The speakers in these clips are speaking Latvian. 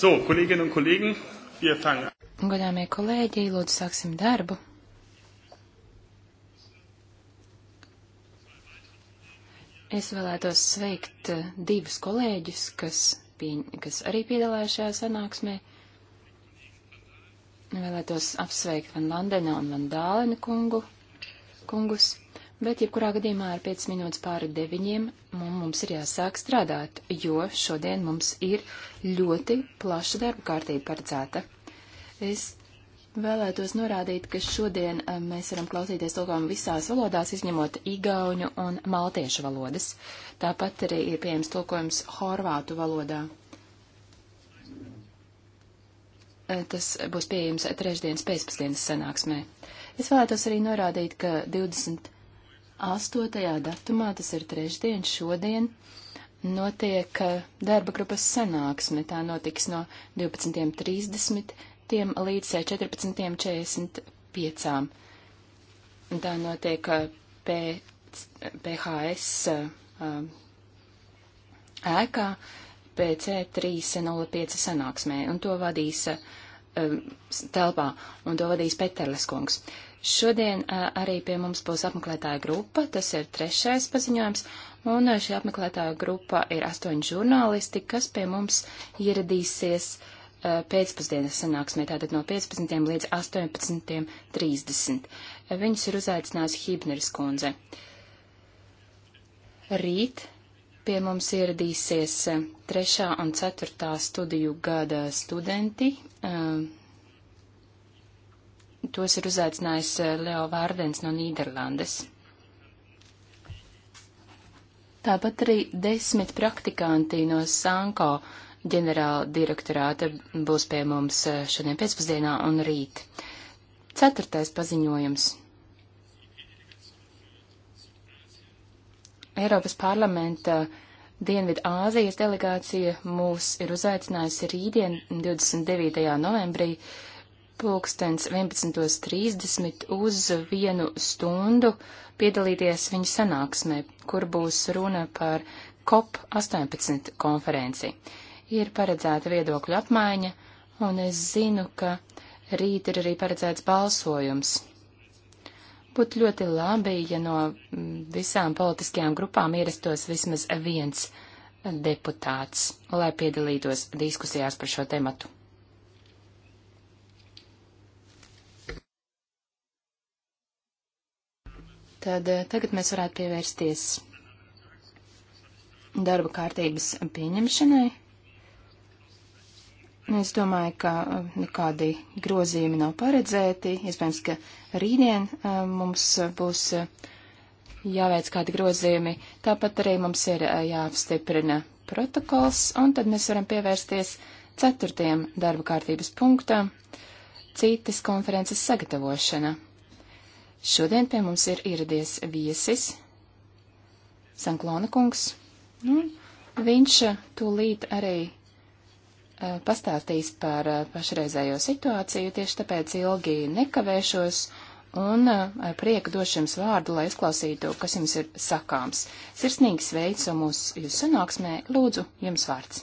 So, kolēģinu un kolēģinu, wir fangen an. Godāmie kolēģi, lūdzu, sāksim darbu. Es vēlētos sveikt eh, divus kolēģus, kas, pie, kas arī piedalās šajā sanāksmē. Vēlētos apsveikt Van Landena un Van Dālena kungu, kungus bet jebkurā gadījumā ir 5 minūtes pāri 9, un mums ir jāsāk strādāt, jo šodien mums ir ļoti plaša darba kārtība paredzēta. Es vēlētos norādīt, ka šodien eh, mēs varam klausīties tulkojumu visās valodās, izņemot igauņu un maltiešu valodas. Tāpat arī ir pieejams tulkojums horvātu valodā. Eh, tas būs pieejams trešdienas pēcpusdienas sanāksmē. Es vēlētos arī norādīt, ka 20. 8. datumā, tas ir trešdien, šodien, notiek uh, darba grupas sanāksme. Tā notiks no 12.30 līdz 14.45. Uh, Tā notiek pēc, uh, PHS ēkā PC305 sanāksmē, un to vadīs um, telpā, un to vadīs Peterles kungs. Uh, Šodien arī pie mums būs apmeklētāja grupa, tas ir trešais paziņojums, un šī apmeklētāja grupa ir astoņi žurnālisti, kas pie mums ieradīsies pēcpusdienas sanāksmē, tātad no 15. līdz 18.30. Viņus ir uzaicinājusi Hībneris kundze. Rīt pie mums ieradīsies trešā un ceturtā studiju gada studenti. Um, Tos ir uzaicinājis eh, Leo Vārdens no Nīderlandes. Tāpat arī desmit praktikanti no Sanko ģenerāla direktorāta būs pie mums eh, šodien pēcpusdienā un rīt. Ceturtais paziņojums. Eiropas parlamenta Dienvidu Āzijas delegācija mūs ir uzaicinājusi rītdien 29. novembrī uh, pulkstens 11.30 uz vienu stundu piedalīties viņa sanāksmē, kur būs runa par COP18 konferenci. Ir paredzēta viedokļu apmaiņa, un es zinu, ka rīt ir arī paredzēts balsojums. Būtu ļoti labi, ja no visām politiskajām grupām ierastos vismaz viens deputāts, lai piedalītos diskusijās par šo tematu. Tad eh, tagad mēs varētu pievērsties darba kārtības pieņemšanai. Es domāju, ka eh, nekādi grozījumi nav paredzēti. Iespējams, ka rītdien eh, mums būs jāveic kādi grozījumi. Tāpat arī mums ir jāapstiprina protokols, un tad mēs varam pievērsties ceturtajam darba kārtības punktam - citas konferences sagatavošana. Šodien pie mums ir ieradies viesis Sanklona kungs. Nu, viņš eh, tūlīt arī uh, pastāstīs par uh, pašreizējo situāciju, tieši tāpēc ilgi nekavēšos un uh, ar prieku došu jums vārdu, lai izklausītu, kas jums ir sakāms. Sirsnīgi sveicu mūsu jūsu sanāksmē, lūdzu, jums vārds.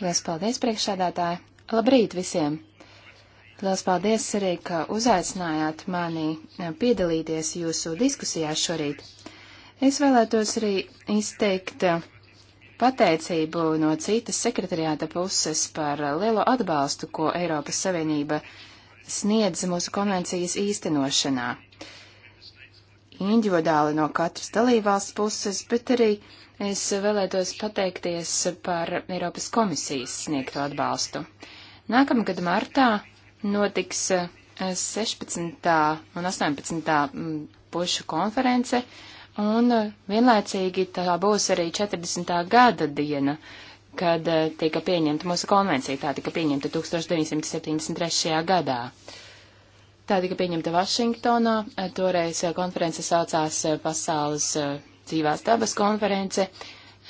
Lielas paldies, priekšsēdētāji! Labrīt visiem! Lielas paldies arī, ka uzaicinājāt mani eh, piedalīties jūsu diskusijās šorīt. Es vēlētos arī izteikt eh, pateicību no citas sekretariāta puses par lielo atbalstu, ko Eiropas Savienība sniedz mūsu konvencijas īstenošanā. Individuāli no katras dalībvalsts puses, bet arī es vēlētos pateikties par Eiropas komisijas sniegto atbalstu. Nākamgad martā notiks 16. Eh, un 18. Mm, pušu konference, un eh, vienlaicīgi tā būs arī 40. gada diena, kad eh, tika pieņemta mūsu konvencija. Tā tika pieņemta 1973. gadā. Tā tika pieņemta Vašingtonā. Toreiz konference saucās Pasaules dzīvās dabas konference.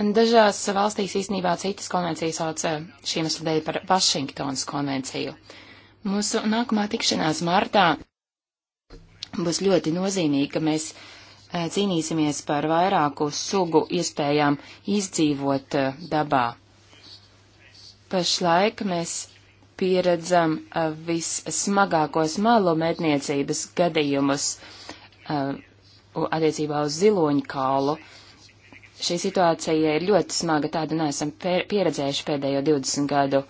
Dažās valstīs īstenībā citas konvencijas sauc šiem sludēju par Vašingtonas konvenciju. Mūsu nākamā tikšanās martā būs ļoti nozīmīga, ka mēs eh, cīnīsimies par vairāku sugu iespējām izdzīvot eh, dabā. Pašlaik mēs pieredzam eh, vissmagākos malu medniecības gadījumus attiecībā uz ziloņu kālu. Šī situācija ir ļoti smaga, tādu neesam pieredzējuši pēdējo 20 gadu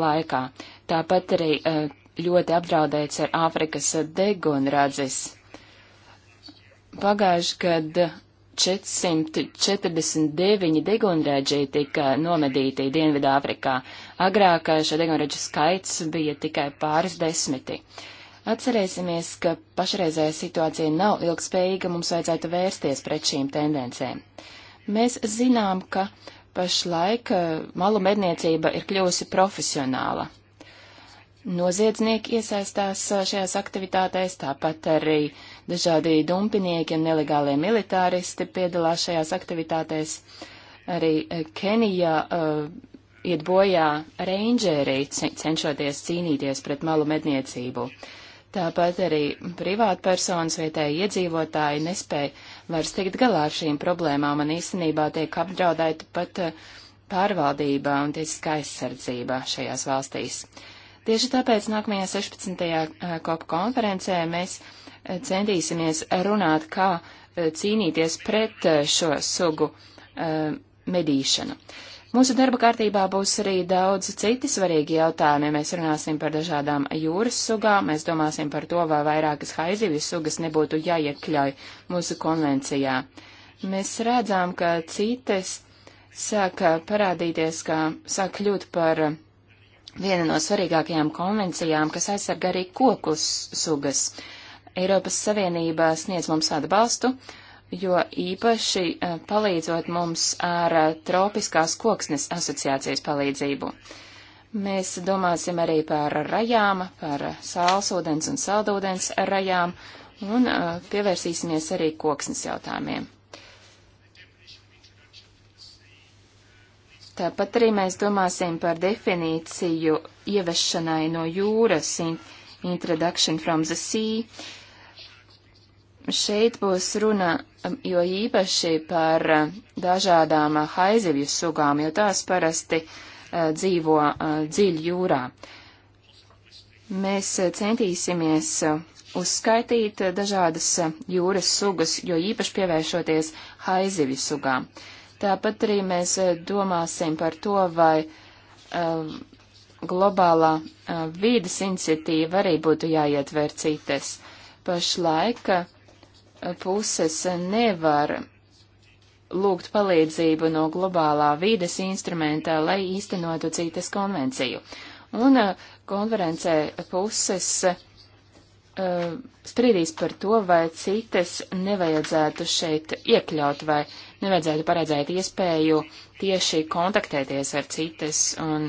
laikā tāpat arī eh, ļoti apdraudēts ar Āfrikas degunradzes. Pagājuši, kad 449 degunrēģi tika nomedīti Dienvidāfrikā. Agrāk eh, šo degunrēģu skaits bija tikai pāris desmiti. Atcerēsimies, ka pašreizējā situācija nav ilgspējīga, mums vajadzētu vērsties pret šīm tendencēm. Mēs zinām, ka pašlaik eh, malu medniecība ir kļuvusi profesionāla noziedznieki iesaistās šajās aktivitātēs, tāpat arī dažādi dumpinieki un nelegālie militāristi piedalās šajās aktivitātēs. Arī Kenija uh, iet bojā reindžeri, cenšoties cīnīties pret malu medniecību. Tāpat arī privātpersonas vietēji iedzīvotāji nespēja vairs tikt galā ar šīm problēmām un īstenībā tiek apdraudēta pat pārvaldība un tiesiskā aizsardzība šajās valstīs. Uh, Tieši tāpēc nākamajā 16. kopu konferencē mēs centīsimies runāt, kā cīnīties pret šo sugu medīšanu. Mūsu darba kārtībā būs arī daudz citi svarīgi jautājumi. Mēs runāsim par dažādām jūras sugām, mēs domāsim par to, vai vairākas haizivju sugas nebūtu jāiekļauj mūsu konvencijā. Mēs redzam, ka citas sāk parādīties, kā sāk kļūt par viena no svarīgākajām konvencijām, kas aizsarga arī kokus sugas. Eiropas Savienība sniedz mums atbalstu, jo īpaši eh, palīdzot mums ar eh, tropiskās koksnes asociācijas palīdzību. Mēs domāsim arī par rajām, par sālsūdens un saldūdens rajām, un eh, pievērsīsimies arī koksnes jautājumiem. Tāpat arī mēs domāsim par definīciju ieviešanai no jūras, introduction from the sea. Šeit būs runa um, jo īpaši par uh, dažādām uh, haizivju sugām, jo tās parasti uh, dzīvo uh, dziļi jūrā. Mēs uh, centīsimies uzskaitīt dažādas jūras sugas, jo īpaši pievēršoties haizivju sugām. Uh, Tāpat arī mēs eh, domāsim par to, vai uh, globālā uh, vīdes iniciatīva arī būtu jāietver citas. Pašlaik uh, puses nevar lūgt palīdzību no globālā vīdes instrumentā, lai īstenotu citas konvenciju. Un uh, konferencē puses uh, sprīdīs par to, vai citas nevajadzētu šeit iekļaut vai nevajadzētu paredzēt iespēju tieši kontaktēties ar citas un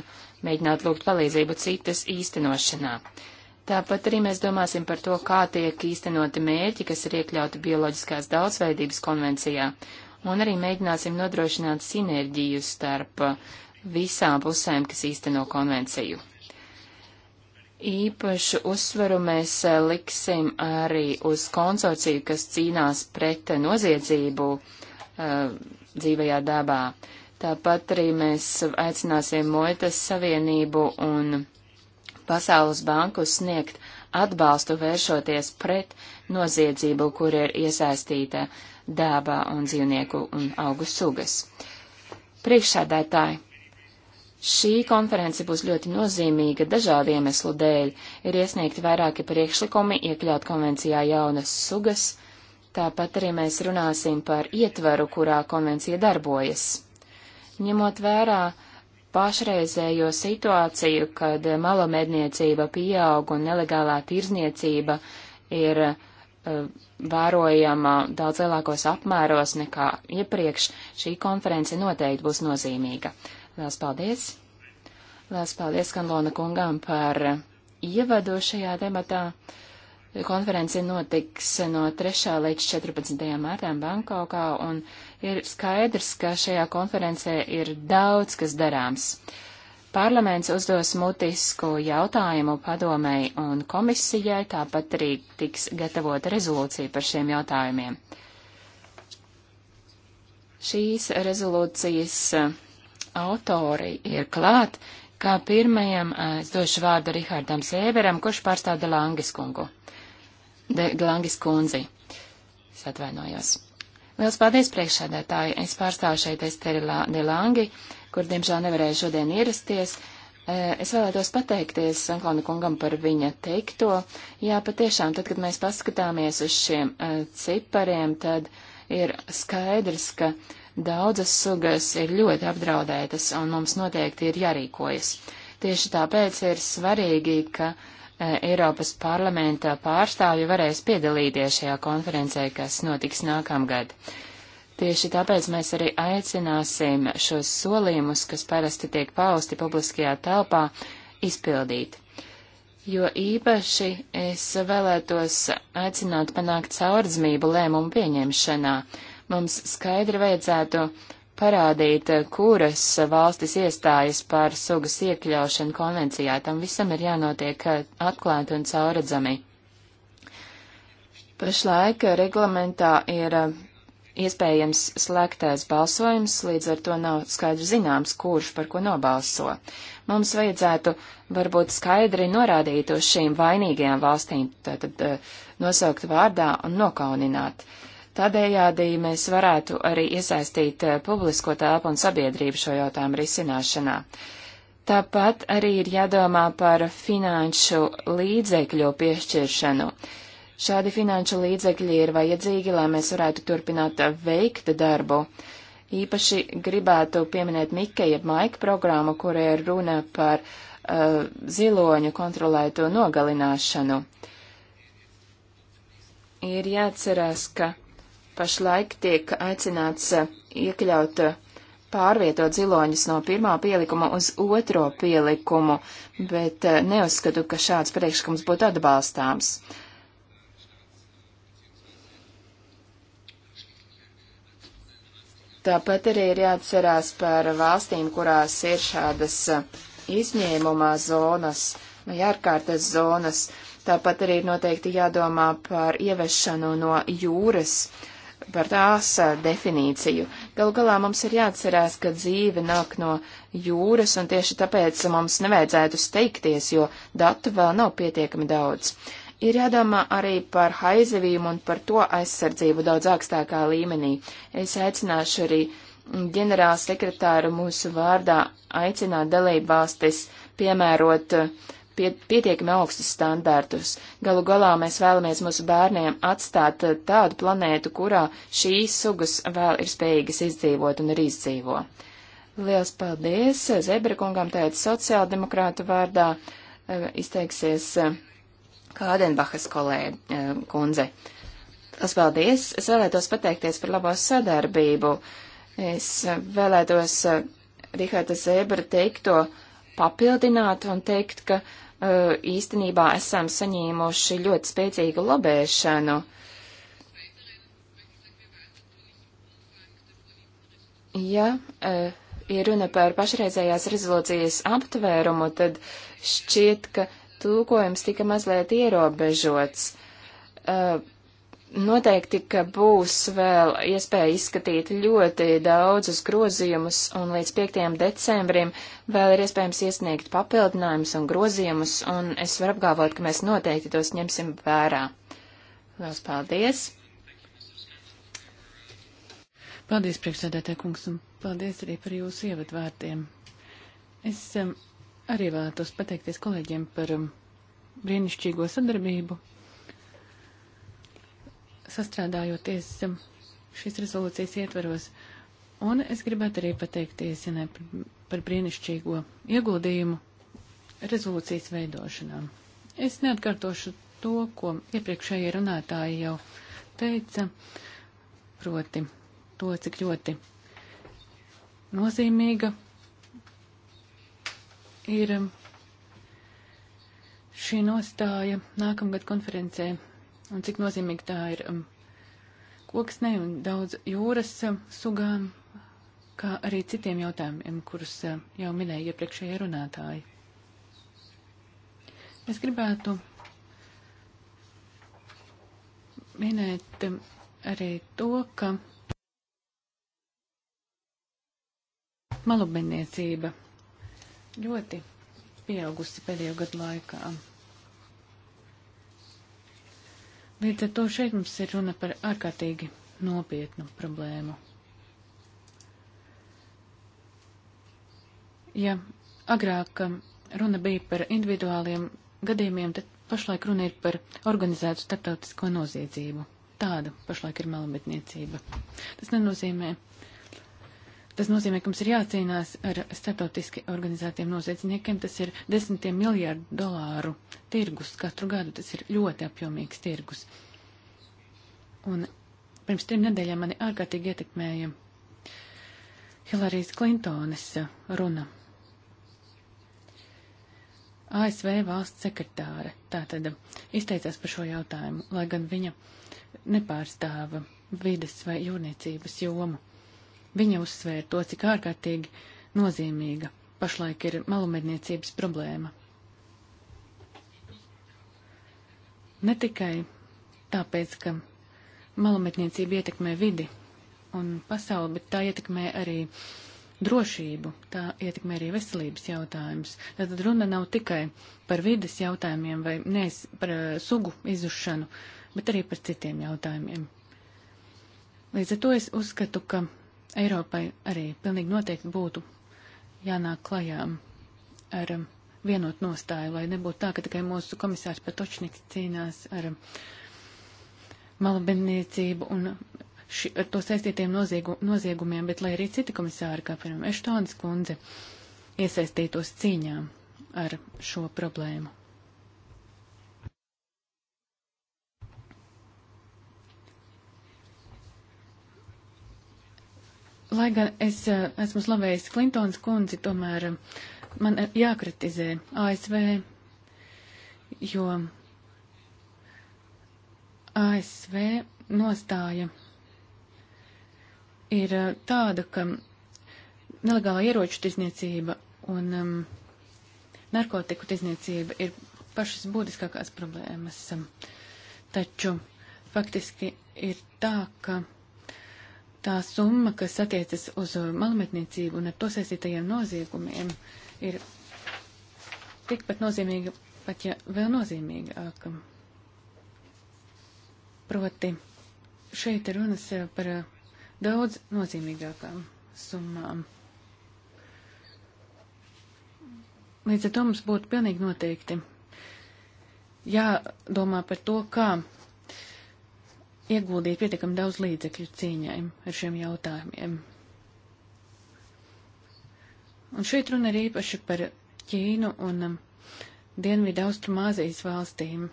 mēģināt lūgt palīdzību citas īstenošanā. Tāpat arī mēs domāsim par to, kā tiek īstenoti mērķi, kas ir iekļauti bioloģiskās daudzveidības konvencijā, un arī mēģināsim nodrošināt sinerģiju starp visām pusēm, kas īsteno konvenciju. Īpašu uzsvaru mēs e, liksim arī uz konsorciju, kas cīnās pret noziedzību, uh, Uh, dzīvajā dabā. Tāpat arī mēs aicināsim Moitas Savienību un Pasaules banku sniegt atbalstu vēršoties pret noziedzību, kur ir iesaistīta dābā un dzīvnieku un augu sugas. Priekšsēdētāji, šī konference būs ļoti nozīmīga dažādu iemeslu dēļ. Ir iesniegti vairāki priekšlikumi iekļaut konvencijā jaunas sugas Tāpat arī mēs runāsim par ietveru, kurā konvencija darbojas. Ņemot vērā pašreizējo situāciju, kad malomedniecība pieaug un nelegālā tirzniecība ir eh, vērojama daudz lielākos apmēros nekā iepriekš, šī konference noteikti būs nozīmīga. Lielas paldies! Lielas paldies Kanlona kungam par ievadu šajā debatā. Konference notiks no 3. līdz 14. martām Bankokā, un ir skaidrs, ka šajā konferencē ir daudz, kas darāms. Parlaments uzdos mutisku jautājumu padomēji un komisijai, tāpat arī tiks gatavota rezolūcija par šiem jautājumiem. Šīs rezolūcijas eh, autori ir klāt, kā pirmajam eh, es došu vārdu Rihardam Sēveram, kurš pārstāv Delangiskungu. kungu. Delangis kundzei. Es atvainojos. Liels paldies priekšsēdētāji. Es pārstāvu šeit Esteri Delangi, kur diemžēl nevarēju šodien ierasties. Eh, es vēlētos pateikties Sanklona kungam par viņa teikto. Jā, patiešām, tad, kad mēs paskatāmies uz šiem eh, cipariem, tad ir skaidrs, ka daudzas sugas ir ļoti apdraudētas un mums noteikti ir jārīkojas. Tieši tāpēc ir svarīgi, ka uh, Eh, Eiropas parlamenta pārstāvji varēs piedalīties šajā konferencē, kas notiks nākamgad. Tieši tāpēc mēs arī aicināsim šos solījumus, kas parasti tiek pausti publiskajā telpā, izpildīt. Jo īpaši es vēlētos aicināt panākt caurdzmību lēmumu pieņemšanā. Mums skaidri vajadzētu parādīt, eh, kuras valstis iestājas par sugas iekļaušanu konvencijā. Tam visam ir jānotiek eh, atklāti un cauradzami. Pašlaik eh, reglamentā ir iespējams slēgtais balsojums, līdz ar to nav skaidri zināms, kurš par ko nobalso. Mums vajadzētu varbūt skaidri norādīt uz šīm vainīgajām valstīm, tātad nosaukt vārdā un nokaunināt. Uh, Tādējādi mēs varētu arī iesaistīt eh, publisko telpu un sabiedrību šo jautājumu risināšanā. Tāpat arī ir jādomā par finanšu līdzekļu piešķiršanu. Šādi finanšu līdzekļi ir vajadzīgi, lai mēs varētu turpināt veikt darbu. Īpaši gribētu pieminēt Mikkei ap Maika programmu, kur ir runa par uh, ziloņu kontrolēto nogalināšanu. Ir jāatcerās, ka pašlaik tiek aicināts eh, iekļaut eh, pārvietot ziloņus no pirmā pielikuma uz otro pielikumu, bet eh, neuzskatu, ka šāds priekšlikums būtu atbalstāms. Tāpat arī ir jāatcerās par valstīm, kurās ir šādas izņēmumā zonas vai ārkārtas zonas. Tāpat arī ir noteikti jādomā par ieviešanu no jūras. Uh, par tās definīciju. Galu galā mums ir jāatcerās, ka dzīve nāk no jūras, un tieši tāpēc mums nevajadzētu steigties, jo datu vēl nav pietiekami daudz. Ir jādomā arī par haizivīm un par to aizsardzību daudz augstākā līmenī. Es aicināšu arī ģenerāla sekretāru mūsu vārdā aicināt dalībvalstis piemērot pie, pietiekami augstus standartus. Galu galā mēs vēlamies mūsu bērniem atstāt eh, tādu planētu, kurā šīs sugas vēl ir spējīgas izdzīvot un arī izdzīvo. Liels paldies! Zebrekungam teica sociāldemokrātu vārdā, eh, izteiksies eh, Kādenbahas kolēģi kundze. Liels paldies! Es vēlētos pateikties par labo sadarbību. Es vēlētos Riharda Zebra teikto papildināt un teikt, ka uh, īstenībā esam saņēmuši ļoti spēcīgu lobēšanu. Ja ir runa par pašreizējās rezolūcijas aptvērumu, tad šķiet, ka tūkojums tika mazliet ierobežots. Uh, Noteikti, ka būs vēl iespēja izskatīt ļoti daudzus grozījumus, un līdz 5. decembrim vēl ir iespējams iesniegt papildinājumus un grozījumus, un es varu apgalvot, ka mēs noteikti tos ņemsim vērā. Lielas paldies! Paldies, priekšsēdētē kungs, un paldies arī par jūsu ievadvārdiem. Es um, arī vēlētos pateikties kolēģiem par um, brīnišķīgo sadarbību sastrādājoties šīs rezolūcijas ietveros. Un es gribētu arī pateikties Janai par, par brīnišķīgo ieguldījumu rezolūcijas veidošanā. Es neatkārtošu to, ko iepriekšējie runātāji jau teica, proti to, cik ļoti nozīmīga ir šī nostāja nākamgad konferencē un cik nozīmīgi tā ir um, koksnē un daudz jūras um, sugām, kā arī citiem jautājumiem, kurus um, jau minēja iepriekšējie runātāji. Es gribētu minēt um, arī to, ka malubeniecība ļoti pieaugusi pēdējo gadu laikā. Līdz ar to šeit mums ir runa par ārkārtīgi nopietnu problēmu. Ja agrāk um, runa bija par individuāliem gadījumiem, tad pašlaik runa ir par organizētu starptautisko noziedzību. Tāda pašlaik ir malametniecība. Tas nenozīmē, Tas nozīmē, ka mums ir jācīnās ar starptautiski organizētiem noziedzniekiem. Tas ir desmitiem miljārdu dolāru tirgus katru gadu. Tas ir ļoti apjomīgs tirgus. Un pirms trim nedēļām mani ārkārtīgi ietekmēja Hilarijas Klintones runa. ASV valsts sekretāre tātad izteicās par šo jautājumu, lai gan viņa nepārstāva vides vai jūrniecības jomu. Viņa uzsvēra to, cik ārkārtīgi nozīmīga pašlaik ir malumedniecības problēma. Ne tikai tāpēc, ka malumedniecība ietekmē vidi un pasauli, bet tā ietekmē arī drošību, tā ietekmē arī veselības jautājumus. Tad runa nav tikai par vides jautājumiem vai nevis par uh, sugu izušanu, bet arī par citiem jautājumiem. Līdz ar to es uzskatu, ka Eiropai arī pilnīgi noteikti būtu jānāk klajām ar um, vienot nostāju, lai nebūtu tā, ka tikai mūsu komisārs Patočniks cīnās ar um, malabeniecību un ši, ar to saistītiem noziegu, noziegumiem, bet lai arī citi komisāri, kā piemēram Eštonas kundze, iesaistītos cīņām ar šo problēmu. Lai gan es eh, esmu slavējis Klintons kundzi, tomēr eh, man jākritizē ASV, jo ASV nostāja ir eh, tāda, ka nelegāla ieroču tirzniecība un um, narkotiku tirzniecība ir pašas būtiskākās problēmas. Taču faktiski ir tā, ka tā summa, kas attiecas uz malmetniecību un ar to saistītajiem noziegumiem, ir tikpat nozīmīga, pat ja vēl nozīmīgāka. Proti, šeit ir runas par daudz nozīmīgākām summām. Līdz ar to mums būtu pilnīgi noteikti jādomā par to, kā ieguldīt pietiekami daudz līdzekļu cīņai ar šiem jautājumiem. Un šeit runa ir īpaši par Ķīnu un um, Dienvidu Austrumāzijas valstīm,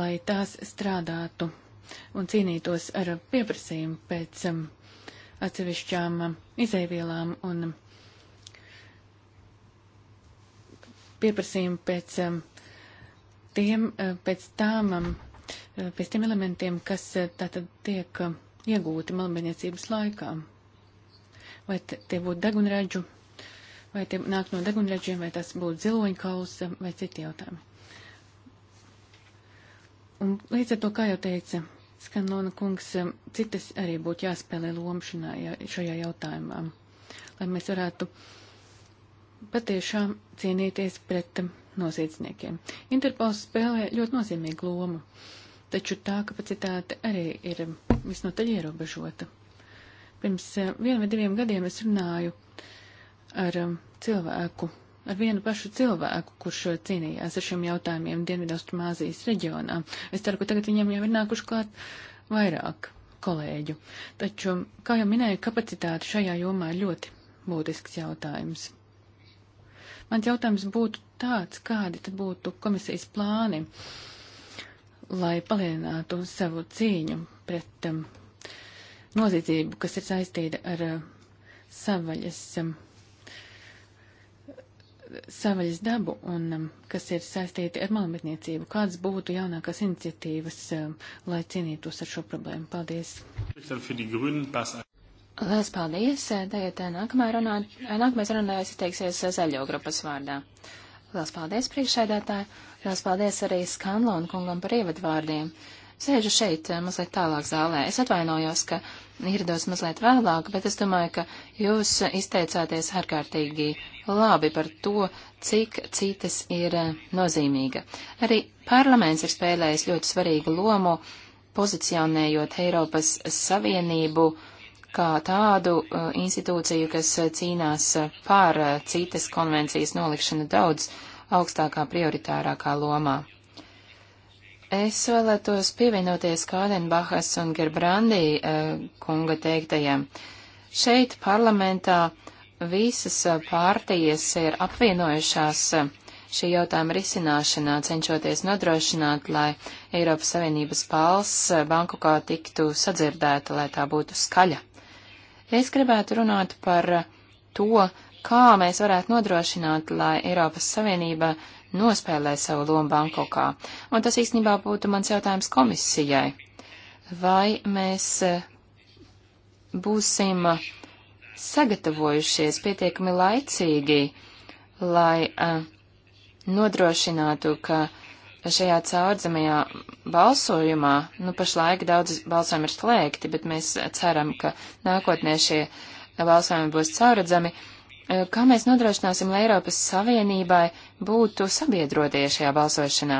lai tās strādātu un cīnītos ar pieprasījumu pēc um, atsevišķām um, izēvielām un um, pieprasījumu pēc um, tiem, uh, pēc tām um, Eh, pēc tiem elementiem, kas eh, tātad tiek eh, iegūti malmeniecības laikā. Vai tie būtu degunraģu, vai tie nāk no degunraģiem, vai tas būtu ziloņkauls, vai citi jautājumi. Un līdz ar to, kā jau teica Skanlona kungs, citas arī būtu jāspēlē loma šajā jautājumā, lai mēs varētu patiešām cīnīties pret noziedzniekiem. Interpols spēlē ļoti nozīmīgu lomu. Uh, taču tā kapacitāte arī ir visnotaļ ierobežota. Pirms eh, vienu vai diviem gadiem es runāju ar eh, cilvēku, ar vienu pašu cilvēku, kurš eh, cīnījās ar šiem jautājumiem Dienvidaustrumāzijas reģionā. Es ceru, ka tagad viņiem jau ir nākuši klāt vairāk kolēģu. Taču, kā jau minēju, kapacitāte šajā jomā ir ļoti būtisks jautājums. Mans jautājums būtu tāds, kādi tad būtu komisijas plāni? Uh, lai palielinātu savu cīņu pret um, noziedzību, kas ir saistīta ar uh, savaļas, um, savaļas dabu un um, kas ir saistīti ar malmetniecību. Kādas būtu jaunākās iniciatīvas, um, lai cīnītos ar šo problēmu? Paldies! Lielas paldies! Tagad uh, nākamā runā, nākamais runājais izteiksies zaļo grupas vārdā. Uh, Lielas paldies, priekšsēdētāji! Lielas paldies arī Skanlona kungam par ievadvārdiem. Sēžu šeit, eh, mazliet tālāk zālē. Es atvainojos, ka ierados mazliet vēlāk, bet es domāju, ka jūs izteicāties ārkārtīgi labi par to, cik citas ir eh, nozīmīga. Arī parlaments ir spēlējis ļoti svarīgu lomu pozicionējot Eiropas Savienību uh, kā tādu uh, institūciju, kas uh, cīnās uh, par citas konvencijas nolikšanu daudz augstākā prioritārākā lomā. Es vēlētos pievienoties Kādenbahas un Gerbrandī kunga teiktajam. Šeit parlamentā visas pārtījas ir apvienojušās šī jautājuma risināšanā, cenšoties nodrošināt, lai Eiropas Savienības pals Bankokā tiktu sadzirdēta, lai tā būtu skaļa. Es gribētu runāt par to, kā mēs varētu nodrošināt, lai Eiropas Savienība nospēlē savu lomu Bankokā. Un tas īstenībā būtu mans jautājums komisijai. Vai mēs eh, būsim sagatavojušies pietiekami laicīgi, lai eh, nodrošinātu, ka šajā caurzemajā balsojumā, nu pašlaik daudz balsojumu ir slēgti, bet mēs ceram, ka nākotnē šie balsojumi būs caurredzami. E, kā mēs nodrošināsim, lai Eiropas Savienībai būtu sabiedrotie šajā balsošanā?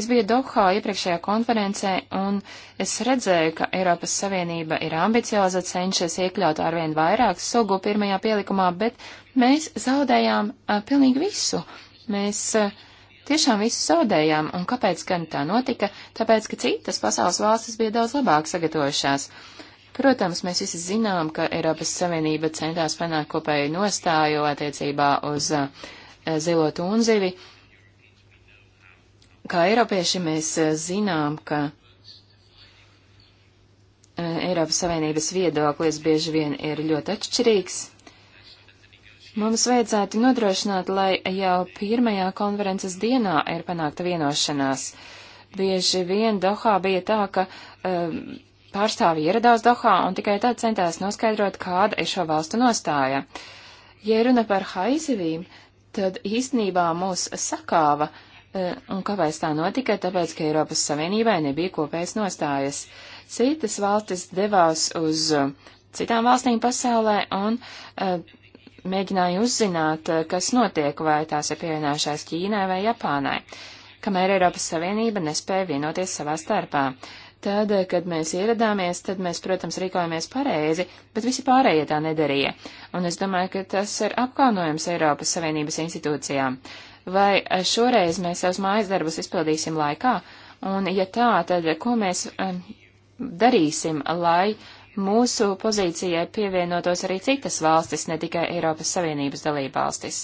Es biju Dohā iepriekšējā konferencē, un es redzēju, ka Eiropas Savienība ir ambicioza, cenšas iekļaut arvien vairāk sugu pirmajā pielikumā, bet mēs zaudējām a, e, pilnīgi visu. Mēs uh, tiešām visu zaudējām, un kāpēc gan tā notika? Tāpēc, ka citas pasaules valstis bija daudz labāk sagatavojušās. Protams, mēs visi zinām, ka Eiropas Savienība centās panākt kopēju nostāju attiecībā uz uh, zilo tunzivi. Kā eiropieši mēs uh, zinām, ka uh, Eiropas Savienības viedoklis bieži vien ir ļoti atšķirīgs. Mums vajadzētu nodrošināt, lai jau pirmajā konferences dienā ir panākta vienošanās. Bieži vien Dohā bija tā, ka um, pārstāvi ieradās Dohā un tikai tad centās noskaidrot, kāda ir šo valstu nostāja. Ja runa par haizivīm, tad īstenībā mūs sakāva, uh, un kāpēc tā notika, tāpēc, ka Eiropas Savienībai nebija kopējas nostājas. Citas valstis devās uz uh, citām valstīm pasaulē un uh, mēģināju uzzināt, eh, kas notiek, vai tās ir pievienojušās Ķīnai vai Japānai, kamēr Eiropas Savienība nespēja vienoties savā starpā. Tad, eh, kad mēs ieradāmies, tad mēs, protams, rīkojamies pareizi, bet visi pārējie tā nedarīja. Un es domāju, ka tas ir apkaunojums Eiropas Savienības institūcijām. Vai eh, šoreiz mēs savus mājas darbus izpildīsim laikā? Un, ja tā, tad ko mēs darīsim, lai uh, mūsu pozīcijai pievienotos arī citas valstis, ne tikai Eiropas Savienības dalībvalstis.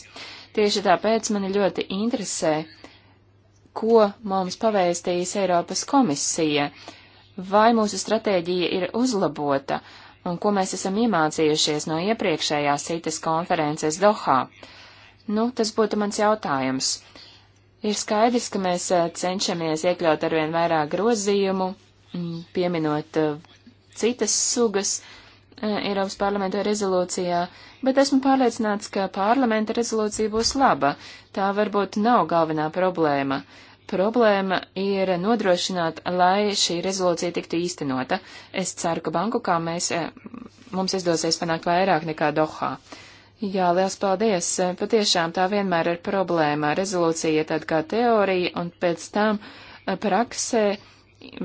Tieši tāpēc mani ļoti interesē, ko mums pavēstīs Eiropas komisija, vai mūsu stratēģija ir uzlabota un ko mēs esam iemācījušies no iepriekšējās citas konferences Dohā. Nu, tas būtu mans jautājums. Ir skaidrs, ka mēs eh, cenšamies iekļaut arvien vairāk grozījumu, mm, pieminot eh, citas sugas e, Eiropas parlamenta rezolūcijā, bet esmu pārliecināts, ka parlamenta rezolūcija būs laba. Tā varbūt nav galvenā problēma. Problēma ir nodrošināt, lai šī rezolūcija tiktu īstenota. Es ceru, ka Bankukā mēs, e, mums izdosies panākt vairāk nekā Dohā. Jā, liels paldies. E, patiešām tā vienmēr ir problēma. Rezolūcija ir tāda kā teorija, un pēc tam praksē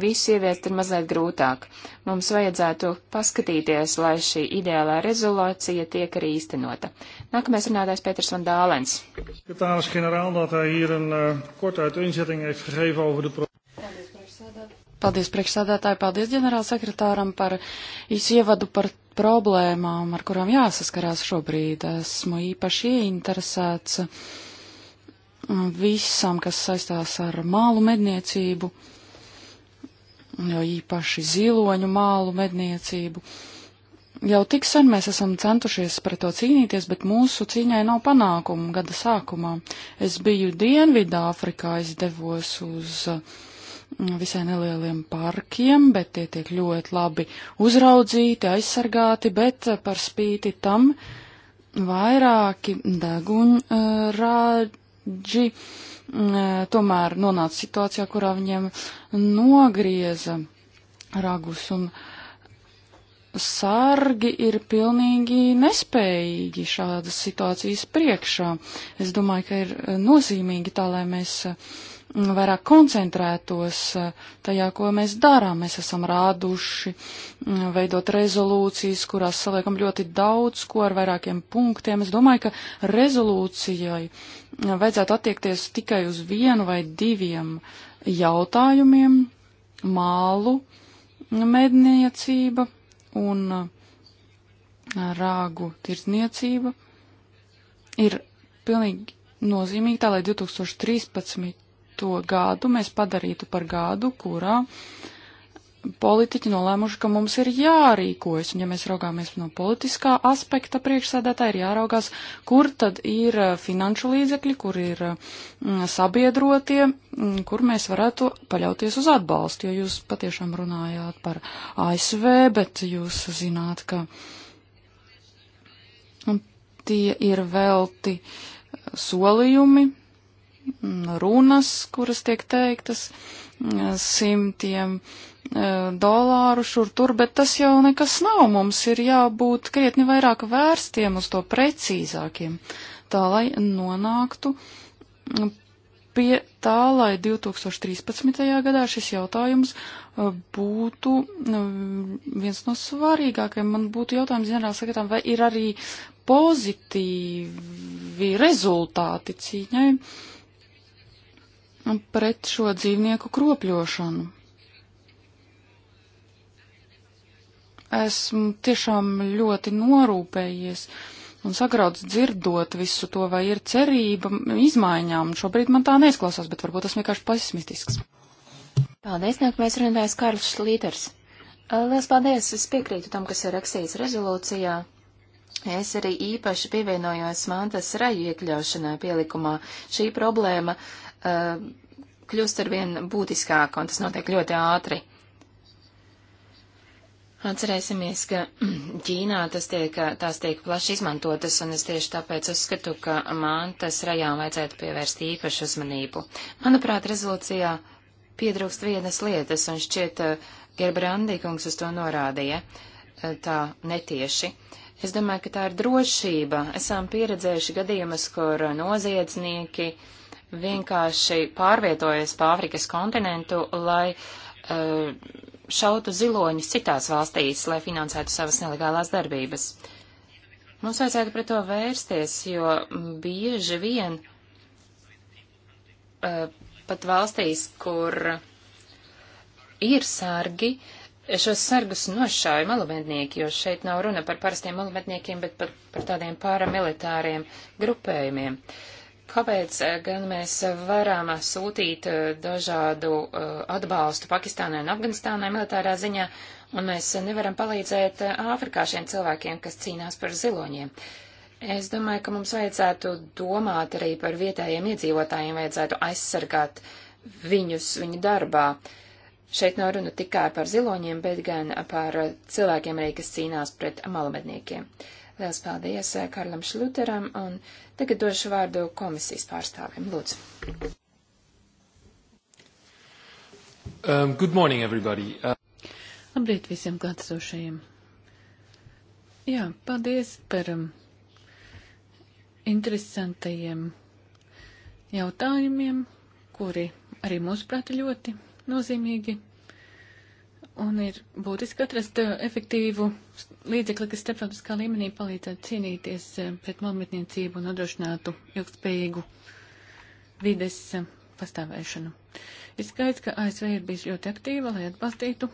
visu ieviest ir mazliet grūtāk. Mums vajadzētu paskatīties, lai šī ideālā rezolācija tiek arī īstenota. Nākamais runātājs Pēters Van Dālens. Eh, paldies priekšsēdētāji, paldies ģenerālsekretāram par īsu ievadu par problēmām, ar kurām jāsaskarās šobrīd. Esmu īpaši ieinteresēts visam, kas saistās ar mālu medniecību jo īpaši ziloņu mālu medniecību. Jau tik sen mēs esam centušies pret to cīnīties, bet mūsu cīņai nav panākumu gada sākumā. Es biju Dienvidā Afrikā, es devos uz mm, visai nelieliem parkiem, bet tie tiek ļoti labi uzraudzīti, aizsargāti, bet par spīti tam vairāki deguņrāģi. Uh, tomēr nonāca situācijā, kurā viņiem nogrieza ragus, un sargi ir pilnīgi nespējīgi šādas situācijas priekšā. Es domāju, ka ir nozīmīgi tā, lai mēs vairāk koncentrētos tajā, ko mēs darām. Mēs esam rāduši, veidot rezolūcijas, kurās saliekam ļoti daudz ko ar vairākiem punktiem. Es domāju, ka rezolūcijai vajadzētu attiekties tikai uz vienu vai diviem jautājumiem - mālu, medniecība un uh, rāgu tirdzniecība ir pilnīgi nozīmīgi tā, lai 2013. gadu mēs padarītu par gadu, kurā uh, politiķi nolēmuši, ka mums ir jārīkojas, un ja mēs raugāmies no politiskā aspekta priekšsēdētā, ir jāraugās, kur tad ir eh, finanšu līdzekļi, kur ir mm, sabiedrotie, mm, kur mēs varētu paļauties uz atbalstu, jo jūs patiešām runājāt par ASV, bet jūs zināt, ka tie ir velti eh, solījumi, mm, runas, kuras tiek teiktas simtiem E, dolāru šur tur, bet tas jau nekas nav. Mums ir jābūt krietni vairāk vērstiem uz to precīzākiem, tā lai nonāktu pie tā, lai 2013. gadā šis jautājums e, būtu e, viens no svarīgākajiem. Man būtu jautājums ģenerālsekretāram, vai ir arī pozitīvi rezultāti cīņai pret šo dzīvnieku kropļošanu. esmu tiešām ļoti norūpējies un sagrauts dzirdot visu to, vai ir cerība izmaiņām. Šobrīd man tā neizklausās, bet varbūt tas vienkārši pesimistisks. Paldies, nākamais runātājs Karls Šlīters. Lielas paldies, es piekrītu tam, kas ir rakstīts rezolūcijā. Es arī īpaši pievienojos mantas raju iekļaušanai pielikumā. Šī problēma uh, kļūst ar vien būtiskāka, un tas notiek ļoti ātri. Uh, Atcerēsimies, ka Ķīnā tas tiek, tās tiek plaši izmantotas, un es tieši tāpēc uzskatu, ka mantas rajām vajadzētu pievērst īpašu uzmanību. Manuprāt, rezolūcijā pietrūkst vienas lietas, un šķiet, eh, Gerbrandī kungs uz to norādīja eh, tā netieši. Es domāju, ka tā ir drošība. Esam pieredzējuši gadījumus, kur noziedznieki vienkārši pārvietojas pa Āfrikas kontinentu, lai uh, šautu ziloņus citās valstīs, lai finansētu savas nelegālās darbības. Mums vajadzētu pret to vērsties, jo bieži vien uh, pat valstīs, kur ir sargi, šos sargus nošāja malumetnieki, jo šeit nav runa par parastiem malumetniekiem, bet par, par tādiem paramilitāriem grupējumiem. Uh, kāpēc eh, gan mēs varam sūtīt eh, dažādu eh, atbalstu Pakistānai un Afganistānai militārā ziņā, un mēs nevaram palīdzēt Āfrikā šiem cilvēkiem, kas cīnās par ziloņiem. Es domāju, ka mums vajadzētu domāt arī par vietējiem iedzīvotājiem, vajadzētu aizsargāt viņus viņa darbā. Šeit nav runa tikai par ziloņiem, bet gan par cilvēkiem arī, kas cīnās pret malamedniekiem. Uh, Liels paldies eh, Karlam Šluteram, un tagad došu vārdu komisijas pārstāvim. Lūdzu. Um, good morning, everybody. Uh... Labrīt visiem klātesošajiem. Jā, paldies par um, interesantajiem jautājumiem, kuri arī mūsuprāt ļoti nozīmīgi Un ir būtiski atrast uh, efektīvu līdzekli, kas starptautiskā līmenī palīdzētu cīnīties uh, pret malmetniecību un nodrošinātu ilgspējīgu vides uh, pastāvēšanu. Ir skaidrs, ka ASV ir bijusi ļoti aktīva, lai atbalstītu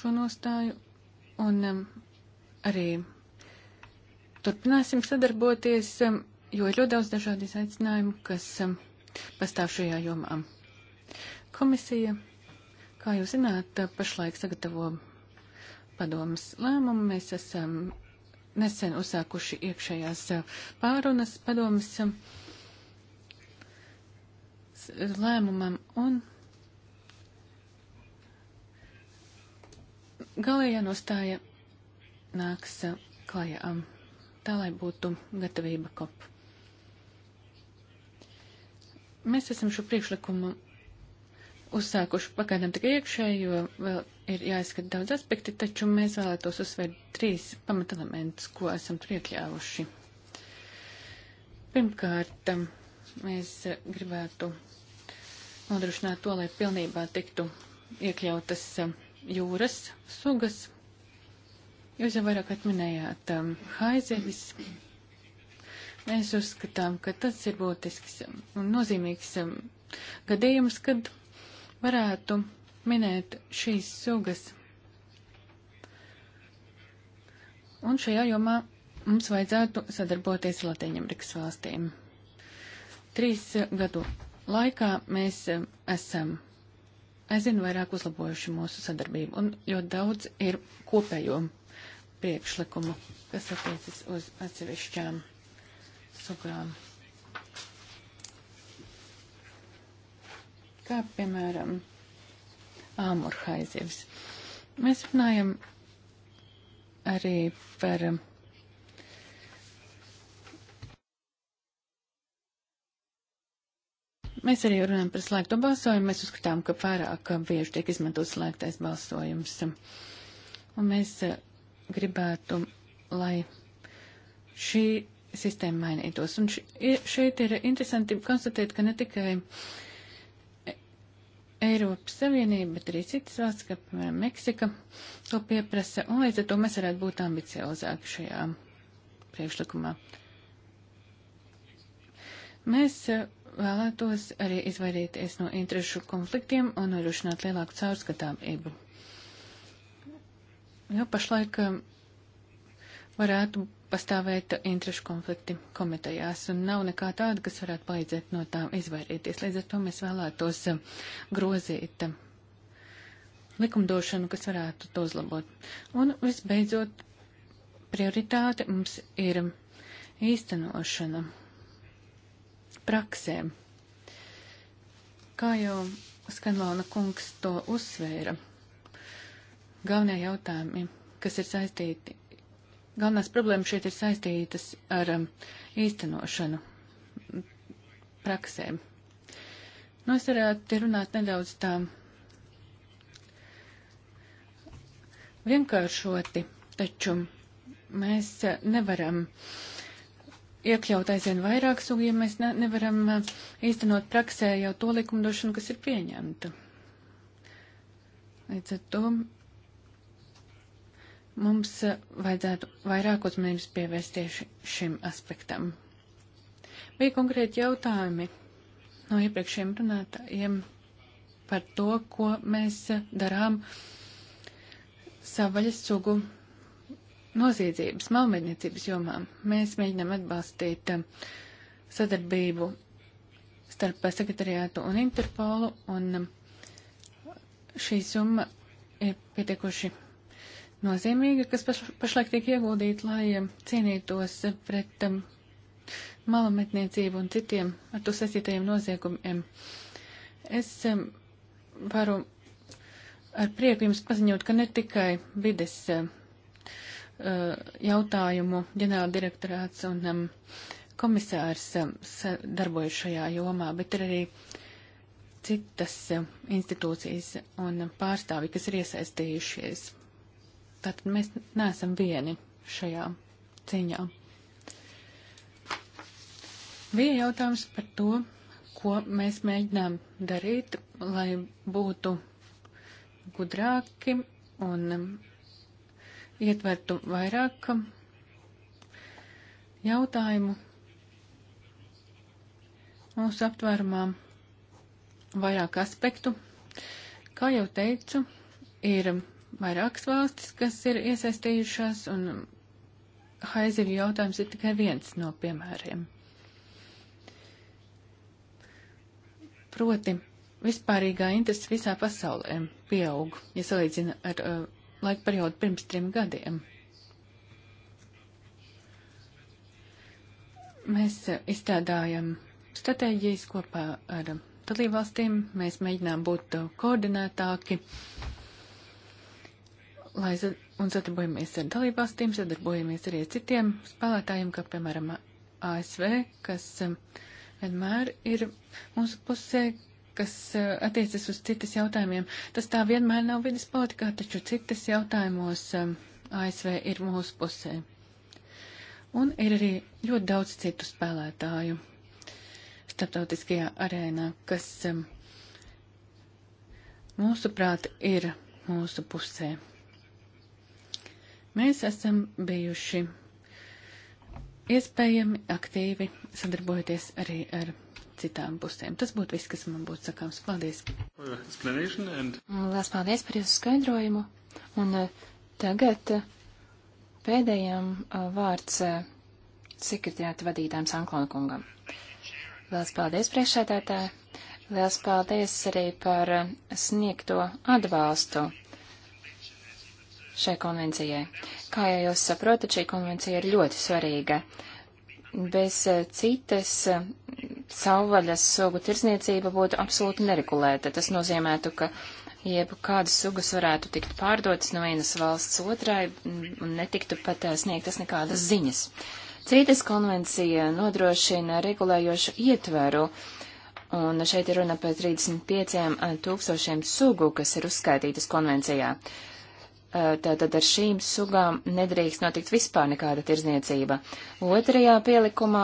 šo nostāju, un um, arī turpināsim sadarboties, um, jo ir ļoti daudz dažādu izaicinājumu, kas um, pastāv šajā jomā. Komisija Kā jūs zināt, pašlaik sagatavo padomas lēmumu. Mēs esam nesen uzsākuši iekšējās pārunas padomas lēmumam un galējā nostāja nāks klajā, tā lai būtu gatavība kop. Mēs esam šo priekšlikumu uzsākuši pagaidām tikai iekšēji, jo vēl ir jāizskata daudz aspekti, taču mēs vēlētos uzsvērt trīs pamatelementus, ko esam tur iekļāvuši. Pirmkārt, mēs gribētu nodrošināt to, lai pilnībā tiktu iekļautas jūras sugas. Jūs jau vairāk atminējāt um, haizevis. Mēs uzskatām, ka tas ir būtisks un nozīmīgs um, gadījums, kad varētu minēt šīs sugas. Un šajā jomā mums vajadzētu sadarboties Latīņamerikas valstīm. Trīs gadu laikā mēs esam, es zinu, vairāk uzlabojuši mūsu sadarbību, un ļoti daudz ir kopējo priekšlikumu, kas attiecas uz atsevišķām sugām. kā piemēram āmurhaizivs. Mēs runājam arī par um, Mēs arī runājam par slēgto balsojumu. Mēs uzskatām, ka pārāk bieži tiek izmantot slēgtais balsojums. Un mēs uh, gribētu, lai šī sistēma mainītos. Un šeit ir interesanti konstatēt, ka ne tikai uh, Eiropas Savienība, bet arī citas valsts, kā piemēram Meksika, to pieprasa, un līdz ar to mēs varētu būt ambiciozāki šajā priekšlikumā. Mēs eh, vēlētos arī izvairīties no interešu konfliktiem un nodrošināt lielāku caurskatāmību. Jo pašlaik eh, varētu pastāvēt interešu konflikti komitejās, un nav nekā tāda, kas varētu palīdzēt no tām izvairīties. Līdz ar to mēs vēlētos eh, grozīt eh, likumdošanu, kas varētu to uzlabot. Un visbeidzot, prioritāte mums ir īstenošana praksēm. Kā jau Skanlona kungs to uzsvēra, galvenie jautājumi, kas ir saistīti Galvenās problēmas šeit ir saistītas ar um, īstenošanu praksēm. Nu, es varētu runāt nedaudz tā vienkāršoti, taču mēs nevaram iekļaut aizvien vairāk sugu, ja mēs ne, nevaram uh, īstenot praksē jau to likumdošanu, kas ir pieņemta. Līdz ar to Mums eh, vajadzētu vairāk uzmanības pievērst tieši šim aspektam. Bija konkrēti jautājumi no iepriekšējiem runātājiem par to, ko mēs eh, darām savaļas sugu noziedzības, malmedniecības jomā. Mēs mēģinām atbalstīt eh, sadarbību starp sekretariātu un Interpolu, un šī summa ir pietiekoši nozīmīga, kas pašlaik tiek ieguldīta, lai um, cīnītos pret um, malametniecību un citiem ar to saistītajiem noziegumiem. Es um, varu ar prieku jums paziņot, ka ne tikai vides um, uh, jautājumu ģenerāla direktorāts un um, komisārs um, darbojas šajā jomā, bet ir arī citas um, institūcijas un pārstāvi, kas ir iesaistījušies Tātad mēs neesam vieni šajā cīņā. Bija jautājums par to, ko mēs mēģinām darīt, lai būtu gudrāki un ietvertu vairāk jautājumu mūsu aptvērumā, vairāk aspektu. Kā jau teicu, ir vairākas valstis, kas ir iesaistījušās, un haizivju jautājums ir tikai viens no piemēriem. Proti, vispārīgā interese visā pasaulē pieaug, ja salīdzina ar uh, laika periodu pirms trim gadiem. Mēs uh, izstrādājam stratēģijas kopā ar uh, dalībvalstīm, mēs mēģinām būt uh, koordinētāki. Uh, lai un sadarbojamies ar dalībvalstīm, sadarbojamies arī ar citiem spēlētājiem, kā piemēram ASV, kas um, vienmēr ir mūsu pusē, kas uh, attiecas uz citas jautājumiem. Tas tā vienmēr nav vidas politikā, taču citas jautājumos um, ASV ir mūsu pusē. Un ir arī ļoti daudz citu spēlētāju starptautiskajā arēnā, kas um, mūsuprāt ir mūsu pusē. Mēs esam bijuši iespējami aktīvi sadarbojoties arī ar citām pusēm. Tas būtu viss, kas man būtu sakāms. Paldies! And... Lielas paldies par jūsu skaidrojumu! Un eh, tagad eh, pēdējiem eh, vārds sekretariāta vadītājiem Sanklona kungam. Lielas paldies, priekšsēdētāji! Lielas paldies arī par sniegto atbalstu šai konvencijai. Kā jau jūs saprotat, šī konvencija ir ļoti svarīga. Bez eh, citas eh, savvaļas sugu tirsniecība būtu absolūti neregulēta. Tas nozīmētu, ka jebkādas sugas varētu tikt pārdotas no vienas valsts otrai mm, un netiktu pat eh, sniegtas nekādas ziņas. Citas konvencija nodrošina regulējošu ietveru, un šeit ir runa par 35 tūkstošiem sugu, kas ir uzskaitītas konvencijā. Uh, tātad ar šīm sugām nedrīkst notikt vispār nekāda tirzniecība. Otrajā pielikumā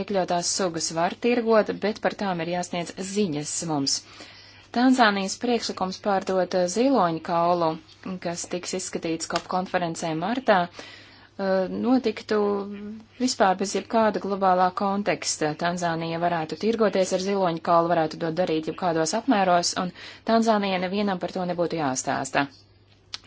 iekļautās sugas var tirgot, bet par tām ir jāsniedz ziņas mums. Tanzānijas priekšlikums pārdot ziloņu kaulu, kas tiks izskatīts kop konferencē martā, notiktu vispār bez jebkāda globālā konteksta. Tanzānija varētu tirgoties ar ziloņu kaulu, varētu to darīt jebkādos apmēros, un Tanzānija nevienam par to nebūtu jāstāsta.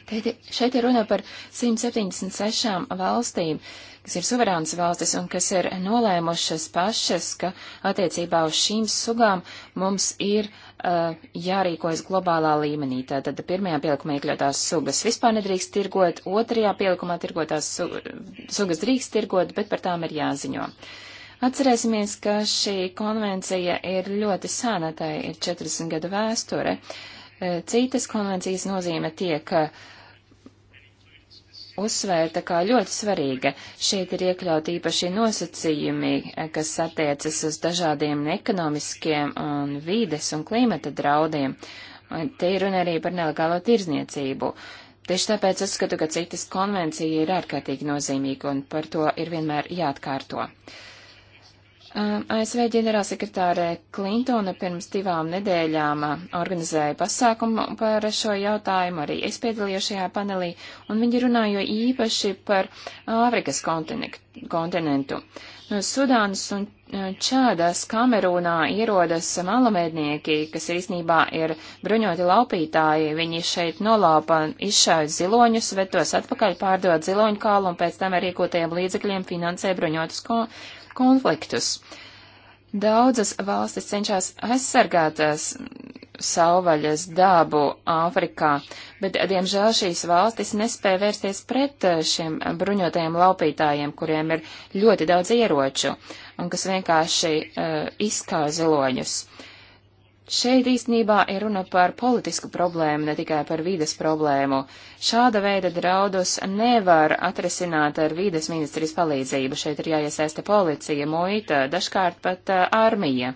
Tad šeit ir runa par 176 valstīm, kas ir suverānas valstis un kas ir nolēmušas pašas, ka attiecībā uz šīm sugām mums ir uh, jārīkojas globālā līmenī. Tātad pirmajā pielikumā iekļautās sugas vispār nedrīkst tirgot, otrajā pielikumā tirgotās su sugas drīkst tirgot, bet par tām ir jāziņo. Atcerēsimies, ka šī konvencija ir ļoti sena, tai ir 40 gadu vēsture. Uh, citas konvencijas nozīme tiek uh, uzsvērta kā ļoti svarīga. Šeit ir iekļauti īpaši nosacījumi, eh, kas attiecas uz dažādiem ekonomiskiem un vīdes un klimata draudiem. Te ir runa arī par nelegālo tirzniecību. Tieši tāpēc uzskatu, ka citas konvencija ir ārkārtīgi nozīmīga un par to ir vienmēr jāatkārto. Uh, Uh, ASV ģenerālsekretārē Klintone pirms divām nedēļām uh, organizēja pasākumu par šo jautājumu, arī es piedalījos šajā panelī, un viņi runāja īpaši par Āfrikas kontinentu. No Sudānas un uh, Čādas Kamerūnā ierodas malamēdnieki, kas īsnībā ir bruņoti laupītāji. Viņi šeit nolaupa izšauj ziloņus, ved tos atpakaļ, pārdod ziloņu kālu un pēc tam ar iegūtajiem līdzekļiem finansē bruņotus kontinentus konfliktus. Daudzas valstis cenšas aizsargāt eh, savvaļas dabu Āfrikā, bet, eh, diemžēl, šīs valstis nespēja vērsties pret eh, šiem bruņotajiem laupītājiem, kuriem ir ļoti daudz ieroču un kas vienkārši uh, izkāja ziloņus. Uh, Šeit īstenībā ir runa par politisku problēmu, ne tikai par vīdes problēmu. Šāda veida draudus nevar atrisināt ar vīdes ministrijas palīdzību. Šeit ir jāiesaista policija, muita, dažkārt pat uh, armija.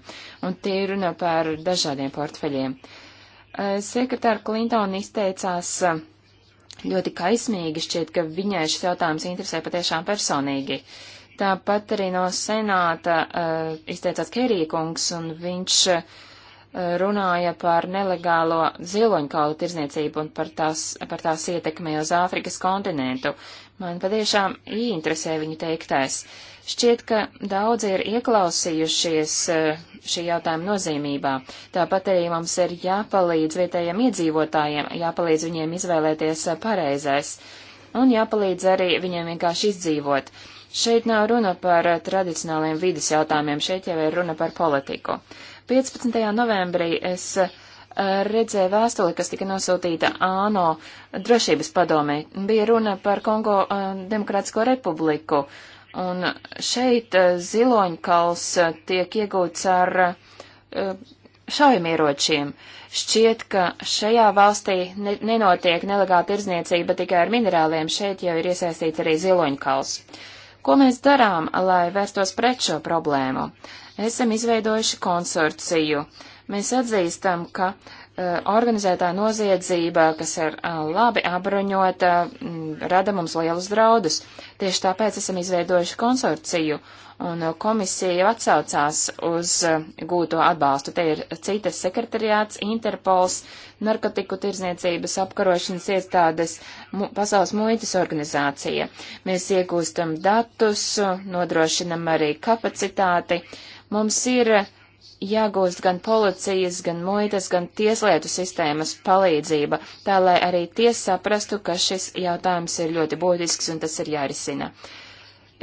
Un tie ir runa par dažādiem portfeļiem. Uh, sekretāra Klintona izteicās uh, ļoti kaismīgi, šķiet, ka viņai šis jautājums interesē patiešām personīgi. Tāpat arī no senāta uh, izteicās Kerīkungs, un viņš uh, runāja par nelegālo ziloņkaulu tirzniecību un par tās, par tās ietekmi uz Āfrikas kontinentu. Man patiešām interesē viņu teiktais. Šķiet, ka daudzi ir ieklausījušies eh, šī jautājuma nozīmībā. Tāpat arī mums ir jāpalīdz vietējiem iedzīvotājiem, jāpalīdz viņiem izvēlēties eh, pareizais un jāpalīdz arī viņiem vienkārši izdzīvot. Šeit nav runa par eh, tradicionāliem vidas jautājumiem, šeit jau ir runa par politiku. 15. novembrī es eh, redzēju vēstuli, kas tika nosūtīta ANO drošības padomē. Bija runa par Kongo eh, Demokrātisko republiku. Un šeit eh, ziloņkals tiek iegūts ar šaujamieročiem. Šķiet, ka šajā valstī ne, nenotiek nelegāla tirdzniecība tikai ar minerāliem, šeit jau ir iesaistīts arī ziloņkals. Ko mēs darām, lai vērstos pret šo problēmu? esam izveidojuši konsorciju Mēs atzīstam, ka eh, organizētā noziedzība, kas ir eh, labi apbruņota, mm, rada mums lielus draudus. Tieši tāpēc esam izveidojuši konsorciju, un eh, komisija jau atsaucās uz gūto atbalstu. Te ir citas sekretariāts, Interpols, narkotiku tirzniecības apkarošanas iestādes, mu, Pasaules muitas organizācija. Mēs iegūstam datus, nodrošinam arī kapacitāti. Mums ir uh, jāgūst gan policijas, gan muitas, gan tieslietu sistēmas palīdzība, tā lai arī tiesa saprastu, ka šis jautājums ir ļoti būtisks un tas ir jārisina.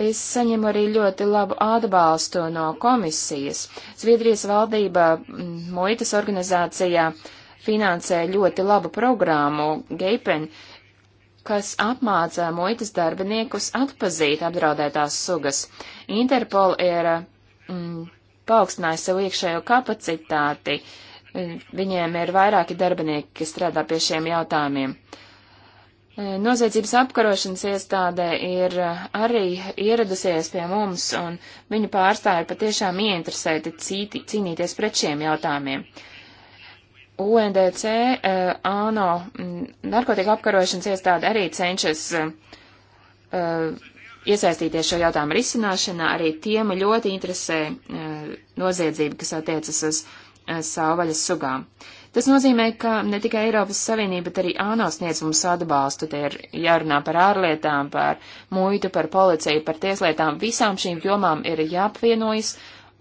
Es saņemu arī ļoti labu atbalstu no komisijas. Zviedrijas valdība muitas organizācijā finansē ļoti labu programmu Geipen, kas apmācā muitas darbiniekus atpazīt apdraudētās sugas. Interpol ir mm, paaugstināja savu iekšējo kapacitāti. Viņiem ir vairāki darbinieki, kas strādā pie šiem jautājumiem. Noziedzības apkarošanas iestādē ir arī ieradusies pie mums, un viņu pārstāvi patiešām ieinteresēti cīti, cīnīties pret šiem jautājumiem. UNDC, eh, ANO, mm, narkotika apkarošanas iestāde arī cenšas uh, iesaistīties šo jautājumu risināšanā. Arī tiem ļoti interesē e, noziedzība, kas attiecas uz e, sauvaļas sugām. Tas nozīmē, ka ne tikai Eiropas Savienība, bet arī ANO sniedz mums atbalstu. Te ir jārunā par ārlietām, par muitu, par policiju, par tieslietām. Visām šīm jomām ir jāapvienojas,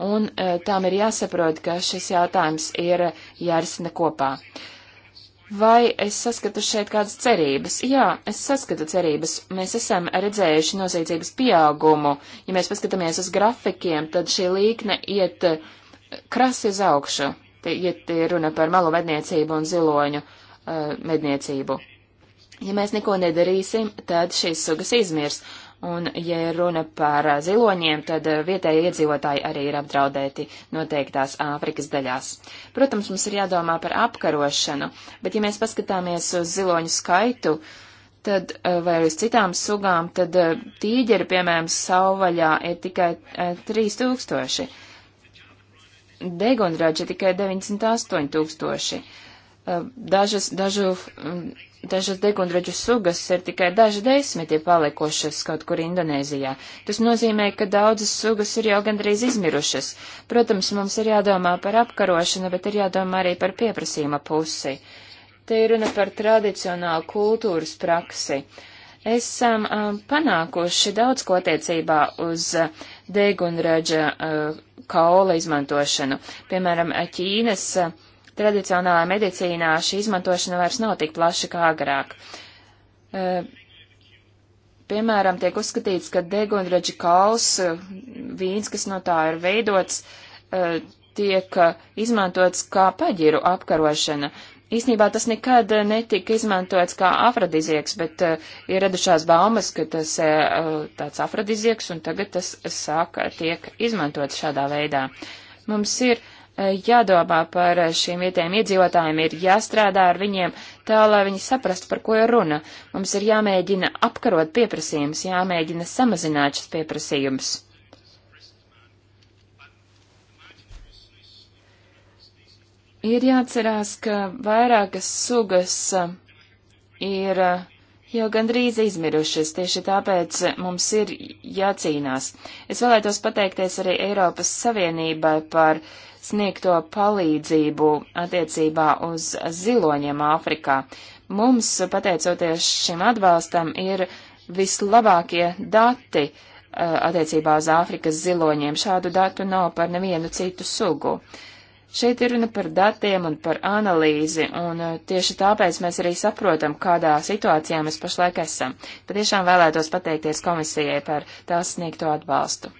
un e, tām ir jāsaprot, ka šis jautājums ir jārisina kopā. E, Vai es saskatu šeit kādas cerības? Jā, es saskatu cerības. Mēs esam redzējuši noziedzības pieaugumu. Ja mēs paskatāmies uz grafikiem, tad šī līkne iet eh, krasi uz augšu, ja te runa par malu medniecību un ziloņu uh, medniecību. Ja mēs neko nedarīsim, tad šīs sugas izmirs, Un, ja runa par ziloņiem, tad vietējie iedzīvotāji arī ir apdraudēti noteiktās Āfrikas daļās. Protams, mums ir jādomā par apkarošanu, bet ja mēs paskatāmies uz ziloņu skaitu, tad, vai uz citām sugām, tad tīģeri, piemēram, sauvaļā ir tikai 3000. Degunraģi tikai 98 tūkstoši. Dažas, dažu dažas degundraģu sugas ir tikai daži desmitie palikušas kaut kur Indonēzijā. Tas nozīmē, ka daudzas sugas ir jau gandrīz izmirušas. Protams, mums ir jādomā par apkarošanu, bet ir jādomā arī par pieprasījuma pusi. Te ir runa par tradicionālu kultūras praksi. Esam um, panākuši daudz ko attiecībā uz degunraģa uh, kaula izmantošanu. Piemēram, Ķīnas uh, Tradicionālā medicīnā šī izmantošana vairs nav tik plaša kā agrāk. Uh, piemēram, tiek uzskatīts, ka degunraģi kals, e, vīns, kas no tā ir veidots, uh, tiek izmantots kā paģiru apkarošana. Īsnībā tas nekad netika izmantots kā afrodizieks, bet uh, ir radušās baumas, ka tas ir uh, tāds afrodizieks, un tagad tas sāk tiek izmantots šādā veidā. Mums ir jādomā par šiem vietējiem iedzīvotājiem, ir jāstrādā ar viņiem tā, lai viņi saprastu, par ko ir runa. Mums ir jāmēģina apkarot pieprasījumus, jāmēģina samazināt šis pieprasījums. Ir jāatcerās, ka vairākas sugas uh, ir uh, jau gandrīz izmirušas, tieši tāpēc uh, mums ir jācīnās. Es vēlētos pateikties arī Eiropas Savienībai par uh, sniegto palīdzību attiecībā uz ziloņiem Āfrikā. Mums, pateicoties šim atbalstam, ir vislabākie dati eh, attiecībā uz Āfrikas ziloņiem. Šādu datu nav par nevienu citu sugu. Šeit ir runa par datiem un par analīzi, un eh, tieši tāpēc mēs arī saprotam, kādā situācijā mēs pašlaik esam. Patiešām vēlētos pateikties komisijai par tās sniegto atbalstu.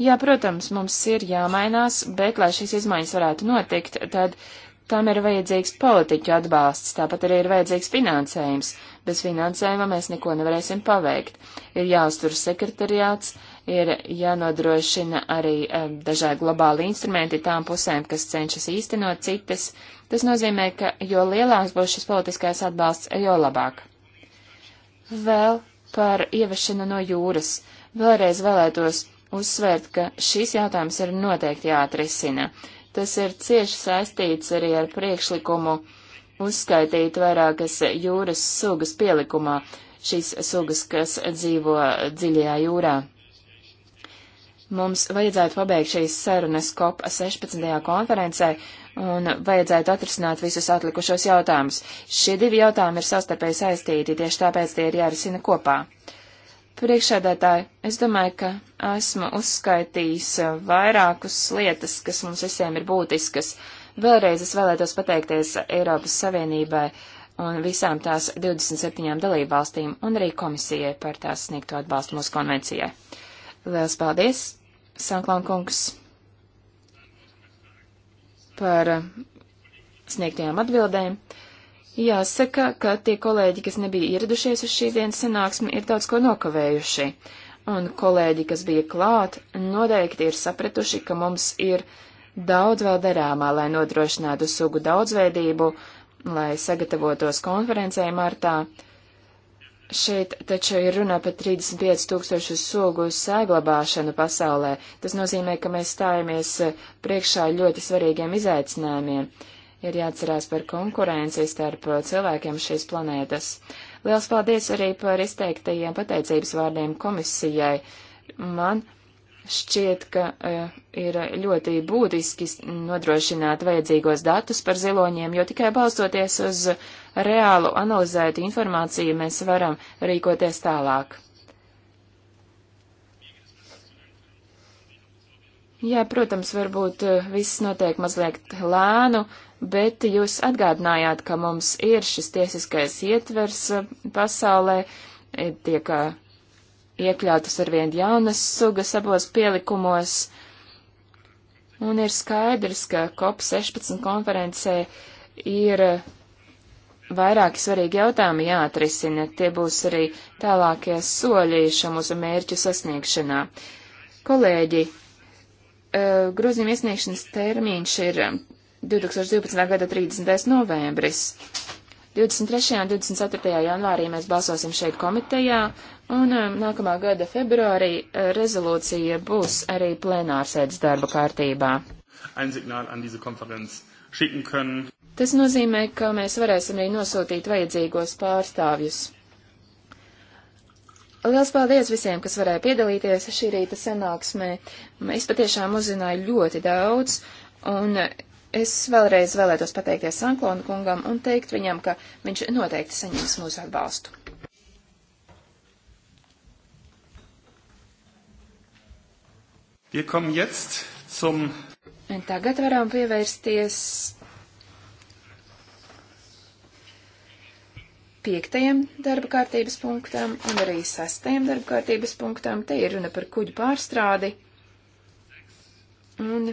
Jā, protams, mums ir jāmainās, bet, lai šīs izmaiņas varētu notikt, tad tam ir vajadzīgs politiķu atbalsts, tāpat arī ir vajadzīgs finansējums. Bez finansējuma mēs neko nevarēsim paveikt. Ir jāuztur sekretariāts, ir jānodrošina arī um, dažādi globāli instrumenti tām pusēm, kas cenšas īstenot citas. Tas nozīmē, ka jo lielāks būs šis politiskais atbalsts, jo labāk. Vēl par ievešanu no jūras. Vēlreiz vēlētos uzsvērt, ka šīs jautājums ir noteikti jāatrisina. Tas ir cieši saistīts arī ar priekšlikumu uzskaitīt vairākas jūras sugas pielikumā, šīs sugas, kas dzīvo dziļajā jūrā. Mums vajadzētu pabeigt šīs sarunas COP 16. konferencē un vajadzētu atrisināt visus atlikušos jautājumus. Šie divi jautājumi ir savstarpēji saistīti, tieši tāpēc tie ir jārisina kopā. Priekšēdētāji, es domāju, ka esmu uzskaitījis eh, vairākus lietas, kas mums visiem ir būtiskas. Vēlreiz es vēlētos pateikties Eiropas Savienībai un visām tās 27 dalībvalstīm un arī komisijai par tās sniegto atbalstu mūsu konvencijai. Lielas paldies, Sanklāna kungs, par eh, sniegtajām atbildēm. Jāsaka, ka tie kolēģi, kas nebija ieradušies uz šīs dienas sanāksmi, ir daudz ko nokavējuši. Un kolēģi, kas bija klāt, noteikti ir sapratuši, ka mums ir daudz vēl darāmā, lai nodrošinātu sugu daudzveidību, lai sagatavotos konferencē martā. Šeit taču ir runa par 35 tūkstošu sugu saglabāšanu pasaulē. Tas nozīmē, ka mēs stājamies priekšā ļoti svarīgiem izaicinājumiem. Ir jāatcerās par konkurenci starp uh, cilvēkiem šīs planētas. Liels paldies arī par izteiktajiem pateicības vārdiem komisijai. Man šķiet, ka uh, ir ļoti būtiski nodrošināt vajadzīgos datus par ziloņiem, jo tikai balstoties uz reālu analizētu informāciju mēs varam rīkoties tālāk. Jā, protams, varbūt eh, viss notiek mazliet lēnu, bet jūs atgādinājāt, ka mums ir šis tiesiskais ietvers eh, pasaulē, e, tiek eh, iekļautas arvien jaunas sugas abos pielikumos, un ir skaidrs, ka COP16 konferencē ir vairāki svarīgi jautājumi jāatrisina, tie būs arī tālākie soļi šo mūsu mērķu sasniegšanā. Kolēģi, Eh, grozījuma iesniegšanas termiņš ir 2012. Eh, gada 30. novembris. 23. un 24. janvārī mēs balsosim šeit komitejā, un eh, nākamā gada februārī rezolūcija būs arī plenārsēdes darba kārtībā. Tas nozīmē, ka mēs varēsim arī nosūtīt vajadzīgos pārstāvjus. Liels paldies visiem, kas varēja piedalīties šī rīta sanāksmē. Es patiešām uzzināju ļoti daudz, un es vēlreiz vēlētos pateikties Sanklona kungam un teikt viņam, ka viņš noteikti saņems mūsu atbalstu. Zum... Tagad varam pievērsties piektajam darba kārtības punktam un arī sastajam darba kārtības punktam. Te ir runa par kuģu pārstrādi. Un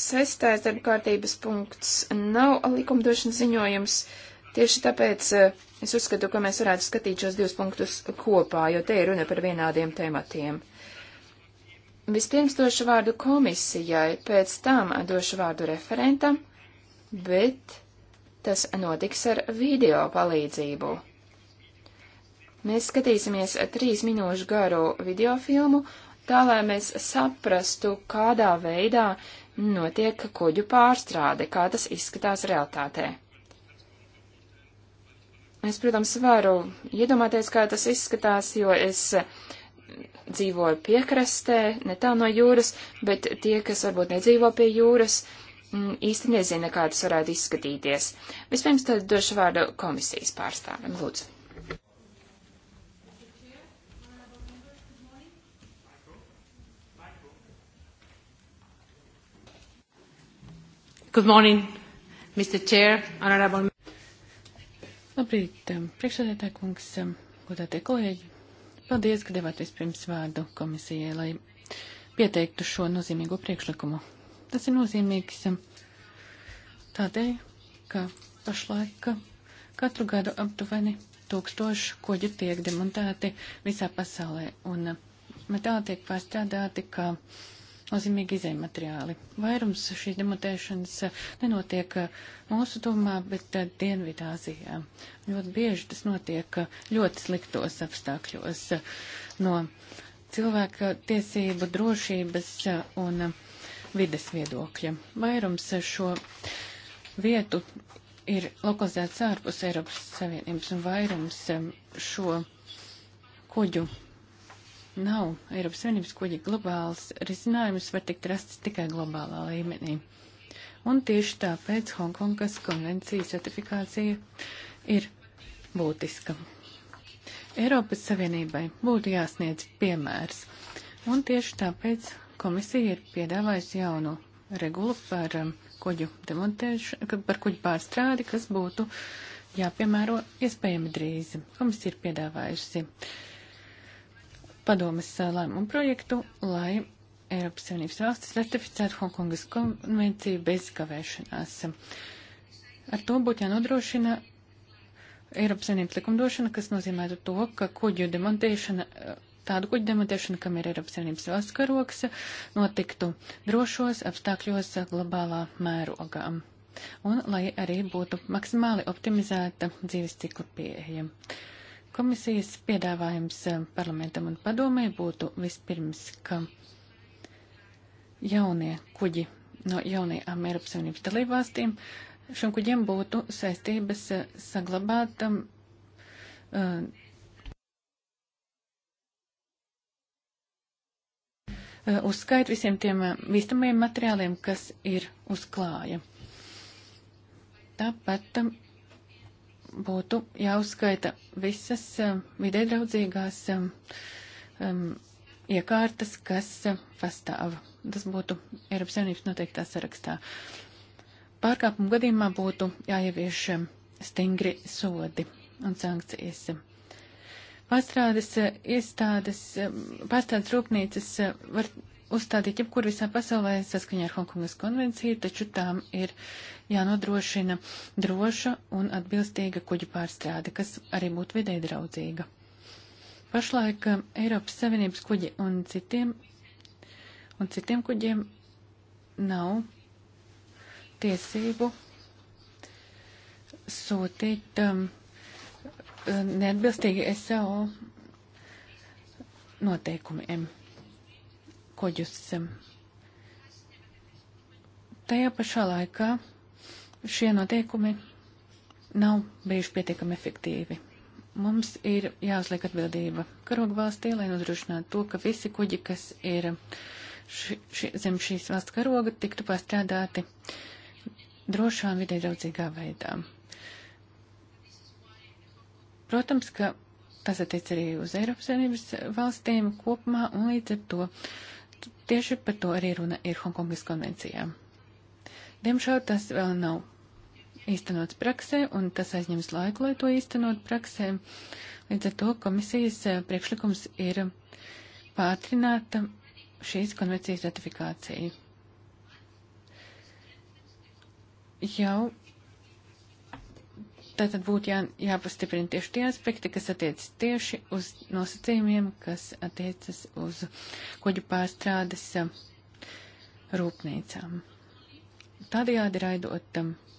sestais darba kārtības punkts nav likumdošanas ziņojums. Tieši tāpēc eh, es uzskatu, ka mēs varētu skatīt šos divus punktus kopā, jo te ir runa par vienādiem tematiem. Vispirms došu vārdu komisijai, pēc tam došu vārdu referentam, bet Tas notiks ar video palīdzību. Mēs skatīsimies trīs minūšu garu videofilmu, tā lai mēs saprastu, kādā veidā notiek kuģu pārstrāde, kā tas izskatās realitātē. Es, protams, varu iedomāties, kā tas izskatās, jo es dzīvoju piekrastē, netālu no jūras, bet tie, kas varbūt nedzīvo pie jūras, uh, Mm, īsti nezina, kā tas varētu izskatīties. Vispirms tad došu vārdu komisijas pārstāvim. Lūdzu. Good morning, Mr. Chair, Honorable. Labrīt, um, priekšsēdētāj kungs, um, godātie kolēģi. Paldies, ka devāties pirms vārdu komisijai, lai pieteiktu šo nozīmīgo priekšlikumu Tas ir nozīmīgs um, tādēļ, ka pašlaik um, katru gadu aptuveni tūkstoši koģi tiek demontēti visā pasaulē, un um, metāli tiek pārstrādāti kā nozīmīgi izējumateriāli. Vairums šīs demontēšanas nenotiek mūsu domā, bet uh, Dienvidāzijā. Ļoti bieži tas notiek ļoti sliktos apstākļos no cilvēka tiesību, drošības un uh, vides viedokļa. Vairums šo vietu ir lokalizēts ārpus Eiropas Savienības, un vairums šo kuģu nav. Eiropas Savienības kuģi globāls risinājums var tikt rasts tikai globālā līmenī. Un tieši tāpēc Hongkongas konvencijas ratifikācija ir būtiska. Eiropas Savienībai būtu jāsniedz piemērs. Un tieši tāpēc Komisija ir piedāvājusi jaunu regulu par um, kuģu demontēšanu, par kuģu pārstrādi, kas būtu jāpiemēro iespējami drīz. Komisija ir piedāvājusi padomas uh, lēmumu projektu, lai Eiropas Savienības valstis ratificētu Hongkongas konvenciju bez kavēšanās. Ar to būtu jānodrošina Eiropas Savienības likumdošana, kas nozīmētu to, ka kuģu demontēšana uh, tādu kuģu demontēšanu, kam ir Eiropas Savienības valsts karoks, notiktu drošos apstākļos globālā mērogā. Un lai arī būtu maksimāli optimizēta dzīves cikla pieeja. Komisijas piedāvājums parlamentam un padomē būtu vispirms, ka jaunie kuģi no jaunajām Eiropas Savienības dalībvalstīm šiem kuģiem būtu saistības saglabāt um, Uh, uzskaita visiem tiem uh, bīstamajiem materiāliem, kas ir uzklāja. Tāpat um, būtu jāuzskaita visas uh, vidē draudzīgās um, um, iekārtas, kas pastāv. Tas būtu Eiropas Savienības noteiktā sarakstā. Pārkāpumu gadījumā būtu jāievieš stingri sodi un sankcijas. Pārstrādes eh, iestādes, eh, pārstrādes rūpnīcas eh, var uzstādīt jebkur visā pasaulē saskaņā ar Hongkongas konvenciju, taču tām ir jānodrošina droša un atbilstīga kuģa pārstrāde, kas arī būtu vidē draudzīga. Pašlaik Eiropas Savienības kuģi un citiem, un citiem kuģiem nav tiesību sūtīt um, neatbilstīgi SAO noteikumiem, kuģus. Tajā pašā laikā šie noteikumi nav bijuši pietiekami efektīvi. Mums ir jāuzliek atbildība karoga valstī, lai nodrošinātu to, ka visi kuģi, kas ir ši, ši, zem šīs valsts karoga, tiktu pārstrādāti drošā un vidē draudzīgā veidā. Protams, ka tas attiec arī uz Eiropas Savienības valstīm kopumā, un līdz ar to tieši par to arī runa ir Hongkongas konvencijā. Diemžēl tas vēl nav īstenots praksē, un tas aizņems laiku, lai to īstenot praksē. Līdz ar to komisijas eh, priekšlikums ir pātrināt šīs konvencijas ratifikāciju. Jau Tātad būtu jā, jāpastiprina tieši tie aspekti, kas attiecas tieši uz nosacījumiem, kas attiecas uz kuģu pārstrādes um, rūpnīcām. Tādējādi raidot tam um,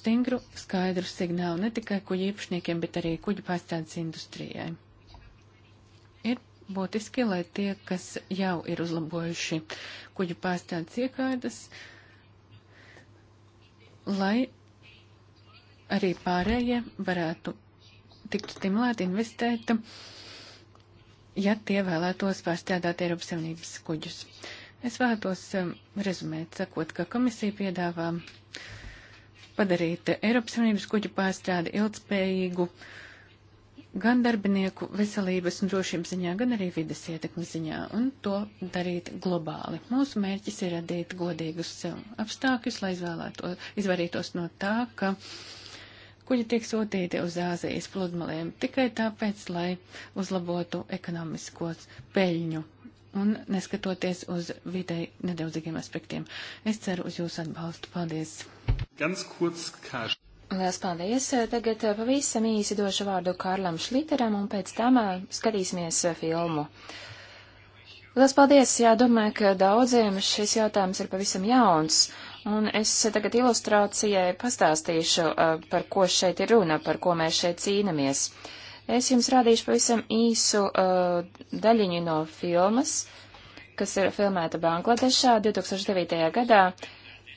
stingru, skaidru signālu ne tikai kuģi īpašniekiem, bet arī kuģu pārstrādes industrijai. Ir būtiski, lai tie, kas jau ir uzlabojuši kuģu pārstrādes iekārtas, lai arī pārējie varētu tikt stimulēti investēt, ja tie vēlētos pārstrādāt Eiropas Savienības kuģus. Es vēlētos um, rezumēt, sakot, ka komisija piedāvā padarīt Eiropas Savienības kuģu pārstrādi ilgspējīgu gan darbinieku veselības un drošības ziņā, gan arī vides ietekmes ziņā, un to darīt globāli. Mūsu mērķis ir radīt godīgus um, apstākļus, lai izvēlētos, izvarītos no tā, ka uh, kuģi tiek sūtīti uz Āzijas pludmaliem tikai tāpēc, lai uzlabotu ekonomiskos peļņu un neskatoties uz videi nedaudzīgiem aspektiem. Es ceru uz jūsu atbalstu. Paldies! Ganz kurz, Kārš. Lielas paldies! Tagad eh, pavisam īsi došu vārdu Kārlam Šliteram un pēc tam eh, skatīsimies eh, filmu. Lielas paldies! Jā, domāju, ka daudziem šis jautājums ir pavisam jauns. Un es tagad ilustrācijai pastāstīšu, par ko šeit ir runa, par ko mēs šeit cīnamies. Es jums rādīšu pavisam īsu uh, daļiņu no filmas, kas ir filmēta Bangladešā 2009. gadā,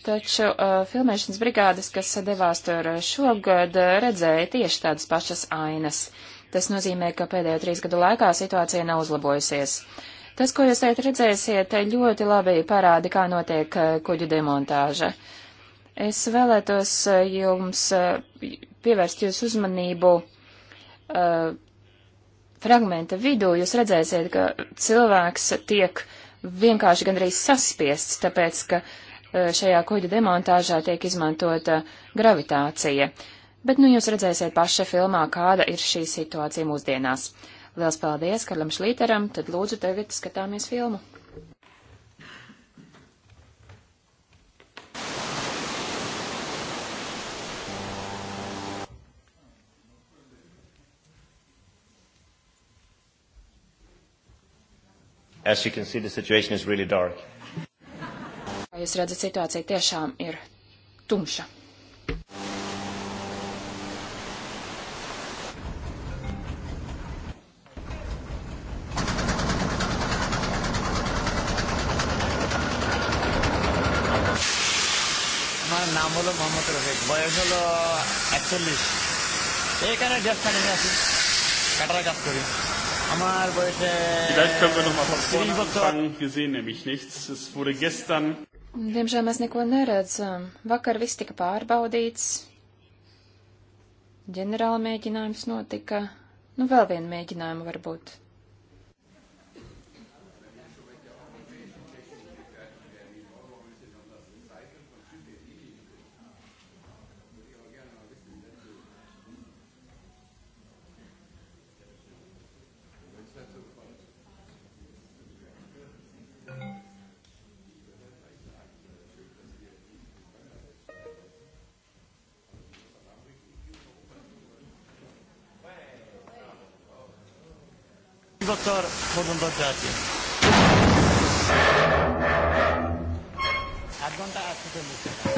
taču uh, filmēšanas brigādes, kas devās tur šogad, redzēja tieši tādas pašas ainas. Tas nozīmē, ka pēdējo trīs gadu laikā situācija nav uzlabojusies. Uh, Tas, ko jūs šeit redzēsiet, ļoti labi parāda, kā notiek eh, kuģu demontāža. Es vēlētos eh, jums eh, pievērst jūsu uzmanību uh, fragmenta vidū. Jūs redzēsiet, ka cilvēks tiek vienkārši gandrīz saspiests, tāpēc, ka uh, šajā kuģa demontāžā tiek izmantota gravitācija. Bet nu jūs redzēsiet paša filmā, kāda ir šī situācija mūsdienās. Uh, Liels paldies Karlam Šlīteram, tad lūdzu tagad skatāmies filmu. As you can see, the situation is really dark. Kā jūs redzat, situācija tiešām ir tumša. হলো মোহাম্মদ রফিক বয়স হলো একচল্লিশ এখানে দেড় সালে আছি কাটারা কাজ করি আমার বয়সে Diemžēl mēs neko neredzam. Vakar viss tika pārbaudīts, ģenerāla mēģinājums notika, nu vēl viena mēģinājuma varbūt. dottor মজুমদার-জাহাতি আধ ঘন্টা আট চল্লিশ টাকা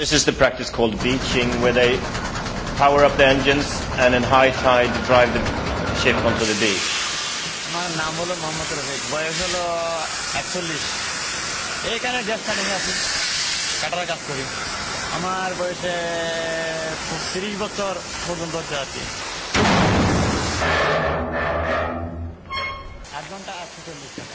This is the practice called beaching, where they power up the engines and in high tide drive the ship onto the beach. আমার নাম হলো মোহাম্মদ রফিক বয়স হলো একচল্লিশ এখানে গ্যাস কাটিং আছি কাটারা কাজ করি আমার বয়সে তিরিশ বছর পর্যন্ত আছি আট ঘন্টা আটশো চল্লিশ টাকা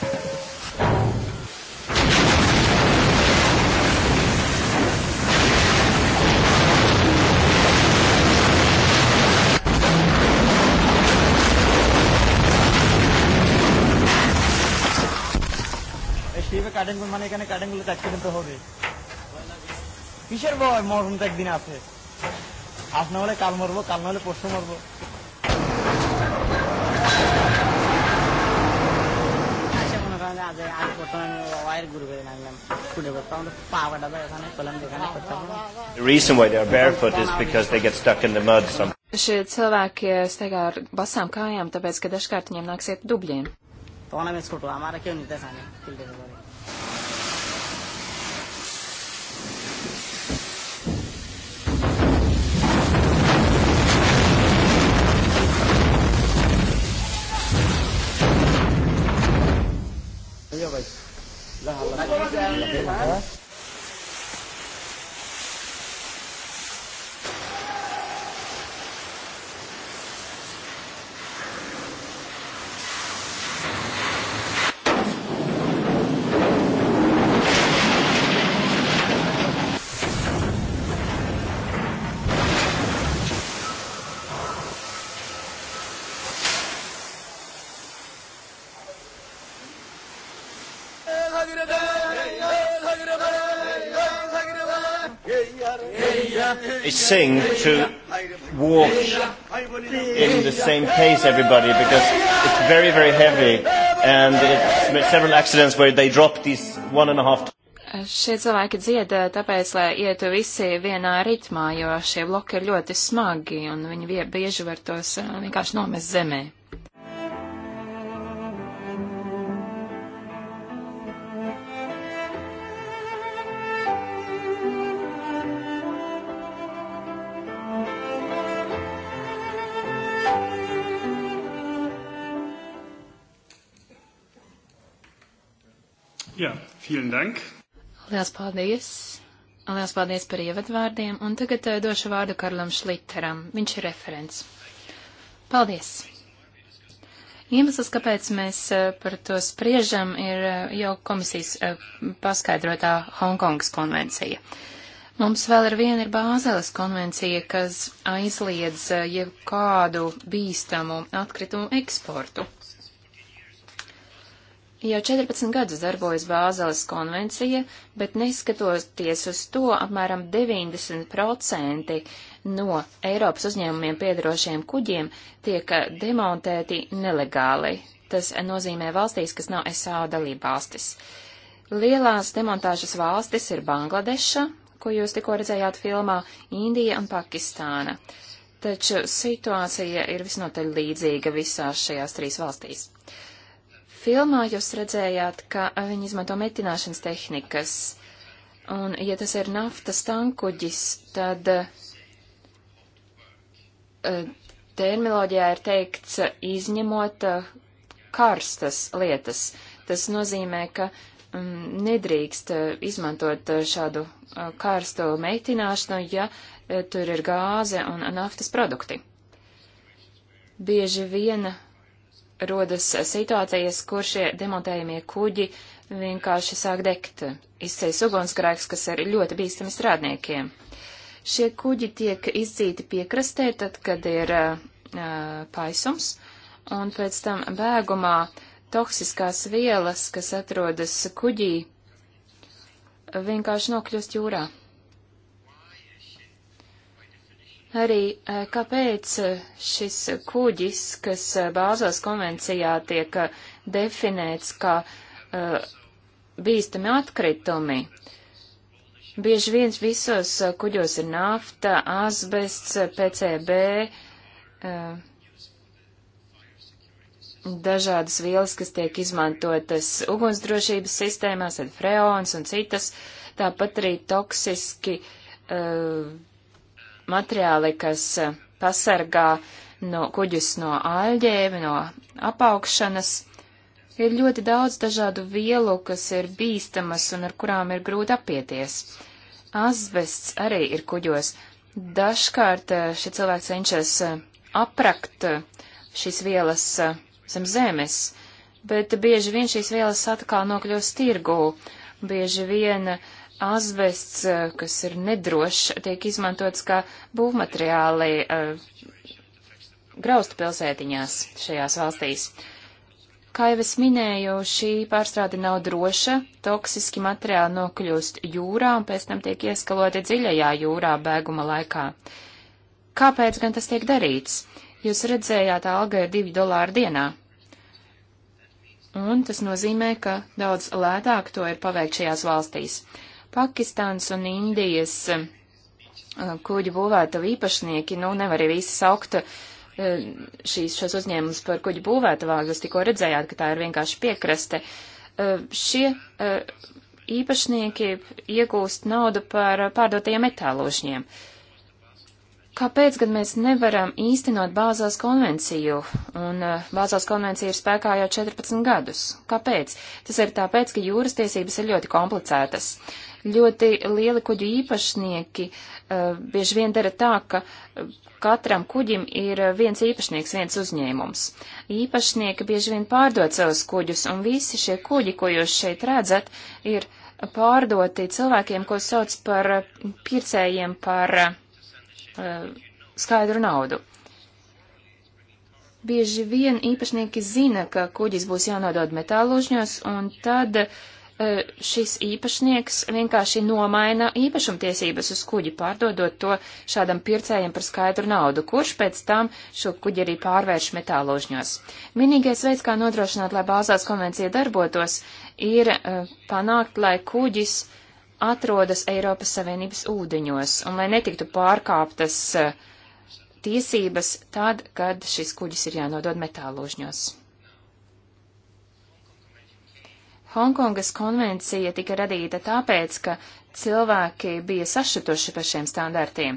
সেইভাবে কার্টেনগুলো মানে এখানে কার্টেনগুলো ট্যাক্স নিতে হবে কিসের ভয় মরণ তো একদিন আছে আজ না হলে কাল মরবো কাল না হলে পরশু মরবো আমি প্রথমে ওয়ার গ্রুপে নামলাম ফুটে পড়তো আমাদের পা কাটাবে এখানে কলাম যেখানে করতাম The reason why they are barefoot is because they get stuck in the mud some. Šie cilvēki eh, staigā ar basām kājām, tāpēc, ka dažkārt viņiem nāks iet dubļiem. To nav mēs kutu, amāra kiev nītēs āni, kildēs āni. Dios vais. Las, las, las, las, las, las, las, las, Singh to walk in the same pace, everybody, because it's very, very heavy, and it's several accidents where they drop these one and a half. Šie cilvēki dzied eh, tāpēc, lai ietu visi vienā ritmā, jo šie bloki ir ļoti smagi, un viņi bieži var tos eh, vienkārši nomest zemē. Jā, vielen dank. Lielas paldies. Lielas paldies par ievadvārdiem. Un tagad uh, došu vārdu Karlam Šliteram. Viņš ir referents. Paldies. Iemesls, kāpēc mēs uh, par to spriežam, ir uh, jau komisijas paskaidrotā Hongkongas konvencija. Mums vēl ar vienu ir Bāzeles konvencija, kas aizliedz jebkādu bīstamu atkritumu eksportu. Jau 14 gadus darbojas Bāzeles konvencija, bet neskatoties uz to, apmēram 90% no Eiropas uzņēmumiem piedarošiem kuģiem tiek demontēti nelegāli. Tas nozīmē valstīs, kas nav SAO dalība valstis. Lielās demontāžas valstis ir Bangladeša, ko jūs tikko redzējāt filmā, Indija un Pakistāna. Taču situācija ir visnotaļ līdzīga visās šajās trīs valstīs. Uh, Filmā jūs redzējāt, ka viņi izmanto metināšanas tehnikas. Un, ja tas ir naftas tankuģis, tad terminoloģijā ir teikts izņemot karstas lietas. Tas nozīmē, ka mm, nedrīkst izmantot šādu karsto meitināšanu, ja tur ir gāze un naftas produkti. Bieži viena rodas situācijas, kur šie demontējumie kuģi vienkārši sāk degt. Izceļas ugunsgrēks, kas ir ļoti bīstami strādniekiem. Šie kuģi tiek izdzīti piekrastē, tad, kad ir uh, paisums, un pēc tam bēgumā toksiskās vielas, kas atrodas kuģī, vienkārši nokļūst jūrā. arī, e, kāpēc e, šis kuģis, kas e, bāzos konvencijā tiek definēts kā uh, bīstami atkritumi, bieži viens visos kuģos ir nafta, asbests, PCB, uh, dažādas vielas, kas tiek izmantotas ugunsdrošības sistēmās, tad freons un citas, tāpat arī toksiski uh, materiāli, kas e, pasargā no kuģus no āļģēm, no apaugšanas. Ir ļoti daudz dažādu vielu, kas ir bīstamas un ar kurām ir grūti apieties. Asbests arī ir kuģos. Dažkārt e, šie cilvēki cenšas e, aprakt šīs vielas zem zemes, bet bieži vien šīs vielas atkal nokļūst tirgū. Bieži vien uh, azvests, eh, kas ir nedrošs, tiek izmantots kā būvmateriāli uh, graustu pilsētiņās šajās valstīs. Kā jau es minēju, šī pārstrāde nav droša, toksiski materiāli nokļūst jūrā un pēc tam tiek ieskaloti dziļajā jūrā bēguma laikā. Kāpēc gan tas tiek darīts? Jūs redzējāt, alga ir 2 dolāri dienā. Un tas nozīmē, ka daudz lētāk to ir paveikt šajās valstīs. Pakistāns un Indijas eh, kuģu būvētavu īpašnieki, nu, nevar arī visi saukt eh, šīs, šos uzņēmumus par kuģu būvētavām, jūs tikko redzējāt, ka tā ir vienkārši piekraste. Eh, šie īpašnieki iegūst naudu par pārdotajiem metālošņiem. Kāpēc gan mēs nevaram īstenot bāzās konvenciju? Un bāzās konvencija ir spēkā jau 14 gadus. Kāpēc? Tas ir tāpēc, ka jūras tiesības ir ļoti komplicētas. Ļoti lieli kuģu īpašnieki uh, bieži vien dara tā, ka eh, katram kuģim ir eh, viens īpašnieks, viens uzņēmums. Īpašnieki bieži vien pārdod savus kuģus, un visi šie kuģi, ko jūs šeit redzat, ir pārdoti cilvēkiem, ko sauc par pircējiem par uh, skaidru naudu. Bieži vien īpašnieki zina, ka kuģis būs jānodod metālužņos, un tad uh, E, šis īpašnieks vienkārši nomaina īpašumtiesības uz kuģi, pārdodot to šādam pircējam par skaidru naudu, kurš pēc tam šo kuģi arī pārvērš metāložņos. Vienīgais veids, kā nodrošināt, lai bāzās konvencija darbotos, ir e, panākt, lai kuģis atrodas Eiropas Savienības ūdeņos un lai netiktu pārkāptas e, tiesības tad, kad šis kuģis ir jānodod metāložņos. Hongkongas konvencija tika radīta tāpēc, ka cilvēki bija sašutuši par šiem standartiem.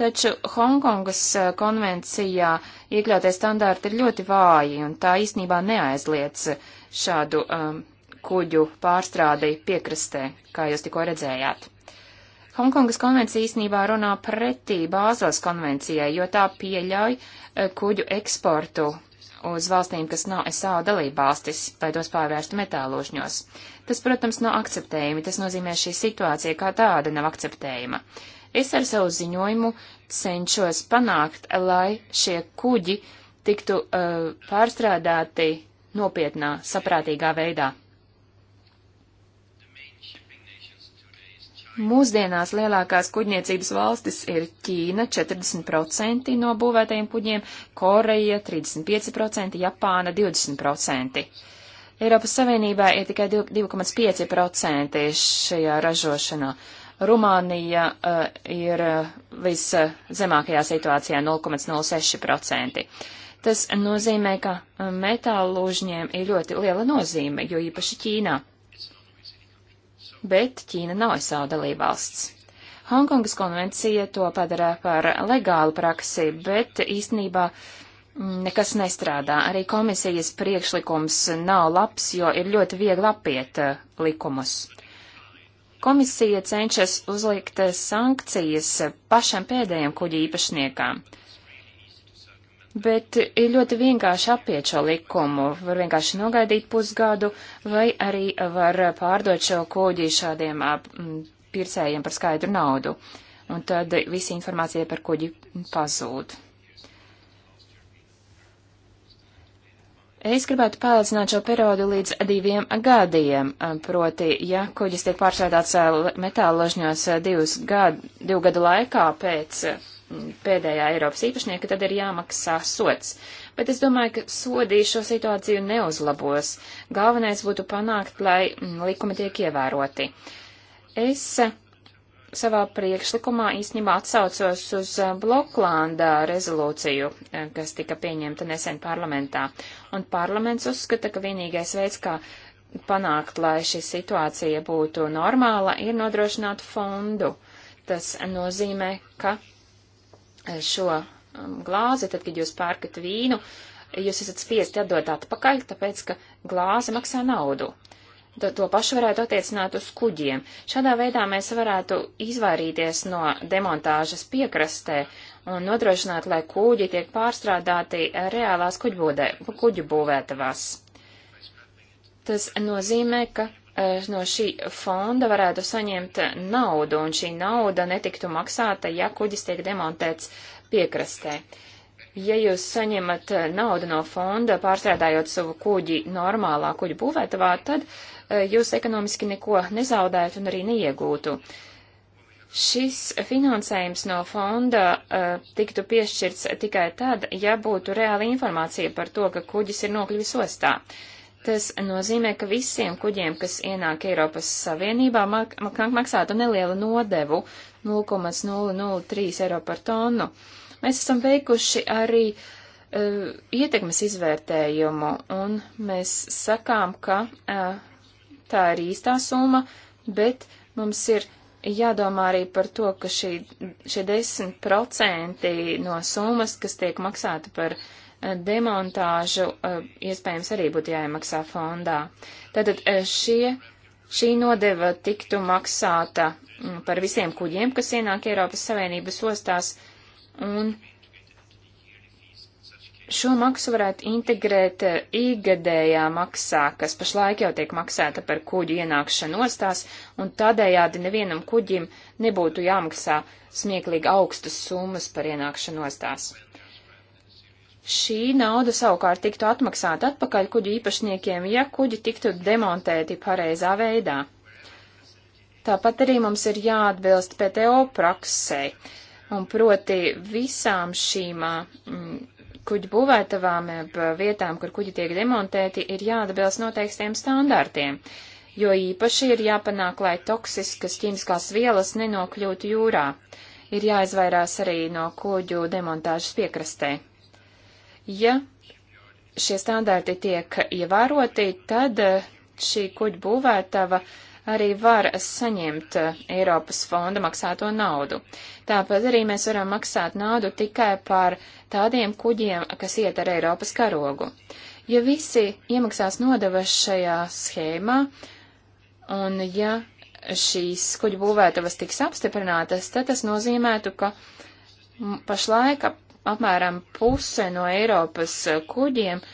Taču Hongkongas eh, konvencijā iekļautie standarti ir ļoti vāji, un tā īsnībā neaizliec šādu um, kuģu pārstrādi piekrastē, kā jūs tikko redzējāt. Hongkongas konvencija īsnībā runā pretī Bāzels konvencijai, jo tā pieļauj eh, kuģu eksportu uz valstīm, kas nav SAO dalībvalstis, lai tos pārvērstu metālošņos. Tas, protams, nav akceptējami, tas nozīmē šī situācija kā tāda nav akceptējama. Es ar savu ziņojumu cenšos panākt, lai šie kuģi tiktu uh, pārstrādāti nopietnā, saprātīgā veidā. Mūsdienās lielākās kuģniecības valstis ir Ķīna 40% no būvētajiem kuģiem, Koreja 35%, Japāna 20%. Eiropas Savienībā ir tikai 2,5% šajā ražošanā. Rumānija uh, ir eh, viszemākajā situācijā 0,06%. Tas nozīmē, ka eh, metālu lūžņiem ir ļoti liela nozīme, jo īpaši Ķīnā bet Ķīna nav SAO dalībvalsts. Hongkongas konvencija to padara par legālu praksi, bet īstenībā nekas nestrādā. Arī komisijas priekšlikums nav labs, jo ir ļoti viegli apiet eh, likumus. Komisija cenšas uzlikt sankcijas pašam pēdējam kuģi īpašniekam. Bet ir ļoti vienkārši apiet šo likumu. Var vienkārši nogaidīt pusgadu, vai arī var pārdot šo kuģi šādiem pircējiem par skaidru naudu. Un tad visa informācija par kuģi pazūd. Es gribētu paaucināt šo periodu līdz diviem gadiem, proti, ja kuģis tiek pārstrādāts metāla ložņos divus gadu, divu gadu laikā pēc pēdējā Eiropas īpašnieka, tad ir jāmaksā sots. Bet es domāju, ka sodī šo situāciju neuzlabos. Galvenais būtu panākt, lai mm, likumi tiek ievēroti. Es eh, savā priekšlikumā īstenībā atsaucos uz eh, Bloklānda rezolūciju, eh, kas tika pieņemta nesen parlamentā. Un parlaments uzskata, ka vienīgais veids, kā panākt, lai šī situācija būtu normāla, ir nodrošināt fondu. Tas nozīmē, ka šo um, glāzi, tad, kad jūs pērkat vīnu, jūs esat spiesti atdot atpakaļ, tāpēc, ka glāze maksā naudu. To, to pašu varētu attiecināt uz kuģiem. Šādā veidā mēs varētu izvairīties no demontāžas piekrastē un nodrošināt, lai kuģi tiek pārstrādāti reālās kuģbūvē, kuģu būvētavās. Tas nozīmē, ka Eh, no šī fonda varētu saņemt naudu, un šī nauda netiktu maksāta, ja kuģis tiek demontēts piekrastē. Ja jūs saņemat eh, naudu no fonda, pārstrādājot savu kuģi normālā kuģa būvētavā, tad eh, jūs ekonomiski neko nezaudētu un arī neiegūtu. Šis finansējums no fonda uh, tiktu piešķirts tikai tad, ja būtu reāla informācija par to, ka kuģis ir nokļuvis ostā. Uh, Tas nozīmē, ka visiem kuģiem, kas ienāk Eiropas Savienībā, mak maksātu nelielu nodevu 0,003 eiro par tonu. Mēs esam veikuši arī uh, ietekmes izvērtējumu, un mēs sakām, ka uh, tā ir īstā summa, bet mums ir jādomā arī par to, ka šī, šie 10% no summas, kas tiek maksāta par uh, demontāžu eh, iespējams arī būtu jāiemaksā fondā. Tātad eh, šie, šī nodeva tiktu maksāta mm, par visiem kuģiem, kas ienāk Eiropas Savienības ostās, un šo maksu varētu integrēt īgadējā eh, maksā, kas pašlaik jau tiek maksāta par kuģu ienākšanu ostās, un tādējādi nevienam kuģim nebūtu jāmaksā smieklīgi augstas summas par ienākšanu ostās. Šī nauda savukārt tiktu atmaksāta atpakaļ kuģu īpašniekiem, ja kuģi tiktu demontēti pareizā veidā. Tāpat arī mums ir jāatbilst PTO praksē, un proti visām šīm mm, kuģu būvētavām, vietām, kur kuģi tiek demontēti, ir jāatbilst noteiktiem standārtiem, jo īpaši ir jāpanāk, lai toksiskas ķīmiskās vielas nenokļūtu jūrā. Ir jāizvairās arī no kuģu demontāžas piekrastē. Ja šie standarti tiek ievēroti, tad eh, šī kuģa būvētava arī var saņemt eh, Eiropas fonda maksāto naudu. Tāpat arī mēs varam maksāt naudu tikai par tādiem kuģiem, kas iet ar Eiropas karogu. Ja visi iemaksās nodevas šajā schēmā, un ja šīs kuģu būvētavas tiks apstiprinātas, tad tas nozīmētu, ka pašlaik ap apmēram puse no Eiropas kuģiem eh,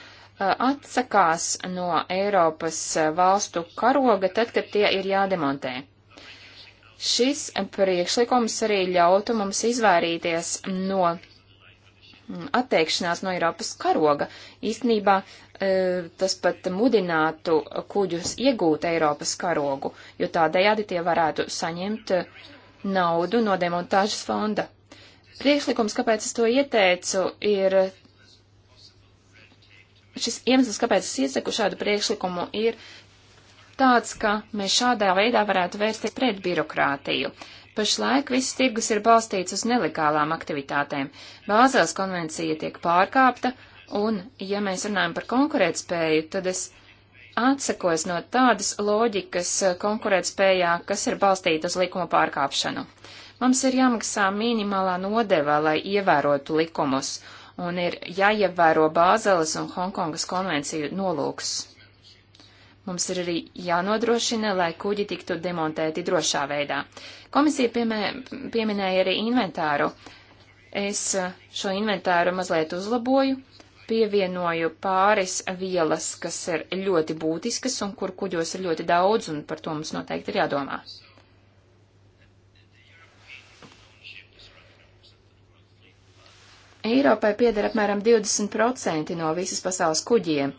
atsakās no Eiropas eh, valstu karoga tad, kad tie ir jādemontē. Šis priekšlikums arī ļautu mums izvairīties no mm, atteikšanās no Eiropas karoga. Īstenībā eh, tas pat mudinātu kuģus iegūt Eiropas karogu, jo tādējādi tie varētu saņemt naudu no demontāžas fonda. Priekšlikums, kāpēc es to ieteicu, ir šis iemesls, kāpēc es iesaku šādu priekšlikumu, ir tāds, ka mēs šādā veidā varētu vērsties pret birokrātiju. Pašlaik viss tirgus ir balstīts uz nelegālām aktivitātēm. Bāzēls konvencija tiek pārkāpta, un, ja mēs runājam par konkurētspēju, tad es atsakos no tādas loģikas konkurētspējā, kas ir balstīta uz likuma pārkāpšanu. Uh, Mums ir jāmaksā minimālā nodeva, lai ievērotu likumus, un ir jāievēro Bāzeles un Hongkongas konvenciju nolūks. Mums ir arī jānodrošina, lai kuģi tiktu demontēti drošā veidā. Komisija piemē, pieminēja arī inventāru. Es eh, šo inventāru mazliet uzlaboju, pievienoju pāris vielas, kas ir ļoti būtiskas un kur kuģos ir ļoti daudz, un par to mums noteikti ir jādomā. Eiropai pieder apmēram 20% no visas pasaules kuģiem.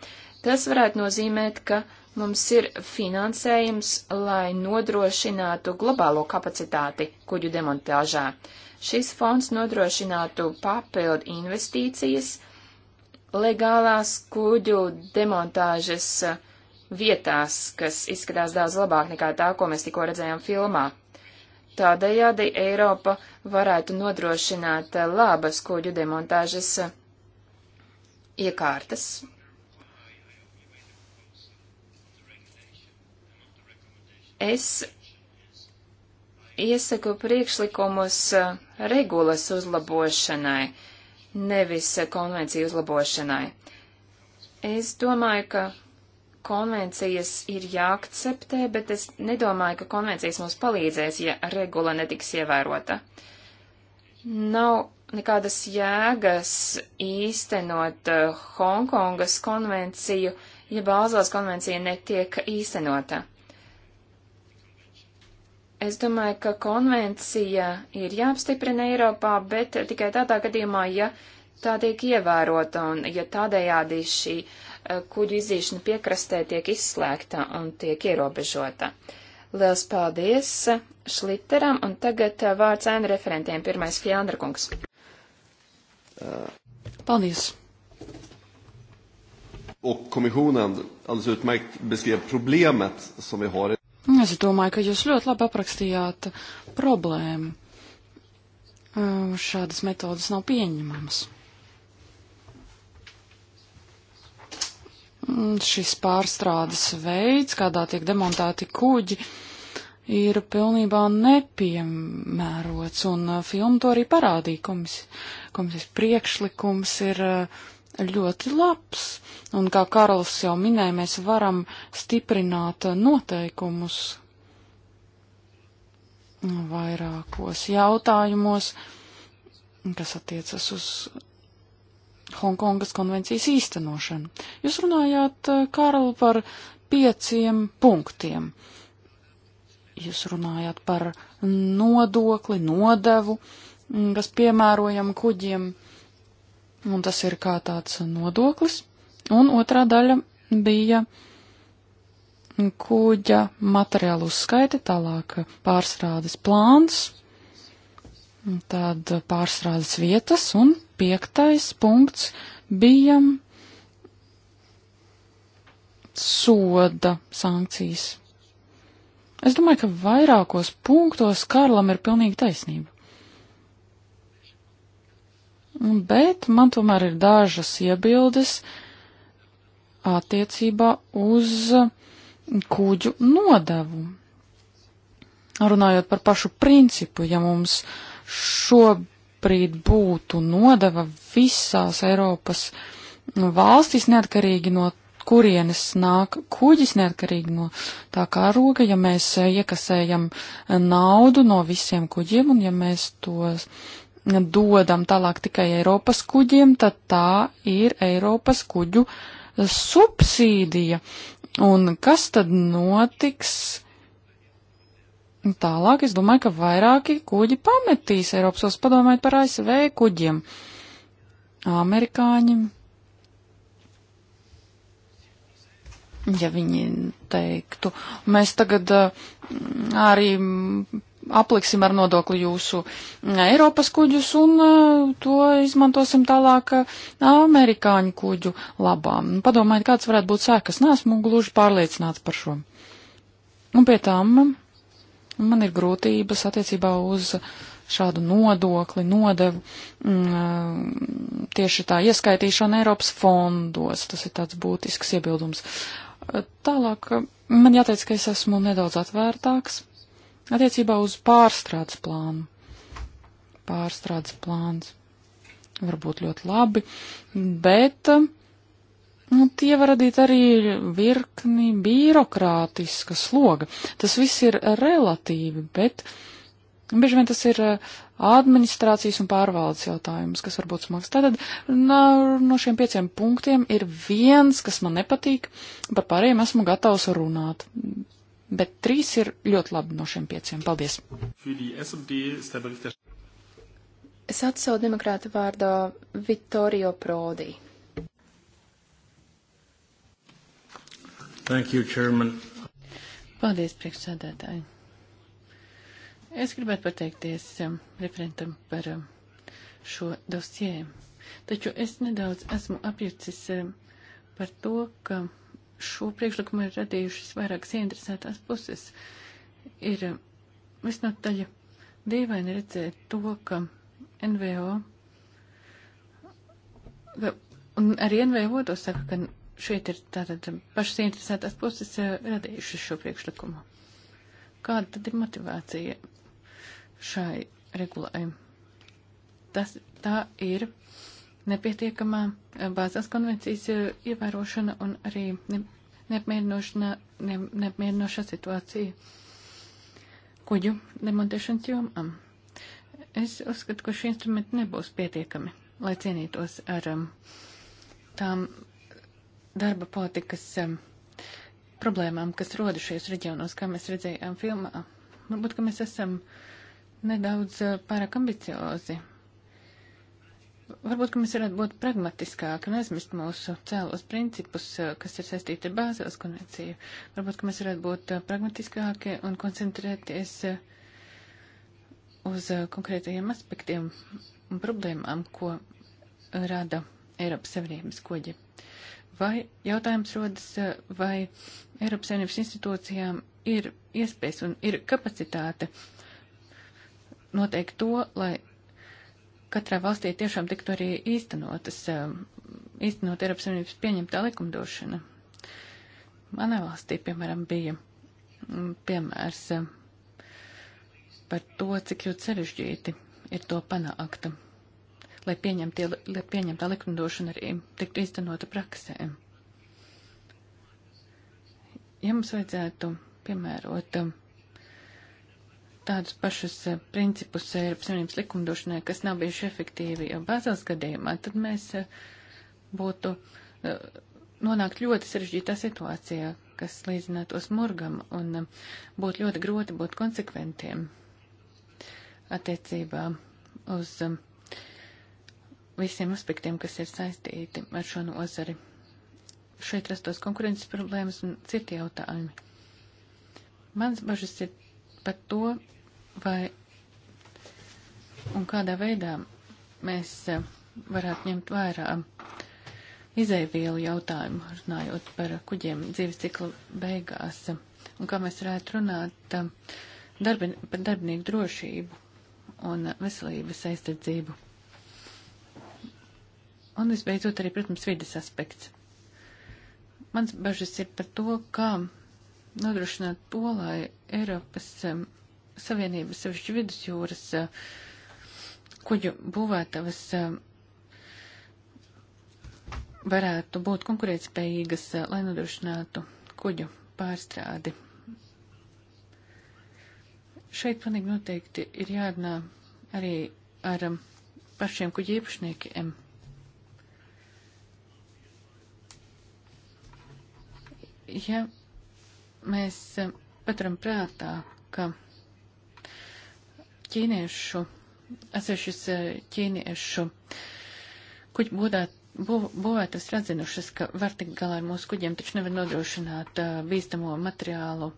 Tas varētu nozīmēt, ka mums ir finansējums, lai nodrošinātu globālo kapacitāti kuģu demontāžā. Šis fonds nodrošinātu papildu investīcijas legālās kuģu demontāžas vietās, kas izskatās daudz labāk nekā tā, ko mēs tikko redzējām filmā. Tādējādi Eiropa varētu nodrošināt eh, labas kuģu demontāžas eh, iekārtas. Es iesaku priekšlikumus eh, regulas uzlabošanai, nevis konvenciju uzlabošanai. Es domāju, ka konvencijas ir jāakceptē, bet es nedomāju, ka konvencijas mums palīdzēs, ja regula netiks ievērota. Nav nekādas jēgas īstenot eh, Hongkongas konvenciju, ja Bāzels konvencija netiek īstenota. Es domāju, ka konvencija ir jāapstiprina Eiropā, bet tikai tādā gadījumā, ja tā tiek ievērota un ja tādējādi šī uh, kuģu izīšana piekrastē tiek izslēgta un tiek ierobežota. Liels paldies Šliteram, un tagad uh, vārds ēnu referentiem. Pirmais Fjāndrakungs. Paldies. Och kommissionen alldeles utmärkt beskrev problemet som vi har. Es domāju, ka jūs ļoti labi aprakstījāt problēmu. Uh, šādas metodas nav pieņemamas. Mm, šis pārstrādes veids, kādā tiek demontēti kuģi, ir pilnībā nepiemērots, un uh, filma to arī parādīja. Komisijas, komisijas priekšlikums ir uh, ļoti labs, un kā Karls jau minēja, mēs varam stiprināt uh, noteikumus vairākos jautājumos, kas attiecas uz Hongkongas konvencijas īstenošanu. Jūs runājāt, eh, Karl, par pieciem punktiem. Jūs runājāt par nodokli, nodevu, mm, kas piemērojam kuģiem, un tas ir kā tāds nodoklis. Un otrā daļa bija kuģa materiālu uzskaiti, tālāk pārstrādes plāns, tad pārstrādes vietas, un piektais punkts bija soda sankcijas. Es domāju, ka vairākos punktos Karlam ir pilnīgi taisnība. Bet man tomēr ir dažas iebildes attiecībā uz kuģu nodevu. Runājot par pašu principu, ja mums uh, šobrīd būtu nodeva visās Eiropas valstīs, neatkarīgi no kurienes nāk kuģis, neatkarīgi no tā kā roga, ja mēs iekasējam naudu no visiem kuģiem un ja mēs tos dodam tālāk tikai Eiropas kuģiem, tad tā ir Eiropas kuģu subsīdija. Un kas tad notiks Tālāk es domāju, ka vairāki kuģi pametīs Eiropas valsts padomājot par ASV kuģiem. Amerikāņi. Ja viņi teiktu, mēs tagad mm, arī mm, apliksim ar nodokli jūsu mm, Eiropas kuģus un to izmantosim tālāk amerikāņu kuģu labā. Padomājiet, kāds varētu būt sēkas. Nesmu gluži pārliecināts par šo. Un pie tām Man ir grūtības attiecībā uz šādu nodokli, nodevu, mm, tieši tā ieskaitīšana Eiropas fondos. Tas ir tāds būtisks iebildums. Tālāk man jāteic, ka es esmu nedaudz atvērtāks attiecībā uz pārstrādes plānu. Pārstrādes plāns var būt ļoti labi, bet Un nu, tie var radīt arī virkni birokrātiska sloga. Tas viss ir relatīvi, bet bieži vien tas ir eh, administrācijas un pārvaldes jautājums, kas varbūt smags. Tātad no, no šiem pieciem punktiem ir viens, kas man nepatīk, par pārējiem esmu gatavs runāt. Bet trīs ir ļoti labi no šiem pieciem. Paldies! Es atsaucu demokrāta vārdā Vittorio Prodi. Thank you, Chairman. Paldies, priekšsādātāji. Es gribētu pateikties um, referentam par um, šo dosjē. Taču es nedaudz esmu apjucis um, par to, ka šo priekšlikumu ir radījušas vairākas ieinteresētās puses. Ir um, visnotaļ dīvaini redzēt to, ka NVO, ka, un arī NVO to saka, ka šeit ir tātad pašas interesētās puses eh, radījušas šo priekšlikumu. Kāda tad ir motivācija šai regulējumai? Tas tā ir nepietiekamā eh, bāzās konvencijas eh, ievērošana un arī ne, ne, neapmierinošā situācija kuģu demontēšanas jomām. Es uzskatu, ka šie instrumenti nebūs pietiekami, lai cienītos ar um, tām darba politikas um, problēmām, kas rodušies reģionos, kā mēs redzējām filmā. Varbūt, ka mēs esam nedaudz uh, pārāk ambiciozi. Varbūt, ka mēs varētu būt pragmatiskāki un aizmirst mūsu cēlos principus, eh, kas ir saistīti ar Bāzeles konvenciju. Varbūt, ka mēs varētu būt eh, pragmatiskāki un koncentrēties uz konkrētajiem aspektiem un problēmām, ko rada Eiropas Savienības koģi vai jautājums rodas, eh, vai Eiropas Savienības institūcijām ir iespējas un ir kapacitāte noteikt to, lai katrā valstī tiešām tiktu arī īstenotas, eh, īstenot Eiropas Savienības pieņemtā likumdošana. Manā valstī, piemēram, bija mm, piemērs eh, par to, cik ļoti sarežģīti ir to panākta lai, pieņemtie, lai pieņemtā likumdošana arī tiktu iztenota praksē. Ja mums vajadzētu piemērot um, tādus pašus uh, principus Eiropas Savienības likumdošanai, kas nav bijuši efektīvi jau bāzās gadījumā, tad mēs uh, būtu uh, nonākt ļoti sarežģītā situācijā, kas līdzinātos murgam un um, būtu ļoti grūti būt konsekventiem attiecībā uz um, visiem aspektiem, kas ir saistīti ar šo nozari. Šeit rastos konkurences problēmas un citi jautājumi. Mans bažas ir par to, vai un kādā veidā mēs eh, varētu ņemt vērā izēvielu jautājumu, runājot par kuģiem dzīves cikla beigās, un kā mēs varētu runāt eh, darbin, par darbinieku drošību un veselības aizsardzību. Un visbeidzot arī, protams, vides aspekts. Mans bažas ir par to, kā nodrošināt to, lai Eiropas um, Savienības sevišķi vidusjūras uh, kuģu būvētavas uh, varētu būt konkurētspējīgas, uh, lai nodrošinātu kuģu pārstrādi. Šeit pilnīgi noteikti ir jārunā arī ar um, pašiem kuģi īpašniekiem Ja mēs eh, paturam prātā, ka ķīniešu, atsevišķas eh, ķīniešu kuģu būdāt būvētas atzinušas, ka var tikt galā ar mūsu kuģiem, taču nevar nodrošināt uh, bīstamo materiālu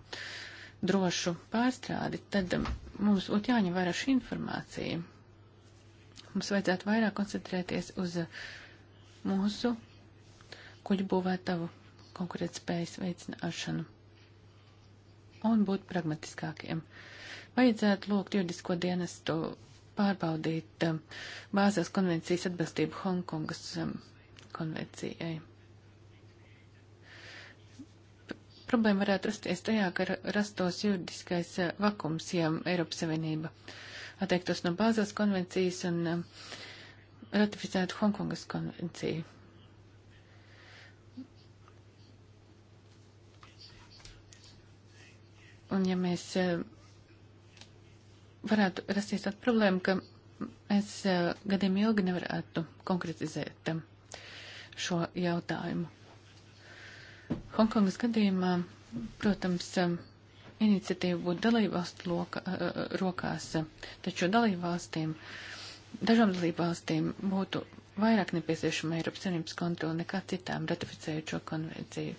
drošu pārstrādi, tad um, mums būtu jāņem vērā šī informācija. Mums vajadzētu vairāk koncentrēties uz uh, mūsu kuģu būvētavu konkurētspējas veicināšanu un būt pragmatiskākiem. Vajadzētu lūgt juridisko dienestu pārbaudīt um, bāzes konvencijas atbilstību Hongkongas um, konvencijai. P problēma varētu rasties tajā, ka rastos juridiskais uh, vakums, ja Eiropas Savienība atteiktos no bāzes konvencijas un um, ratificētu Hongkongas konvenciju. Un ja mēs eh, varētu rasties tāda problēma, ka mēs eh, gadiem ilgi nevarētu konkretizēt eh, šo jautājumu. Hongkongas gadījumā, protams, iniciatīva būtu dalībvalstu loka, rokās, taču dalībvalstīm, dažām dalībvalstīm būtu vairāk nepieciešama Eiropas Savienības kontrola nekā citām ratificējot šo konvenciju.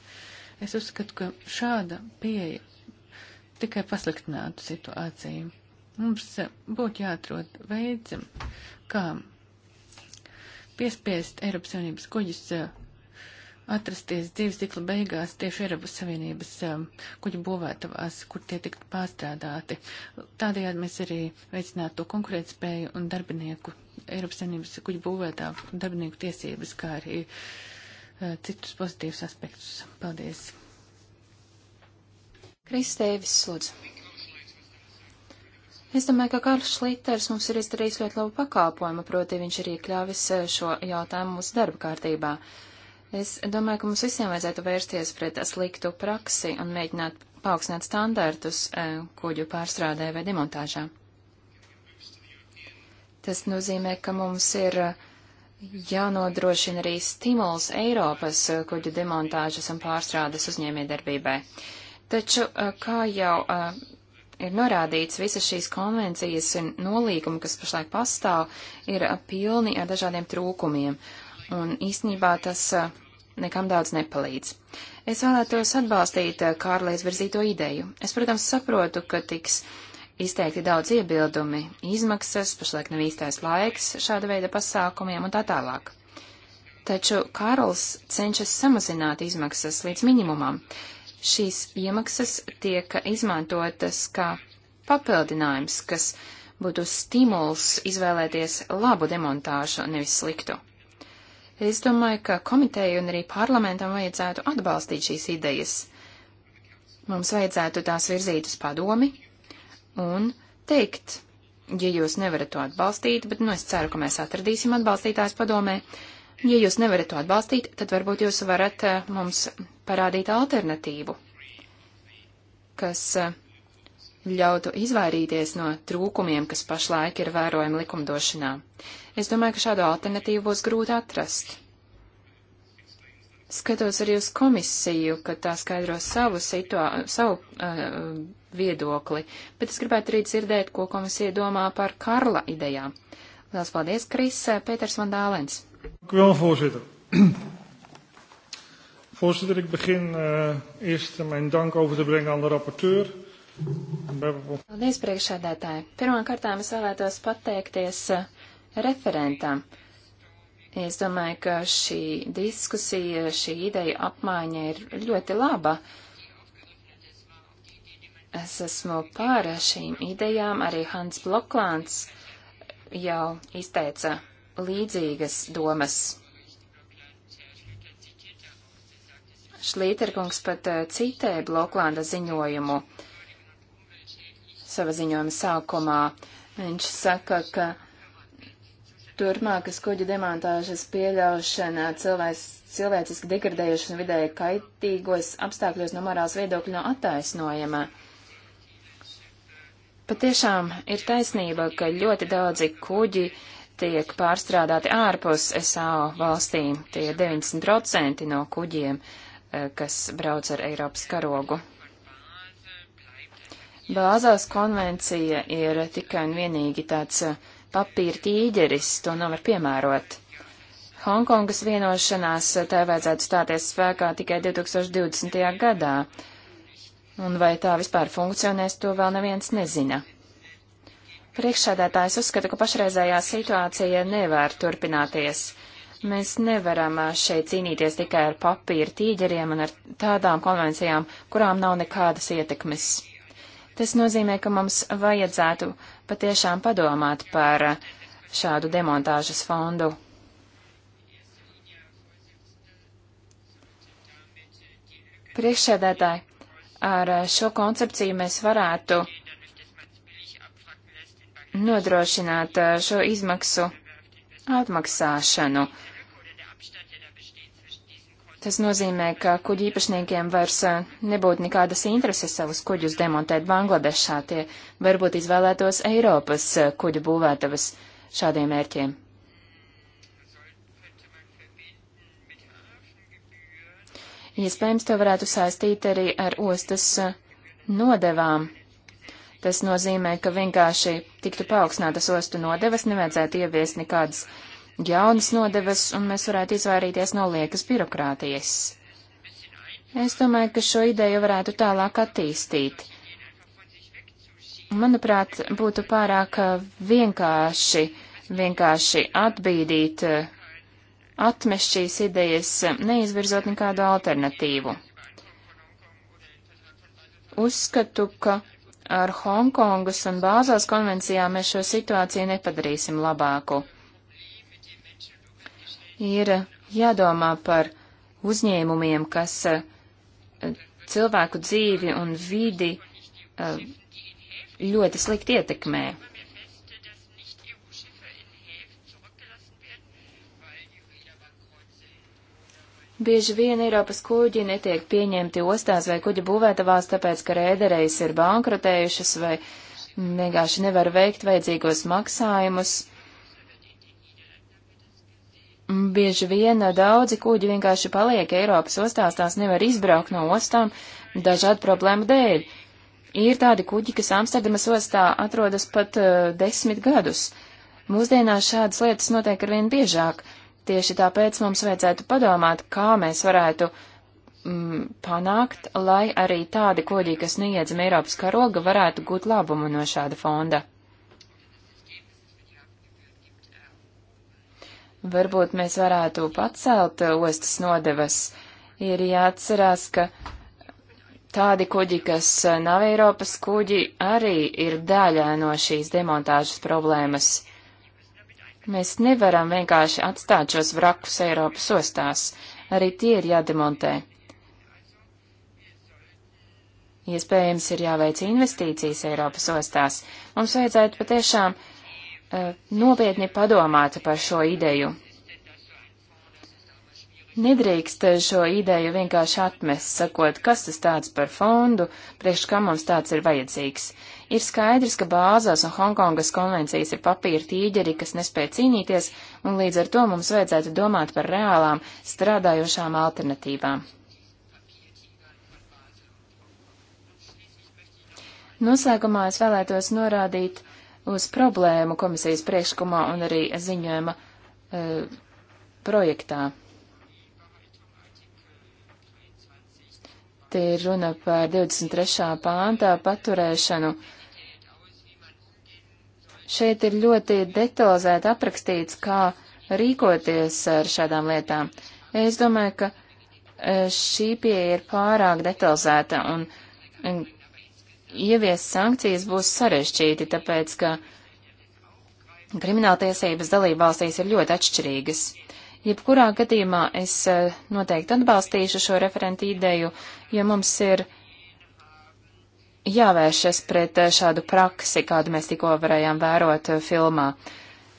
Es uzskatu, ka šāda pieeja tikai pasliktinātu situāciju. Mums būtu jāatrod veids, kā piespiest Eiropas Savienības kuģis eh, atrasties dzīves cikla beigās tieši Eiropas Savienības um, eh, kuģu būvētavās, kur tie tiktu pārstrādāti. Tādējādi mēs arī veicinātu to konkurētspēju un darbinieku, Eiropas Savienības kuģu būvētāvu darbinieku tiesības, kā arī uh, citus pozitīvus aspektus. Paldies! Kristēvis Sudz. Es domāju, ka Karls Šlīters mums ir izdarījis ļoti labu pakāpojumu, proti viņš ir iekļāvis eh, šo jautājumu mūsu darba kārtībā. Es domāju, ka mums visiem vajadzētu vērsties pret sliktu praksi un mēģināt paaugstināt standartus eh, kuģu pārstrādē vai demontāžā. Tas nozīmē, ka mums ir eh, jānodrošina arī stimuls Eiropas kuģu demontāžas un pārstrādes uzņēmiedarbībai. darbībai. Taču, kā jau ir norādīts, visas šīs konvencijas un nolīgumi, kas pašlaik pastāv, ir pilni ar dažādiem trūkumiem, un īstenībā tas nekam daudz nepalīdz. Es vēlētos atbalstīt Kārla izvirzīto ideju. Es, protams, saprotu, ka tiks izteikti daudz iebildumi, izmaksas, pašlaik nav īstais laiks šāda veida pasākumiem un tā tālāk. Taču Kārls cenšas samazināt izmaksas līdz minimumam šīs iemaksas tiek izmantotas kā papildinājums, kas būtu stimuls izvēlēties labu demontāžu, nevis sliktu. Es domāju, ka komiteju un arī parlamentam vajadzētu atbalstīt šīs idejas. Mums vajadzētu tās virzīt uz padomi un teikt, ja jūs nevarat to atbalstīt, bet nu es ceru, ka mēs atradīsim atbalstītājs padomē, uh, Ja jūs nevarat to atbalstīt, tad varbūt jūs varat eh, mums parādīt alternatīvu, kas eh, ļautu izvairīties no trūkumiem, kas pašlaik ir vērojami likumdošanā. Es domāju, ka šādu alternatīvu būs grūti atrast. Skatos arī uz komisiju, ka tā skaidro savu, situā, savu uh, viedokli, bet es gribētu arī dzirdēt, ko komisija domā par Karla idejām. Lielas paldies, Kris, Pēters Vandālens. Vēl, voorzitter. Voorzitter, ik begin uh, eerst mijn dank over te brengen aan de rapporteur. Paldies, priekšsēdētāji. Pirmkārtām es vēlētos pateikties eh, referentam. Es domāju, ka šī diskusija, šī ideja apmaiņa ir ļoti laba. Es esmu pār šīm idejām, arī Hans Bloklāns jau izteica līdzīgas domas. Šlīterkungs pat eh, citēja Bloklanda ziņojumu sava ziņojuma sākumā. Viņš saka, ka turpmākas kuģa demontāžas pieļaušana cilvēks, cilvēciski degradējuši un vidēji kaitīgos apstākļos no morāls viedokļa nav no attaisnojama. Patiešām ir taisnība, ka ļoti daudzi kuģi uh, tiek pārstrādāti ārpus SAO valstīm. Tie ir 90% no kuģiem, eh, kas brauc ar Eiropas karogu. Bāzās konvencija ir tikai un vienīgi tāds eh, papīra tīģeris, to nevar piemērot. Hongkongas vienošanās eh, tai vajadzētu stāties spēkā tikai 2020. gadā, un vai tā vispār funkcionēs, to vēl neviens nezina. Priekšsēdētājs uzskata, ka pašreizējā situācija nevar turpināties. Mēs nevaram šeit cīnīties tikai ar papīra tīģeriem un ar tādām konvencijām, kurām nav nekādas ietekmes. Tas nozīmē, ka mums vajadzētu patiešām padomāt par šādu demontāžas fondu. Priekšsēdētāji, ar šo koncepciju mēs varētu nodrošināt uh, šo izmaksu atmaksāšanu. Tas nozīmē, ka kuģi īpašniekiem vairs uh, nebūtu nekādas intereses savus kuģus demontēt Bangladešā. Tie varbūt izvēlētos Eiropas uh, kuģu būvētavas šādiem mērķiem. Iespējams, to varētu saistīt arī ar ostas nodevām. Tas nozīmē, ka vienkārši tiktu paaugstinātas ostu nodevas, nevajadzētu ieviest nekādas jaunas nodevas, un mēs varētu izvairīties no liekas birokrātijas. Es domāju, ka šo ideju varētu tālāk attīstīt. Manuprāt, būtu pārāk uh, vienkārši, vienkārši atbīdīt, uh, atmest šīs idejas, uh, neizvirzot nekādu alternatīvu. Uzskatu, ka ar Hongkongas un Bāzās konvencijām mēs šo situāciju nepadarīsim labāku. Ir jādomā par uzņēmumiem, kas eh, cilvēku dzīvi un vidi eh, ļoti slikti ietekmē. Bieži vien Eiropas kuģi netiek pieņemti ostās vai kuģa būvētavās, tāpēc, ka rēderejas ir bankrotējušas vai vienkārši nevar veikt vajadzīgos maksājumus. Bieži vien daudzi kuģi vienkārši paliek Eiropas ostās, tās nevar izbraukt no ostām dažādu problēmu dēļ. Ir tādi kuģi, kas Amsterdamas ostā atrodas pat uh, desmit gadus. Mūsdienās šādas lietas notiek arvien biežāk. Uh, Tieši tāpēc mums vajadzētu padomāt, kā mēs varētu mm, panākt, lai arī tādi koļi, kas neiedzam Eiropas karoga, varētu gūt labumu no šāda fonda. Varbūt mēs varētu pacelt ostas nodevas. Ir jāatcerās, ka tādi kuģi, kas nav Eiropas kuģi, arī ir daļā no šīs demontāžas problēmas. Mēs nevaram vienkārši atstāt šos vrakus Eiropas ostās. Arī tie ir jādemontē. Iespējams, ir jāveic investīcijas Eiropas ostās. Mums vajadzētu patiešām uh, nopietni padomāt par šo ideju. Nedrīkst šo ideju vienkārši atmest, sakot, kas tas tāds par fondu, priekš kam mums tāds ir vajadzīgs. Ir skaidrs, ka Bāzās un Hongkongas konvencijas ir papīra tīģeri, kas nespēja cīnīties, un līdz ar to mums vajadzētu domāt par reālām, strādājošām alternatīvām. Noslēgumā es vēlētos norādīt uz problēmu komisijas priekšlikumā un arī ziņojuma e, projektā. Te ir runa par 23. pāntā paturēšanu Šeit ir ļoti detalizēti aprakstīts, kā rīkoties ar šādām lietām. Es domāju, ka e, šī pieeja ir pārāk detalizēta un e, ievies sankcijas būs sarežģīti, tāpēc, ka krimināltiesības dalībvalstīs ir ļoti atšķirīgas. Jebkurā gadījumā es e, noteikti atbalstīšu šo referentu ideju, jo mums ir jāvēršas pret eh, šādu praksi, kādu mēs tikko varējām vērot eh, filmā.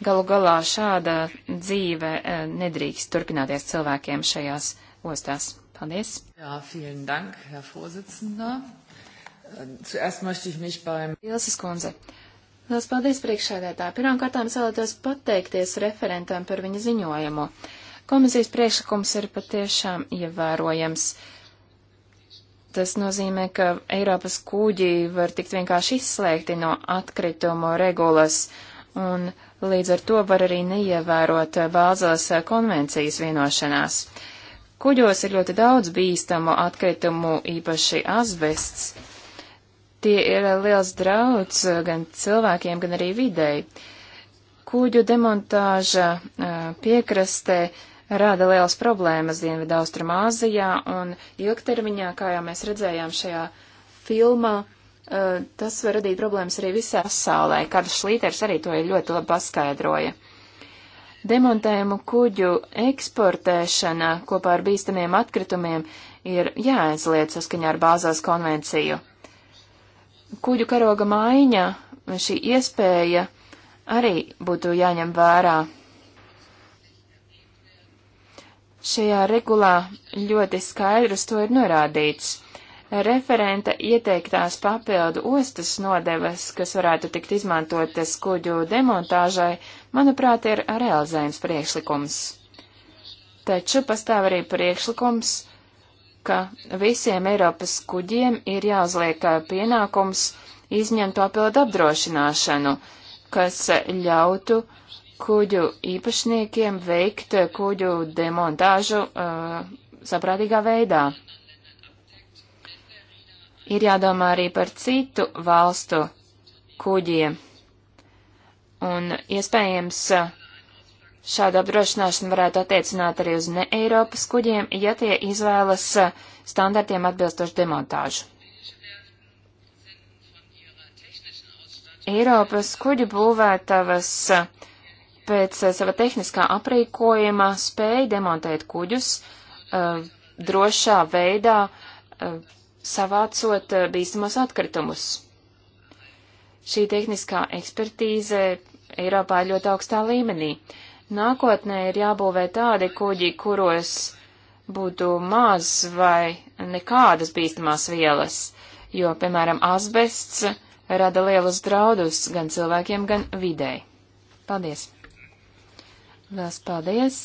Galu galā šāda dzīve eh, nedrīkst turpināties cilvēkiem šajās ostās. Paldies! Jā, vielen dank, Herr Vorsitzender. Äh, zuerst möchte ich mich beim... Ilses Kunze. Lielas paldies priekšsēdētāji. Pirmkārtām es vēlētos pateikties referentam par viņa ziņojumu. Komisijas priekšlikums ir patiešām ievērojams. Ja Tas nozīmē, ka Eiropas kūģi var tikt vienkārši izslēgti no atkritumu regulas, un līdz ar to var arī neievērot Bāzeles konvencijas vienošanās. Kuģos ir ļoti daudz bīstamu atkritumu, īpaši asbests. Tie ir liels drauds gan cilvēkiem, gan arī videi. Kūģu demontāža piekrastē rada liels problēmas Dienvidaustrum Āzijā, un ilgtermiņā, kā jau mēs redzējām šajā filmā, eh, tas var radīt problēmas arī visā pasaulē. Karls Šlīters arī to ir ļoti labi paskaidroja. Demontējumu kuģu eksportēšana kopā ar bīstamiem atkritumiem ir jāaizliedz saskaņā ar bāzās konvenciju. Kuģu karoga maiņa, šī iespēja arī būtu jāņem vērā Šajā regulā ļoti skaidrs to ir norādīts. Referenta ieteiktās papildu ostas nodevas, kas varētu tikt izmantotas kuģu demontāžai, manuprāt, ir realizējums priekšlikums. Taču pastāv arī priekšlikums, ka visiem Eiropas kuģiem ir jāuzliek pienākums izņemt papildu apdrošināšanu, kas ļautu uh, kuģu īpašniekiem veikt kuģu demontāžu uh, saprātīgā veidā. Ir jādomā arī par citu valstu kuģiem. Un iespējams uh, šāda apdrošināšana varētu attiecināt arī uz ne Eiropas kuģiem, ja tie izvēlas uh, standartiem atbilstošu demontāžu. Eiropas kuģu būvētavas uh, pēc eh, sava tehniskā aprīkojuma spēja demontēt kuģus uh, drošā veidā, uh, savācot uh, bīstamos atkritumus. Šī tehniskā ekspertīze Eiropā ir ļoti augstā līmenī. Nākotnē ir jābūvē tādi kuģi, kuros būtu maz vai nekādas bīstamās vielas, jo, piemēram, asbests rada lielus draudus gan cilvēkiem, gan videi. Paldies! Lielas paldies!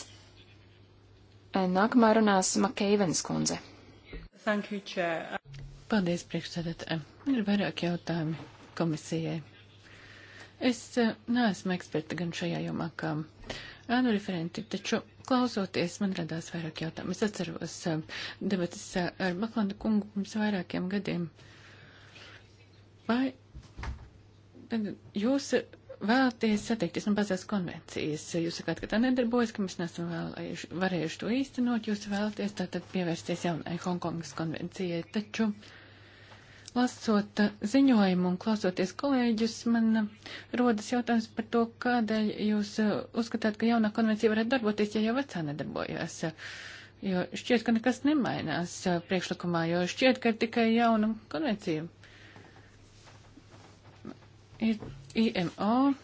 E, nākamā runās Makeivens kundze. Thank you, Chair. Paldies, priekšsēdētāji. Ir vairāk jautājumi komisijai. Es e, neesmu eksperta gan šajā jomā, kā ēnu referenti, taču klausoties, man radās vairāk jautājumu. Es atceros e, debatas ar Baklanda kungu pirms vairākiem gadiem. Vai jūs vēlaties attiekties no bazās konvencijas. Jūs sakāt, ka tā nedarbojas, ka mēs nesam vēlējuši, varējuši to īstenot. Jūs vēlaties tātad pievērsties jaunai Hongkongas konvencijai. Taču, lasot ziņojumu un klausoties kolēģus, man rodas jautājums par to, kādēļ jūs uzskatāt, ka jaunā konvencija varētu darboties, ja jau vecā nedarbojās. Jo šķiet, ka nekas nemainās priekšlikumā, jo šķiet, ka ir tikai jauna konvencija ir IMO,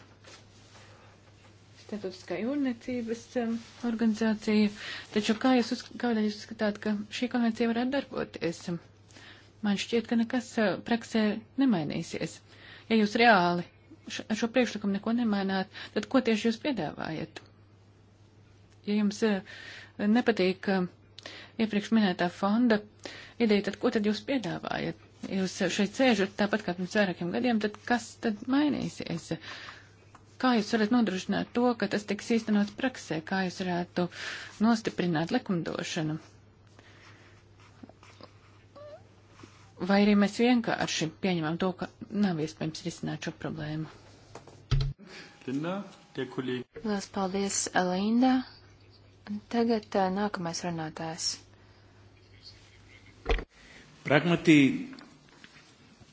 Startautiskā jūrniecības um, organizācija. Taču kā jūs, uz, kādēļ jūs uzskatāt, ka šī konvencija varētu darboties? Man šķiet, ka nekas uh, praksē nemainīsies. Ja jūs reāli š, ar šo priekšlikumu neko nemaināt, tad ko tieši jūs piedāvājat? Ja jums uh, nepatīk uh, iepriekš minētā fonda ideja, tad ko tad jūs piedāvājat? jūs šeit sēžat tāpat kā pirms vairākiem gadiem, tad kas tad mainīsies? Kā jūs varat nodrošināt to, ka tas tiks īstenots praksē? Kā jūs varētu nostiprināt likumdošanu? Vai arī mēs vienkārši pieņemam to, ka nav iespējams risināt šo problēmu? Linda, tie kolēģi. Lielas paldies, Linda. Tagad uh, nākamais runātājs. Πράγματι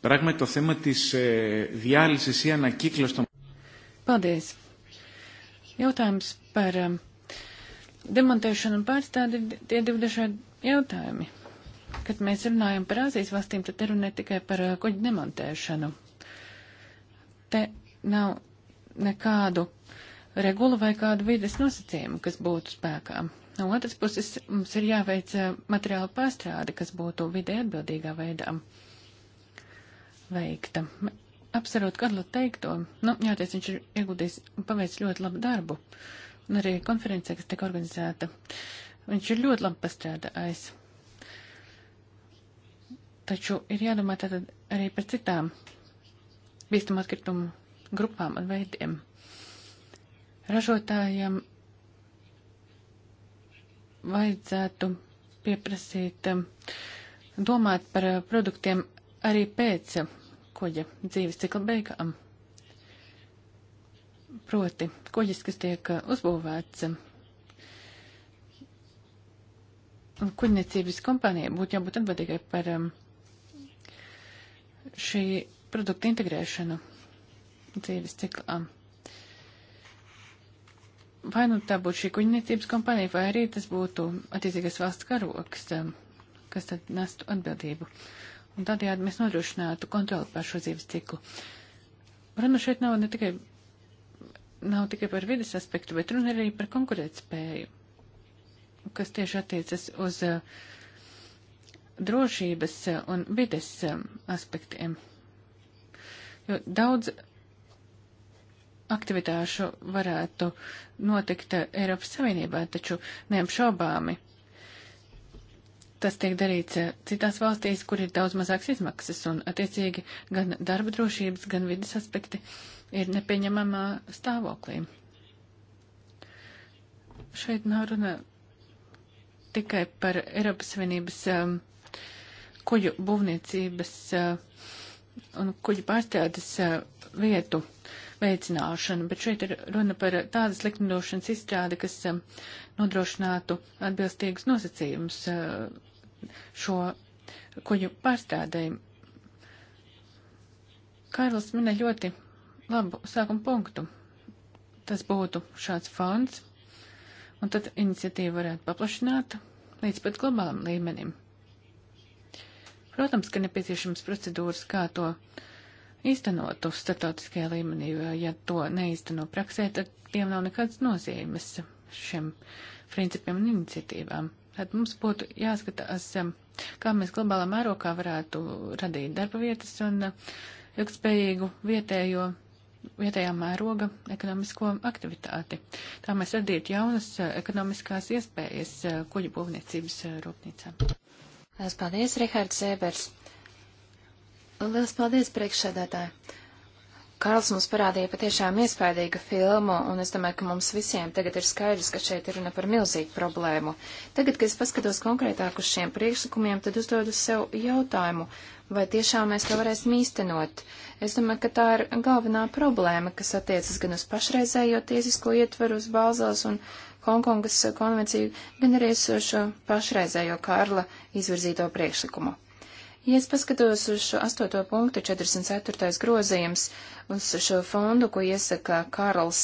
πράγματι το θέμα της e, διάλυσης ή ανακύκλωσης των... Paldies. Jautājums par um, demantēšanu un pārstādi tie divi dažādi jautājumi. Kad mēs runājam par Āzijas valstīm, tad te runa ne tikai par uh, kuģu demantēšanu. Te nav nekādu regulu vai kādu vides nosacījumu, kas būtu spēkā. No otras puses, mums ir jāveic uh, materiāla pārstrāde, kas būtu vidē atbildīgā veidā. Uh, veikta. Apsverot Kadlu teikto, nu, jāties, viņš ir ieguldījis un paveic ļoti labu darbu. Un arī konferencē, kas tika organizēta, viņš ir ļoti labi pastrādājis. Taču ir jādomā tātad arī par citām bīstamu atkritumu grupām un veidiem. Ražotājiem vajadzētu pieprasīt, um, domāt par uh, produktiem arī pēc kuģa dzīves cikla beigām. Proti, kuģis, kas tiek uh, uzbūvēts um, kuģniecības kompānijai, būtu jābūt atbildīgai par um, šī produkta integrēšanu dzīves ciklā. Vai nu tā būtu šī kuģniecības kompānija, vai arī tas būtu attiecīgais valsts karoks, um, kas tad nestu atbildību. Uh, un tādējādi mēs nodrošinātu kontroli pār šo dzīves ciklu. Runa šeit nav ne tikai, nav tikai par vidas aspektu, bet runa arī par konkurētspēju, kas tieši attiecas uz uh, drošības uh, un vides um, aspektiem. Jo daudz aktivitāšu varētu notikt uh, Eiropas Savienībā, taču neapšaubāmi tas tiek darīts eh, citās valstīs, kur ir daudz mazāks izmaksas, un attiecīgi gan darba drošības, gan vidas aspekti ir nepieņemamā stāvoklī. Šeit nav runa tikai par Eiropas Savienības um, kuģu būvniecības uh, un kuģu pārstādes uh, ehm, vietu veicināšanu, bet šeit ir runa par tādas likumdošanas izstrādi, kas um, nodrošinātu atbilstīgus nosacījumus uh, šo kuģu pārstādēm. Kārlis minē ļoti labu sākumu punktu. Tas būtu šāds fonds, un tad iniciatīva varētu paplašināt līdz pat globālam līmenim. Protams, ka nepieciešams procedūras, kā to īstenot uz startautiskajā līmenī, jo, ja to neīsteno praksē, tad tiem nav nekādas nozīmes šiem principiem un iniciatīvām. Tad mums būtu jāskatās, um, kā mēs globālā mērokā varētu radīt darba vietas un uh, ilgspējīgu vietējo vietējā mēroga ekonomisko aktivitāti. Tā mēs radītu jaunas uh, ekonomiskās iespējas uh, kuģu būvniecības rūpnīcām. Lielas paldies, Rihards Zēbers. Lielas paldies, priekšsēdētāji. Karls mums parādīja patiešām iespaidīgu filmu, un es domāju, ka mums visiem tagad ir skaidrs, ka šeit ir runa par milzīgu problēmu. Tagad, kad es paskatos konkrētāk uz šiem priekšlikumiem, tad uzdodu sev jautājumu, vai tiešām mēs to varēsim īstenot. Es domāju, ka tā ir galvenā problēma, kas attiecas gan uz pašreizējo tiesisko ietveru uz Bāzels un Hongkongas konvenciju, gan arī uz šo pašreizējo Karla izvirzīto priekšlikumu. Ja es paskatos uz šo astoto punktu, 44. grozījums, uz šo fondu, ko iesaka Karls,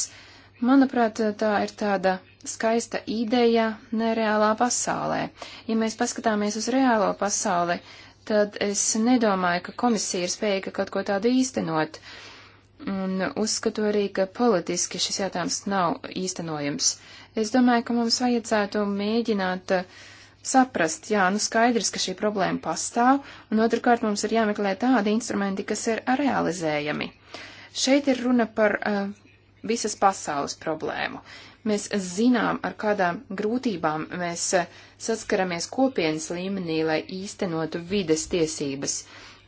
manuprāt, tā ir tāda skaista ideja nereālā pasaulē. Ja mēs paskatāmies uz reālo pasauli, tad es nedomāju, ka komisija ir spējīga kaut ko tādu īstenot. Un uzskatu arī, ka politiski šis jautājums nav īstenojams. Es domāju, ka mums vajadzētu mēģināt uh, saprast, jā, nu skaidrs, ka šī problēma pastāv, un otrkārt mums ir jāmeklē tādi instrumenti, kas ir realizējami. Šeit ir runa par uh, visas pasaules problēmu. Mēs zinām, ar kādām grūtībām mēs uh, saskaramies kopienas līmenī, lai īstenotu vides tiesības.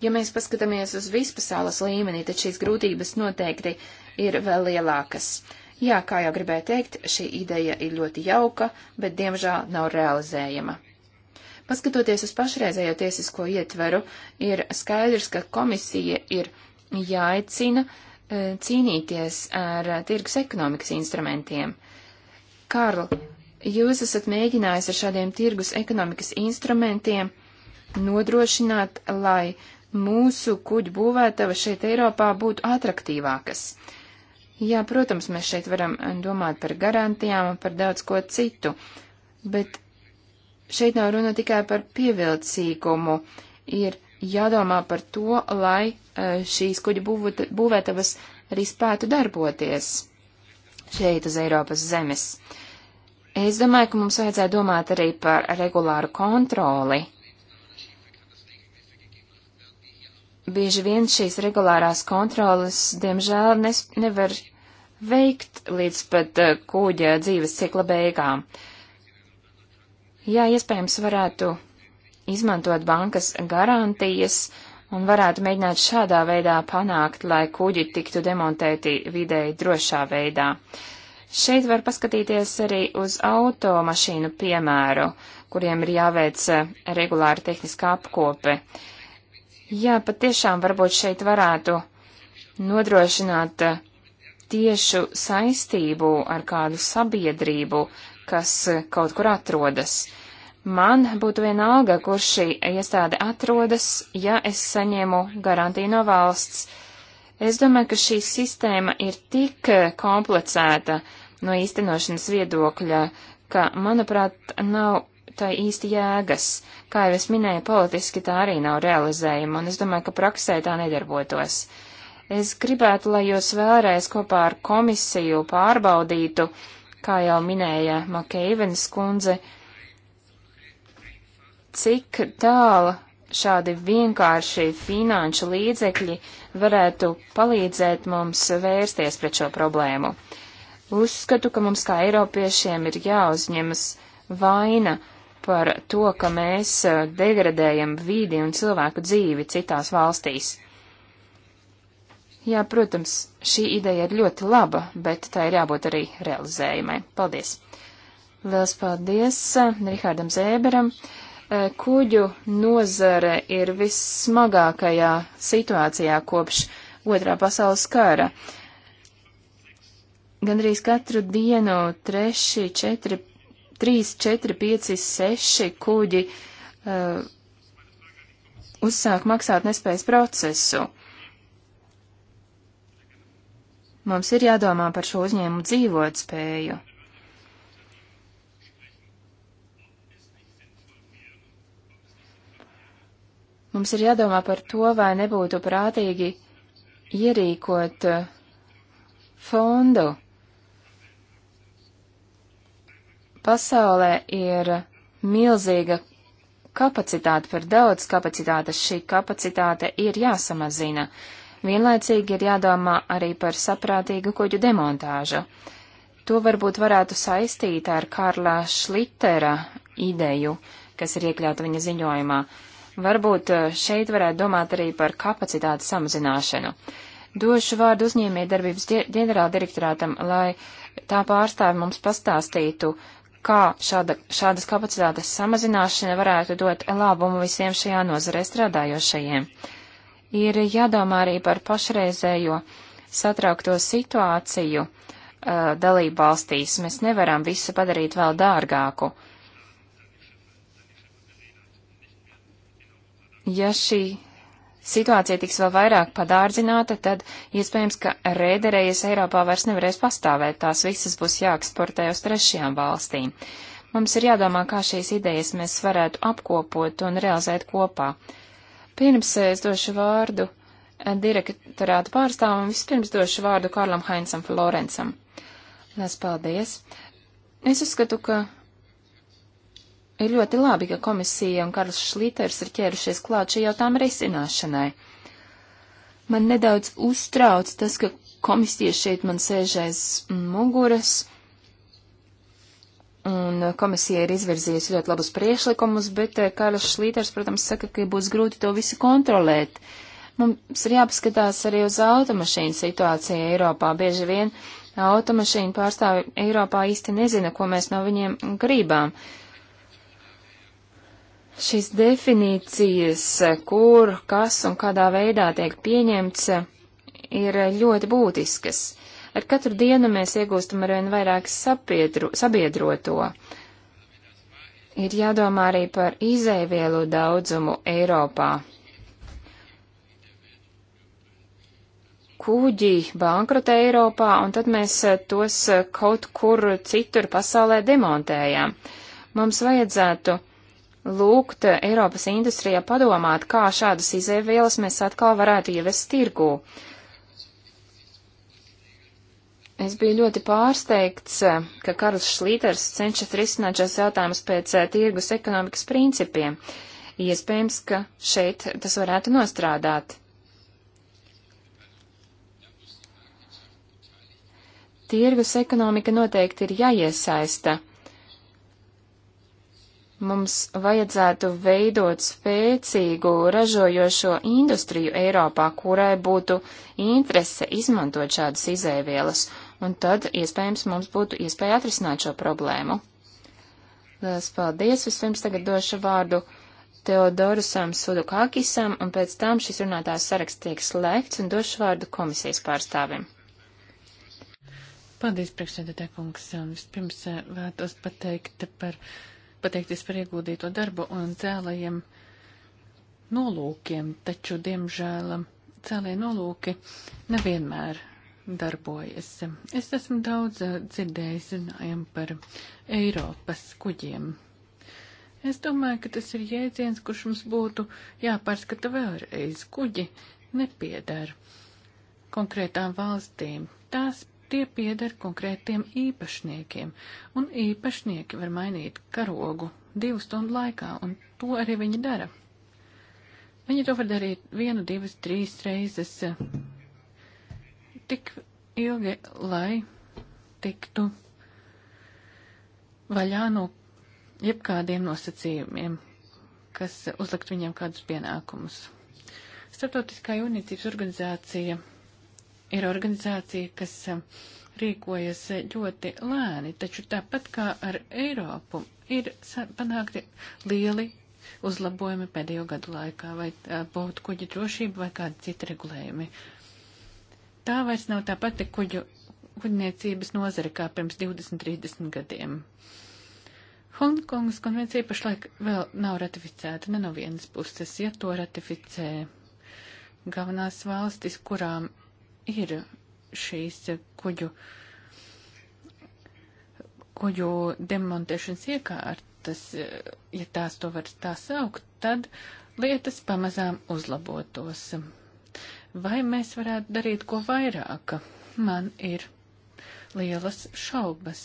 Ja mēs paskatāmies uz vispasaules līmenī, tad šīs grūtības noteikti ir vēl lielākas. Jā, kā jau gribēju teikt, šī ideja ir ļoti jauka, bet diemžēl nav realizējama. Paskatoties uz pašreizējo tiesisko ietveru, ir skaidrs, ka komisija ir jāicina eh, cīnīties ar eh, tirgus ekonomikas instrumentiem. Karl, jūs esat mēģinājis ar šādiem tirgus ekonomikas instrumentiem nodrošināt, lai mūsu kuģu būvētava šeit Eiropā būtu atraktīvākas. Jā, protams, mēs šeit varam eh, domāt par garantijām un par daudz ko citu, bet šeit nav runa tikai par pievilcīgumu. Ir jādomā par to, lai e, šīs kuģa būvētavas arī spētu darboties šeit uz Eiropas zemes. Es domāju, ka mums vajadzētu domāt arī par regulāru kontroli. Bieži vien šīs regulārās kontrolas, diemžēl, nes, nevar veikt līdz pat e, kuģa dzīves cikla beigām. Uh, Jā, iespējams, varētu izmantot bankas garantijas un varētu mēģināt šādā veidā panākt, lai kuģi tiktu demontēti vidēji drošā veidā. Šeit var paskatīties arī uz automašīnu piemēru, kuriem ir jāveic eh, regulāra tehniska apkope. Jā, pat tiešām varbūt šeit varētu nodrošināt eh, tiešu saistību ar kādu sabiedrību, kas kaut kur atrodas. Man būtu vienalga, kur šī iestāde atrodas, ja es saņēmu garantiju no valsts. Es domāju, ka šī sistēma ir tik komplicēta no īstenošanas viedokļa, ka, manuprāt, nav tai īsti jēgas. Kā jau es minēju, politiski tā arī nav realizējama, un es domāju, ka praksē tā nedarbotos. Es gribētu, lai jūs vēlreiz kopā ar komisiju pārbaudītu, uh, kā jau minēja Makeivens kundze, cik tālu šādi vienkārši finanšu līdzekļi varētu palīdzēt mums vērsties pret šo problēmu. Uzskatu, ka mums kā Eiropiešiem ir jāuzņemas vaina par to, ka mēs degradējam vīdi un cilvēku dzīvi citās valstīs. Jā, protams, šī ideja ir ļoti laba, bet tā ir jābūt arī realizējumai. Paldies! Liels paldies eh, Rihardam Zēberam! Eh, kuģu nozare ir vissmagākajā situācijā kopš otrā pasaules kara. Gandrīz katru dienu 3, 4, 3, 4, 5, 6 kuģi uh, uzsāk maksāt nespējas procesu. Uh, Mums ir jādomā par šo uzņēmumu dzīvot spēju. Mums ir jādomā par to, vai nebūtu prātīgi ierīkot uh, fondu. Pasaulē ir milzīga kapacitāte, par daudz kapacitātes. Šī kapacitāte ir jāsamazina. Uh, vienlaicīgi ir jādomā arī par saprātīgu kuģu demontāžu. To varbūt varētu saistīt ar Karla Šlitera ideju, kas ir iekļauta viņa ziņojumā. Varbūt eh, šeit varētu domāt arī par kapacitātes samazināšanu. Došu vārdu uzņēmējdarbības ģenerāldirektorātam, lai tā pārstāvi mums pastāstītu, kā šāda, šādas kapacitātes samazināšana varētu dot labumu visiem šajā nozarē strādājošajiem. Uh, ir jādomā arī par pašreizējo satraukto situāciju uh, dalību valstīs. Mēs nevaram visu padarīt vēl dārgāku. Ja šī situācija tiks vēl vairāk padārdzināta, tad iespējams, ka rēderējas Eiropā vairs nevarēs pastāvēt, tās visas būs jāeksportē uz trešajām valstīm. Mums ir jādomā, kā šīs idejas mēs varētu apkopot un realizēt kopā. Uh, Pirms eh, es došu vārdu eh, direktorātu pārstāvam, vispirms došu vārdu Karlam Hainsam Florencam. Lās paldies. Es uzskatu, ka ir ļoti labi, ka komisija un Karls Šlīters ir ķērušies klāt šī jautājuma risināšanai. Man nedaudz uztrauc tas, ka komisija šeit man sēž aiz muguras Un komisija ir izvirzījusi ļoti labus priešlikumus, bet eh, Kārlis Šlīters, protams, saka, ka būs grūti to visu kontrolēt. Mums ir jāpaskatās arī uz automašīnu situāciju Eiropā. Bieži vien automašīnu pārstāvi Eiropā īsti nezina, ko mēs no viņiem gribām. Šīs definīcijas, kur, kas un kādā veidā tiek pieņemts, ir ļoti būtiskas. Ar katru dienu mēs iegūstam arvien vairāk sabiedro, sabiedroto. Ir jādomā arī par izēvielu daudzumu Eiropā. Kūģi bankrota Eiropā, un tad mēs eh, tos eh, kaut kur citur pasaulē demontējām. Mums vajadzētu lūgt eh, Eiropas industrijā padomāt, kā šādas izēvielas mēs atkal varētu ievest tirgū. Es biju ļoti pārsteigts, eh, ka Karls Šlīters cenšas risināt šos jautājumus pēc eh, tirgus ekonomikas principiem. Iespējams, ka šeit tas varētu nostrādāt. Tirgus ekonomika noteikti ir jāiesaista. Mums vajadzētu veidot spēcīgu ražojošo industriju Eiropā, kurai būtu interese izmantot šādas izēvielas un tad iespējams mums būtu iespēja atrisināt šo problēmu. Lielas paldies! Vispirms tagad došu vārdu Teodorusam Sudukakisam, un pēc tam šis runātājs saraksts tiek slēgts un došu vārdu komisijas pārstāvim. Paldies, priekšsēdētāj kungs. Vispirms eh, vētos pateikt par, pateikties par ieguldīto darbu un cēlajiem nolūkiem, taču, diemžēl, cēlajie nolūki nevienmēr darbojas. Es esmu daudz eh, dzirdējis runājam par Eiropas kuģiem. Es domāju, ka tas ir jēdziens, kurš mums būtu jāpārskata vēlreiz. Kuģi nepiedara konkrētām valstīm. Tās tie piedara konkrētiem īpašniekiem, un īpašnieki var mainīt karogu divu stundu laikā, un to arī viņi dara. Viņi to var darīt vienu, divas, trīs reizes eh, tik ilgi, lai tiktu vaļā no jebkādiem nosacījumiem, kas uzlikt viņiem kādus pienākumus. Startautiskā jūrniecības organizācija ir organizācija, kas eh, rīkojas ļoti lēni, taču tāpat kā ar Eiropu ir panākti lieli uzlabojumi pēdējo gadu laikā, vai eh, būtu kuģi drošība vai kādi citi regulējumi tā vairs nav tā pati kuģu, kuģniecības nozare kā pirms 20-30 gadiem. Hongkongas konvencija pašlaik vēl nav ratificēta ne no vienas puses, ja to ratificē galvenās valstis, kurām ir šīs kuģu, kuģu demontēšanas iekārtas, ja tās to var tā saukt, tad lietas pamazām uzlabotos. Vai mēs varētu darīt ko vairāk? Man ir lielas šaubas.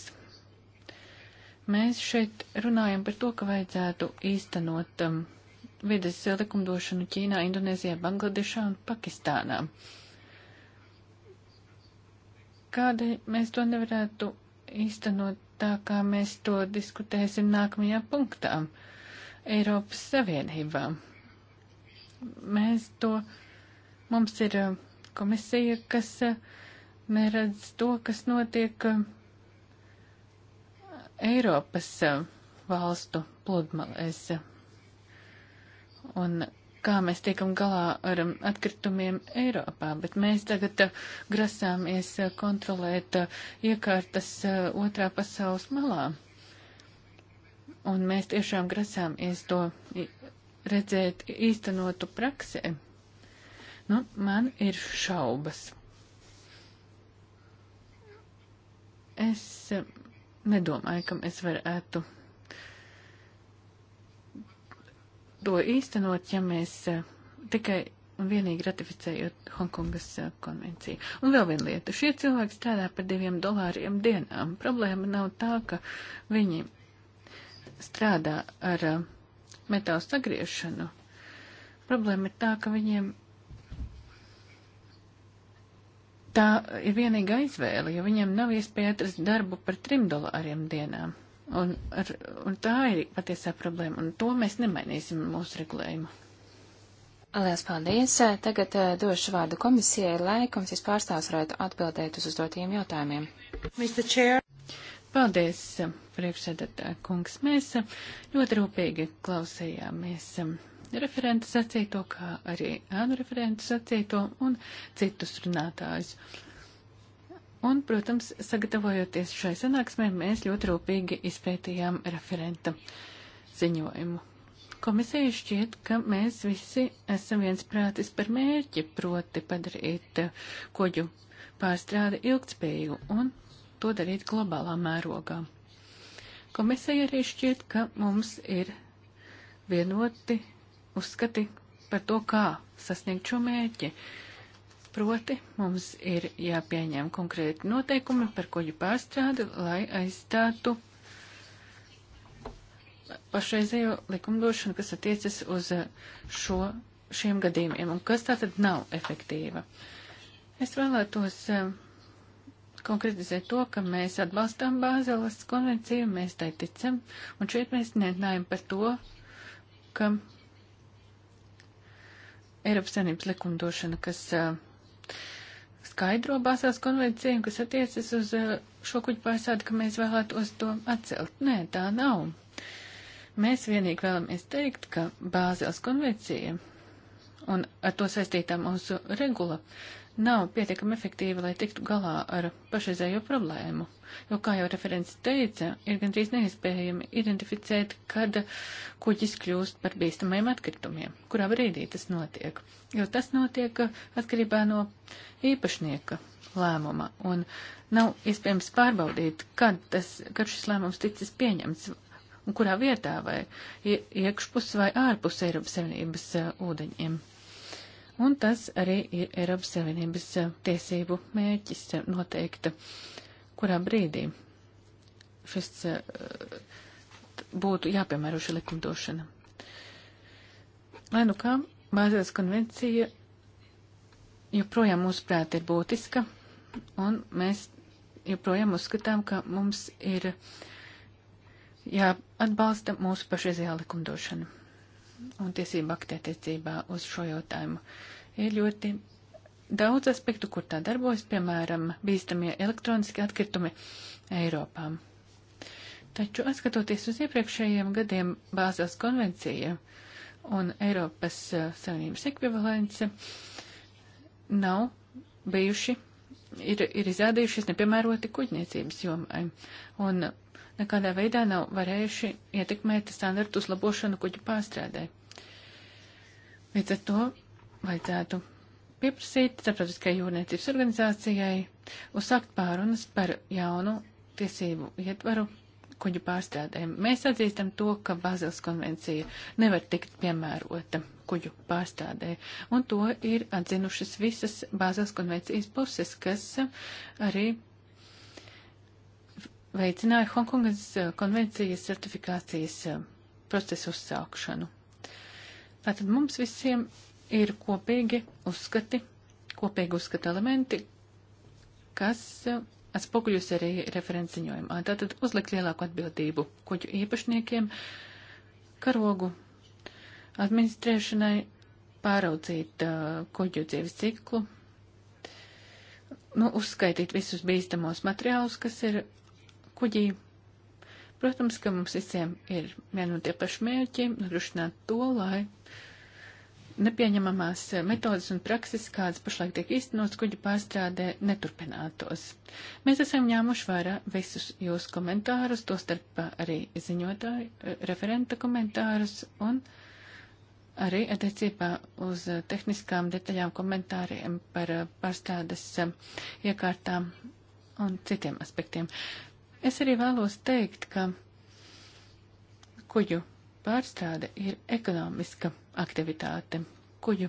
Mēs šeit runājam par to, ka vajadzētu īstenot um, vides likumdošanu Ķīnā, Indonēzijā, Bangladešā un Pakistānā. Kādēļ mēs to nevarētu īstenot tā, kā mēs to diskutēsim nākamajā punktā Eiropas Savienībā? Mēs to Mums ir uh, komisija, kas uh, neredz to, kas notiek uh, Eiropas valstu pludmalēs. Un kā mēs tiekam galā ar um, atkritumiem Eiropā, bet mēs tagad grasāmies kontrolēt iekārtas otrā pasaules malā. Un mēs tiešām grasāmies to redzēt īstenotu praksē. Nu, man ir šaubas. Es eh, nedomāju, kam es varētu to īstenot, ja mēs eh, tikai un vienīgi ratificējot Hongkongas eh, konvenciju. Un vēl viena lieta. Šie cilvēki strādā par diviem dolāriem dienām. Problēma nav tā, ka viņi strādā ar metālu sagriešanu. Problēma ir tā, ka viņiem tā ir vienīga izvēle, jo viņiem nav iespēja atrast darbu par trim dolāriem dienām. Un, ar, un tā ir patiesā problēma, un to mēs nemainīsim mūsu regulējumu. Lielas paldies! Tagad uh, došu vārdu komisijai, lai komisijas pārstāvs varētu atbildēt uz uzdotiem jautājumiem. Paldies, priekšsēdētāj kungs. Mēs eh, ļoti rūpīgi klausījāmies eh, referenta sacīto, kā arī ēnu referenta sacīto un citus runātājus. Un, protams, sagatavojoties šai sanāksmē, mēs ļoti rūpīgi izpētījām referenta ziņojumu. Komisija šķiet, ka mēs visi esam viensprātis par mērķi, proti padarīt koģu pārstrādi ilgtspējīgu un to darīt globālā mērogā. Komisija arī šķiet, ka mums ir vienoti uzskati par to, kā sasniegt šo mērķi. Proti, mums ir jāpieņem konkrēti noteikumi par koļu pārstrādi, lai aizstātu pašreizējo likumdošanu, kas attiecas uz šo, šiem gadījumiem un kas tā tad nav efektīva. Es vēlētos eh, konkretizēt to, ka mēs atbalstām Bāzeles konvenciju, mēs tai ticam, un šeit mēs nerunājam par to, ka Eiropas Savienības likumdošana, kas eh, skaidro bāzās konvenciju, kas attiecas uz eh, šo kuģu pārsādi, ka mēs vēlētos to atcelt. Nē, tā nav. Mēs vienīgi vēlamies teikt, ka bāzās konvencija un ar to saistītā mūsu regula uh, nav pietiekami efektīva, lai tiktu galā ar pašreizējo problēmu. Jo, kā jau referents teica, ir gandrīz neiespējami identificēt, kad kuģis kļūst par bīstamajiem atkritumiem, kurā brīdī tas notiek. Jo tas notiek atkarībā no īpašnieka lēmuma, un nav iespējams pārbaudīt, kad, tas, kad šis lēmums ticis pieņemts un kurā vietā vai iekšpus vai ārpus Eiropas Savienības uh, ūdeņiem un tas arī ir Eiropas Savienības eh, tiesību mērķis eh, noteikta, kurā brīdī šis eh, būtu jāpiemēro šī likumdošana. Lai nu kā, Bāzēles konvencija joprojām mūsuprāt ir būtiska, un mēs joprojām uzskatām, ka mums ir jāatbalsta mūsu pašreizējā likumdošana un tiesību akti attiecībā uz šo jautājumu. Ir ļoti daudz aspektu, kur tā darbojas, piemēram, bīstamie elektroniski atkritumi Eiropā. Taču, atskatoties uz iepriekšējiem gadiem, Bāzels konvencija un Eiropas eh, Savienības ekvivalence nav bijuši, ir, ir izrādījušies nepiemēroti kuģniecības jomai. Un nekādā veidā nav varējuši ietekmēt standartu uzlabošanu kuģu pārstrādē. Līdz ar to vajadzētu pieprasīt starptautiskajai jūrniecības organizācijai uzsākt pārunas par jaunu tiesību ietvaru kuģu pārstrādēm. Mēs atzīstam to, ka Bāzels konvencija nevar tikt piemērota kuģu pārstrādē, un to ir atzinušas visas Bāzels konvencijas puses, kas arī veicināja Hongkongas eh, konvencijas certifikācijas eh, procesu uzsākšanu. Tātad mums visiem ir kopīgi uzskati, kopīgi uzskata elementi, kas eh, atspoguļus arī referenciņojumā. Tātad uzlikt lielāku atbildību kuģu īpašniekiem, karogu administrēšanai, pāraudzīt uh, kuģu dzīves ciklu, nu, uzskaitīt visus bīstamos materiālus, kas ir kuģī. Protams, ka mums visiem ir vien un tie paši mērķi - nodrošināt to, lai nepieņemamās metodas un prakses, kādas pašlaik tiek īstenotas kuģu pārstrādē, neturpinātos. Mēs esam ņēmuši vērā visus jūsu komentārus, tostarp arī ziņotāju, referenta komentārus un arī attiecībā uz tehniskām detaļām komentāriem par pārstrādes iekārtām un citiem aspektiem. Es arī vēlos teikt, ka kuģu pārstrāde ir ekonomiska aktivitāte. Kuģu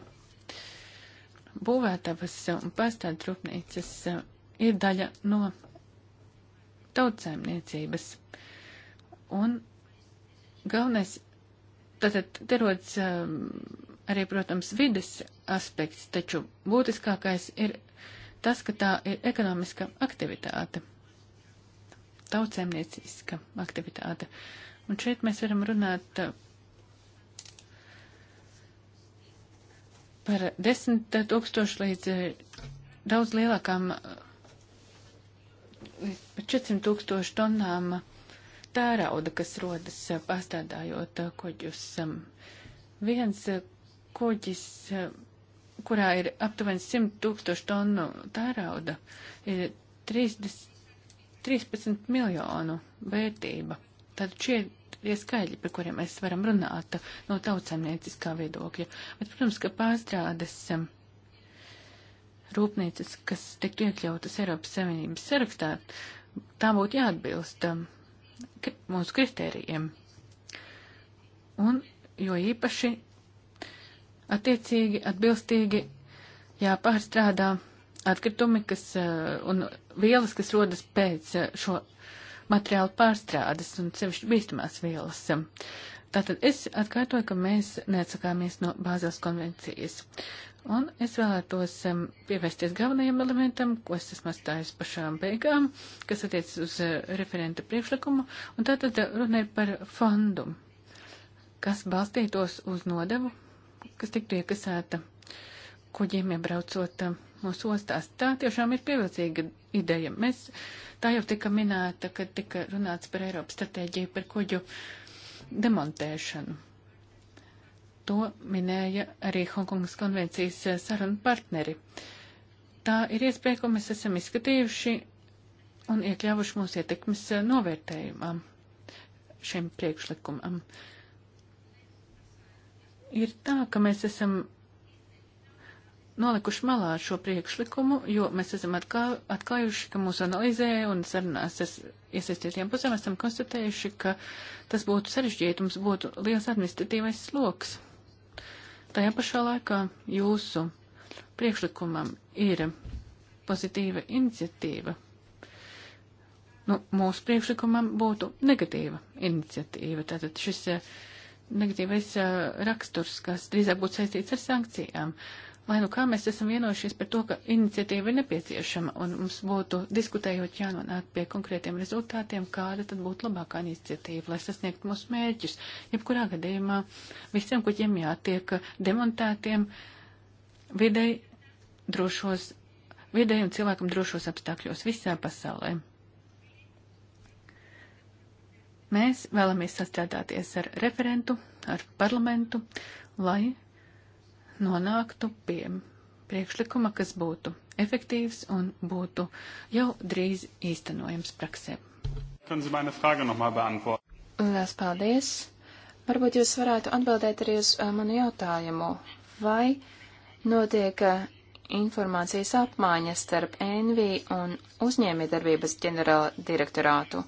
būvētavas un pārstrāde rūpnīcas eh, ir daļa no tautsēmniecības. Un galvenais, tātad te rodas eh, arī, protams, vides aspekts, taču būtiskākais ir tas, ka tā ir ekonomiska aktivitāte tautsēmnieciska aktivitāte. Un šeit mēs varam runāt uh, par desmit tūkstošu līdz uh, daudz lielākām, uh, līdz pat 400 tūkstošu tonnām tērauda, kas rodas pārstādājot koģus. Um, viens koģis kurā ir aptuveni 100 tūkstoši tonu tērauda, ir 30, 13 miljonu vērtība. Tad šie tie skaļi, par kuriem mēs varam runāt no tautsamnieciskā viedokļa. Bet, protams, ka pārstrādes um, rūpnīcas, kas tiktu iekļautas Eiropas Savienības sarakstā, tā būtu jāatbilst um, mūsu kritērijiem. Un, jo īpaši attiecīgi, atbilstīgi jāpārstrādā atkritumi kas, eh, un vielas, kas rodas pēc eh, šo materiālu pārstrādes un sevišķi bīstamās vielas. Tātad es atkārtoju, ka mēs neatsakāmies no bāzās konvencijas. Un es vēlētos um, pievērsties galvenajam elementam, ko es esmu atstājis pašām beigām, kas attiecas uz uh, referenta priekšlikumu, un tātad runa ir par fondu, kas balstītos uz nodevu, kas tiktu iekasēta kuģiem iebraucot uh, mūsu ostās. Tā tiešām ir pievilcīga ideja. Mēs, tā jau tika minēta, kad tika runāts par Eiropas stratēģiju par kuģu demontēšanu. To minēja arī Hongkongas konvencijas eh, sarunu partneri. Tā ir iespēja, ko mēs esam izskatījuši un iekļāvuši mūsu ietekmes eh, novērtējumam šim priekšlikumam. Ir tā, ka mēs esam nolikuši malā šo priekšlikumu, jo mēs esam atkā, atklājuši, ka mūsu analīzē un sarunās ar iesaistītiem pusēm esam konstatējuši, ka tas būtu sarežģīti, mums būtu liels administratīvais sloks. Tajā pašā laikā jūsu priekšlikumam ir pozitīva iniciatīva. Nu, mūsu priekšlikumam būtu negatīva iniciatīva. Tātad šis eh, negatīvais eh, raksturs, kas drīzāk būtu saistīts ar sankcijām. Uh, Lai nu kā mēs esam vienojušies par to, ka iniciatīva ir nepieciešama un mums būtu diskutējot jānonāk pie konkrētiem rezultātiem, kāda tad būtu labākā iniciatīva, lai sasniegtu mūsu mērķus. Jebkurā gadījumā visiem kuģiem jātiek demontētiem videi drošos, videi un cilvēkam drošos apstākļos visā pasaulē. Mēs vēlamies sastrādāties ar referentu, ar parlamentu, lai nonāktu pie priekšlikuma, kas būtu efektīvs un būtu jau drīz īstenojams praksē. Lielas paldies! Varbūt jūs varētu atbildēt arī uz eh, manu jautājumu, vai notiek eh, informācijas apmaiņa starp NV un uzņēmējdarbības ģenerāla direktorātu.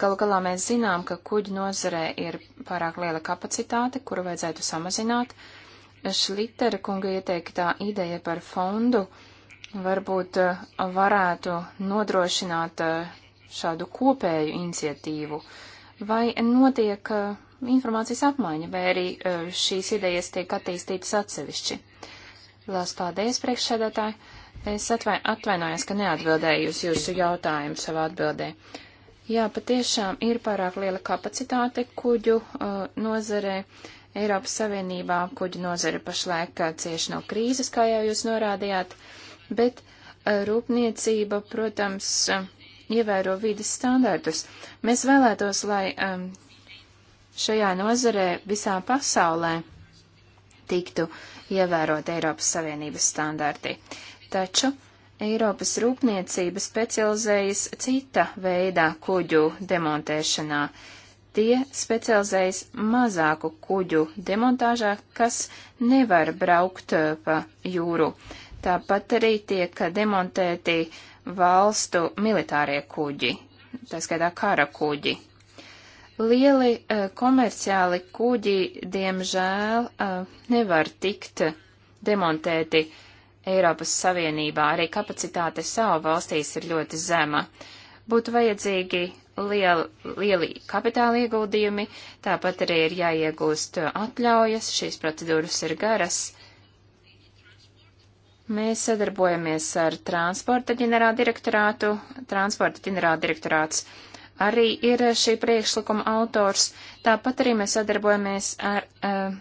Galu galā mēs zinām, ka kuģu nozarē ir pārāk liela kapacitāte, kuru vajadzētu samazināt, Šlitera kunga ieteiktā ideja par fondu varbūt eh, varētu nodrošināt eh, šādu kopēju iniciatīvu. Vai notiek eh, informācijas apmaiņa, vai arī šīs idejas tiek attīstītas atsevišķi? Lās paldies, priekšsēdētāji. Es atvai, atvainojos, ka neatbildēju uz jūsu jautājumu savā atbildē. Jā, patiešām ir pārāk liela kapacitāte kuģu uh, nozarē. Uh, Eiropas Savienībā kuģu nozara pašlaik eh, cieši no krīzes, kā jau jūs norādījāt, bet eh, rūpniecība, protams, eh, ievēro vidas standartus. Mēs vēlētos, lai ehm, šajā nozarē visā pasaulē tiktu ievērot Eiropas Savienības standarti. Taču Eiropas rūpniecība specializējas cita veidā kuģu demontēšanā. Uh, Tie specializējas mazāku kuģu demontāžā, kas nevar braukt uh, pa jūru. Tāpat arī tiek demontēti valstu militārie kuģi, tā skaitā kara kuģi. Lieli uh, komerciāli kuģi, diemžēl, uh, nevar tikt demontēti Eiropas Savienībā, arī kapacitāte savu valstīs ir ļoti zema. Būtu vajadzīgi liel, lieli kapitāla ieguldījumi, tāpat arī ir jāiegūst atļaujas, šīs procedūras ir garas. Mēs sadarbojamies ar transporta ģenerāldirektorātu. Transporta ģenerāldirektorāts arī ir šī priekšlikuma autors. Tāpat arī mēs sadarbojamies ar uh,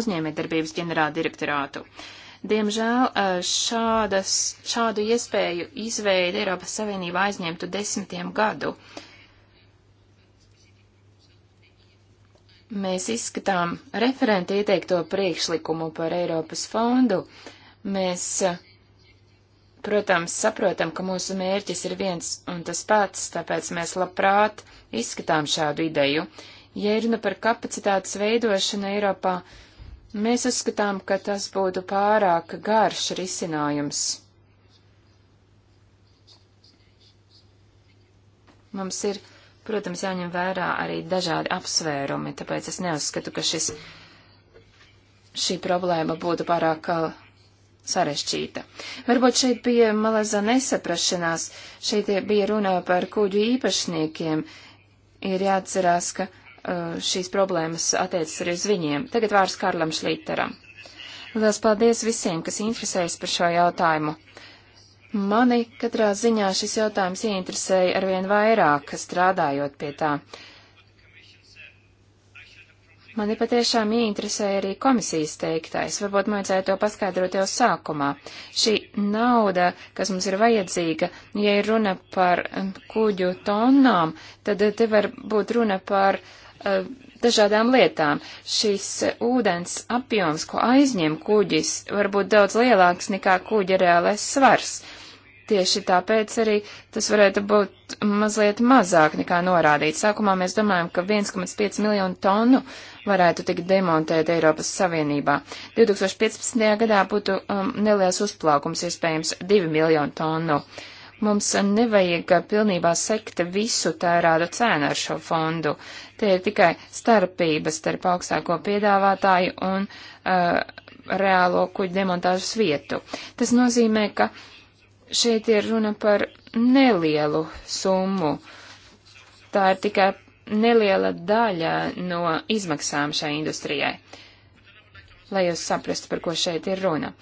uzņēmējdarbības ģenerāldirektorātu. Uh, Diemžēl šādas, šādu iespēju izveidi Eiropas Savienība aizņemtu desmitiem gadu. Mēs izskatām referenti ieteikto priekšlikumu par Eiropas fondu. Mēs, protams, saprotam, ka mūsu mērķis ir viens un tas pats, tāpēc mēs labprāt izskatām šādu ideju. Ja runa par kapacitātes veidošanu Eiropā, uh, Mēs uzskatām, ka tas būtu pārāk garš risinājums. Mums ir, protams, jāņem vērā arī dažādi apsvērumi, tāpēc es neuzskatu, ka šis, šī problēma būtu pārāk uh, sarežģīta. Varbūt šeit bija malaza nesaprašanās, šeit bija runā par kuģu īpašniekiem. Ir jāatcerās, ka Eh, šīs problēmas attiecas arī uz viņiem. Tagad vārds Karlam Šlīteram. Lielas paldies visiem, kas interesējas par šo jautājumu. Mani katrā ziņā šis jautājums ieinteresēja arvien vairāk, strādājot pie tā. Mani patiešām ieinteresēja arī komisijas teiktais. Varbūt man vajadzēja to paskaidrot jau sākumā. Šī nauda, kas mums ir vajadzīga, ja ir runa par kuģu tonnām, tad te var būt runa par uh, Eh, dažādām lietām. Šis eh, ūdens apjoms, ko aizņem kuģis, var būt daudz lielāks nekā kuģa reālais svars. Tieši tāpēc arī tas varētu būt mazliet mazāk nekā norādīts. Sākumā mēs domājam, ka 1,5 miljonu tonu varētu tikt demontēt Eiropas Savienībā. 2015. gadā būtu um, neliels uzplaukums, iespējams 2 miljonu tonu. Uh, Mums nevajag pilnībā sekt visu tērādu cēnu ar šo fondu. Tie ir tikai starpības starp augstāko piedāvātāju un uh, reālo kuģu demontāžas vietu. Tas nozīmē, ka šeit ir runa par nelielu summu. Tā ir tikai neliela daļa no izmaksām šai industrijai, lai jūs saprastu, par ko šeit ir runa.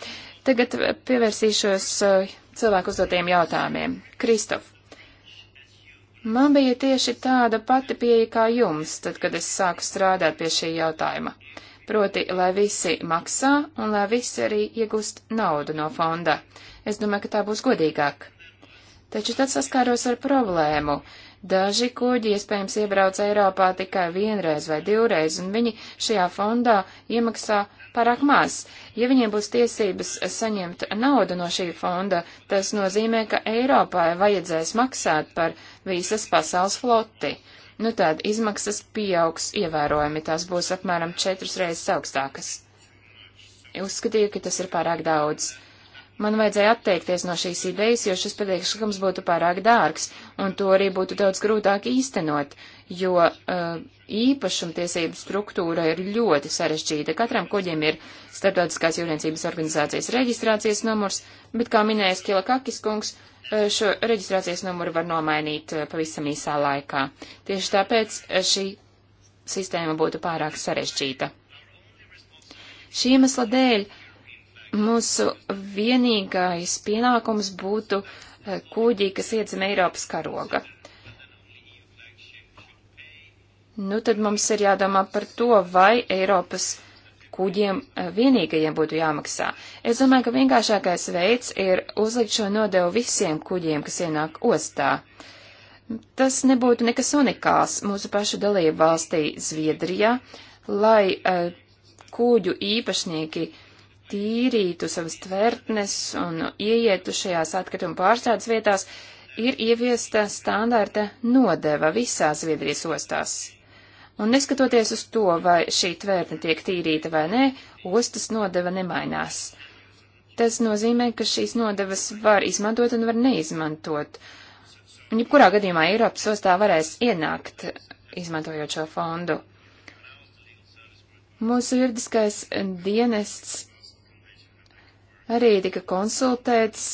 Tagad pievērsīšos uh, cilvēku uzdotiem jautājumiem. Kristof, man bija tieši tāda pati pieeja kā jums, tad, kad es sāku strādāt pie šī jautājuma. Proti, lai visi maksā un lai visi arī iegūst naudu no fonda. Es domāju, ka tā būs godīgāk. Taču tad saskāros ar problēmu. Daži kuģi iespējams iebrauc Eiropā tikai vienreiz vai divreiz, un viņi šajā fondā iemaksā pārāk maz. Ja viņiem būs tiesības saņemt naudu no šī fonda, tas nozīmē, ka Eiropai vajadzēs maksāt par visas pasaules floti. Nu tad izmaksas pieaugs ievērojami, tās būs apmēram četras reizes augstākas. Uzskatīju, ka tas ir pārāk daudz. Man vajadzēja atteikties no šīs idejas, jo šis priekšlikums būtu pārāk dārgs, un to arī būtu daudz grūtāk īstenot jo uh, īpašumtiesību struktūra ir ļoti sarežģīta. Katram kuģim ir starptautiskās jūrniecības organizācijas reģistrācijas numurs, bet, kā minēja Skila Kakis kungs, uh, šo reģistrācijas numuru var nomainīt uh, pavisam īsā laikā. Tieši tāpēc uh, šī sistēma būtu pārāk sarežģīta. Šī iemesla dēļ mūsu vienīgais pienākums būtu uh, kuģi, kas iedzina Eiropas karoga. Nu, tad mums ir jādomā par to, vai Eiropas kuģiem eh, vienīgajiem būtu jāmaksā. Es domāju, ka vienkāršākais veids ir uzlikt šo nodevu visiem kuģiem, kas ienāk ostā. Tas nebūtu nekas unikāls mūsu pašu dalību valstī Zviedrijā, lai uh, kuģu īpašnieki tīrītu savas tvertnes un ieietu šajās atkritumu pārstrādes vietās, ir ieviesta standarta nodeva visās Zviedrijas ostās. Un neskatoties uz to, vai šī tvērtne tiek tīrīta vai nē, ostas nodeva nemainās. Tas nozīmē, ka šīs nodevas var izmantot un var neizmantot. Un jebkurā gadījumā Eiropas ostā varēs ienākt, izmantojot šo fondu. Mūsu juridiskais dienests arī tika konsultēts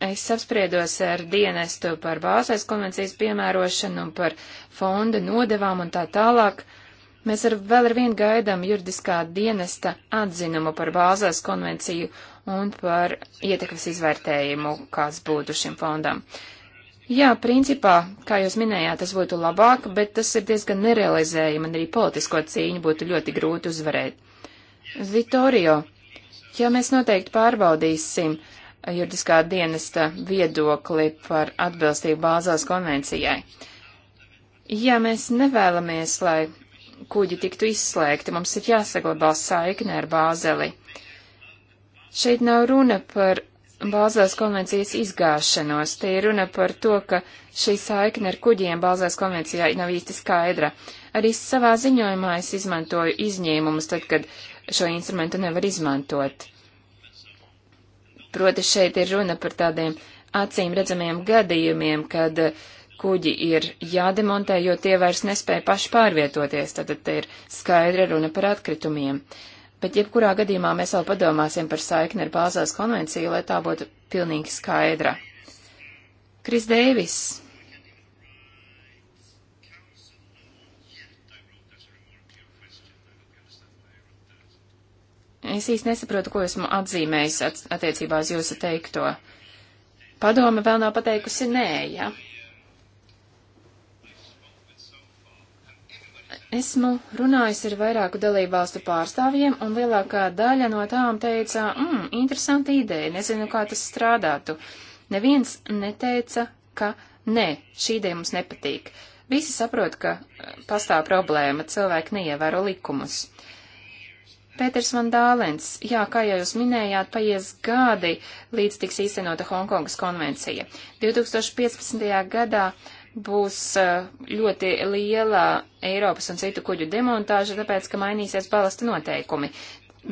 Es apspriedos ar dienestu par bāzēs konvencijas piemērošanu, par fonda nodevām un tā tālāk. Mēs ar vēl ar vienu gaidām juridiskā dienesta atzinumu par bāzēs konvenciju un par ietekmes izvērtējumu, kāds būtu šim fondam. Jā, principā, kā jūs minējāt, tas būtu labāk, bet tas ir diezgan nerealizējami un arī politisko cīņu būtu ļoti grūti uzvarēt. Vitorio, ja mēs noteikti pārbaudīsim, uh, juridiskā dienesta viedokli par atbilstību bāzās konvencijai. Ja mēs nevēlamies, lai kuģi tiktu izslēgti, mums ir jāsaglabā saikne ar bāzeli. Šeit nav runa par bāzās konvencijas izgāšanos, te ir runa par to, ka šī saikne ar kuģiem bāzās konvencijā nav īsti skaidra. Arī savā ziņojumā es izmantoju izņēmumus tad, kad šo instrumentu nevar izmantot. Proti šeit ir runa par tādiem acīm redzamiem gadījumiem, kad eh, kuģi ir jādemontē, jo tie vairs nespēja paši pārvietoties, tad te ir skaidra runa par atkritumiem. Bet jebkurā gadījumā mēs vēl padomāsim par saikni ar bāzās konvenciju, lai tā būtu pilnīgi skaidra. Kris Deivis Es īsti nesaprotu, ko esmu atzīmējis at attiecībā uz jūsu teikto. Padome vēl nav pateikusi nē, ja? Esmu runājusi ar vairāku dalībvalstu pārstāvjiem, un lielākā daļa no tām teica, mmm, interesanti ideja, nezinu, kā tas strādātu. Neviens neteica, ka nē, šī ideja mums nepatīk. Visi saprot, ka eh, pastāv problēma, cilvēki neievēro likumus. Uh, Pēters Van Dālens, jā, kā jau jūs minējāt, paies gadi, līdz tiks īstenota Hongkongas konvencija. 2015. gadā būs eh, ļoti liela Eiropas un citu kuģu demontāža, tāpēc, ka mainīsies balasta noteikumi.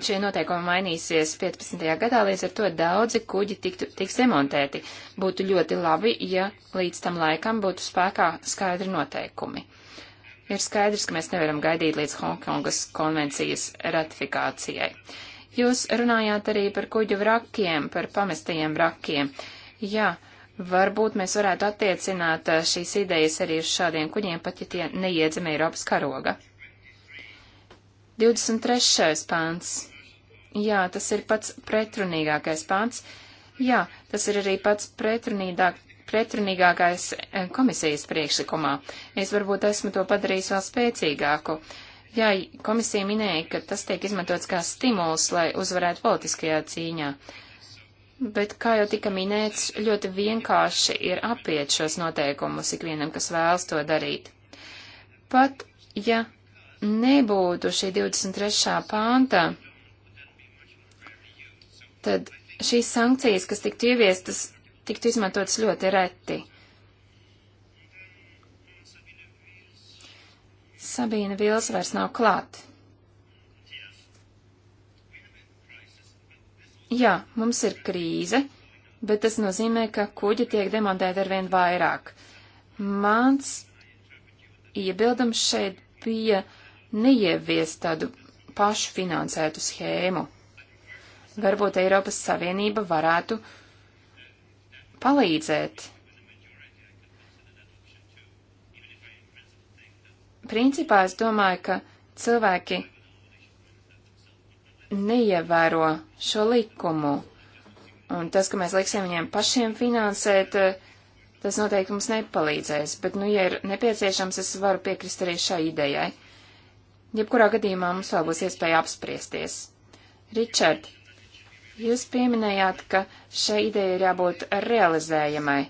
Šie noteikumi mainīsies 15. gadā, līdz ar to daudzi kuģi tiktu, tiks demontēti. Būtu ļoti labi, ja līdz tam laikam būtu spēkā skaidri noteikumi. Ir skaidrs, ka mēs nevaram gaidīt līdz Hongkongas konvencijas ratifikācijai. Jūs runājāt arī par kuģu vrakiem, par pamestajiem vrakiem. Jā, varbūt mēs varētu attiecināt eh, šīs idejas arī uz šādiem kuģiem, pat ja tie neiedzem Eiropas karoga. 23. pāns. Jā, tas ir pats pretrunīgākais pāns. Jā, tas ir arī pats pretrunīgāk, pretrunīgākais eh, komisijas priekšlikumā. Es varbūt esmu to padarījis vēl spēcīgāku. Jā, komisija minēja, ka tas tiek izmantots kā stimuls, lai uzvarētu politiskajā cīņā. Bet, kā jau tika minēts, ļoti vienkārši ir apiet šos noteikumus ikvienam, kas vēlas to darīt. Pat, ja nebūtu šī 23. pānta, tad šīs sankcijas, kas tiktu ieviestas, tiktu izmantotas ļoti reti. Sabīna Vils vairs nav klāt. Jā, mums ir krīze, bet tas nozīmē, ka kuģi tiek demandēti arvien vairāk. Mans iebildums šeit bija neievies tādu pašu finansētu schēmu. Varbūt Eiropas Savienība varētu uh, palīdzēt. Principā es domāju, ka cilvēki neievēro šo likumu. Un tas, ka mēs liksim viņiem pašiem finansēt, tas noteikti mums nepalīdzēs. Bet, nu, ja ir nepieciešams, es varu piekrist arī šai idejai. Jebkurā gadījumā mums vēl būs iespēja apspriesties. Ričard, Jūs pieminējāt, ka šai ideja ir jābūt realizējamai.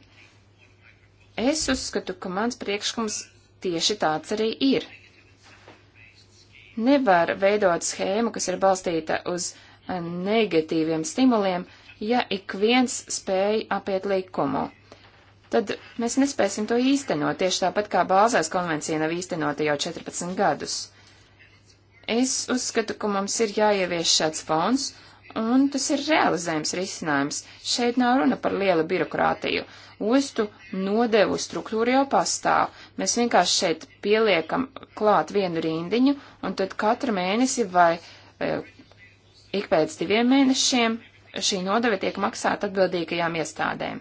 Es uzskatu, ka mans priekšlikums tieši tāds arī ir. Nevar veidot schēmu, kas ir balstīta uz negatīviem stimuliem, ja ik viens spēj apiet likumu. Tad mēs nespēsim to īstenot, tieši tāpat kā bāzēs konvencija nav īstenota jau 14 gadus. Es uzskatu, ka mums ir jāievieš šāds fonds, un tas ir realizējums risinājums. Šeit nav runa par lielu birokrātiju. Ostu nodevu struktūra jau pastāv. Mēs vienkārši šeit pieliekam klāt vienu rindiņu, un tad katru mēnesi vai e, ik pēc diviem mēnešiem šī nodeve tiek maksāta atbildīgajām iestādēm.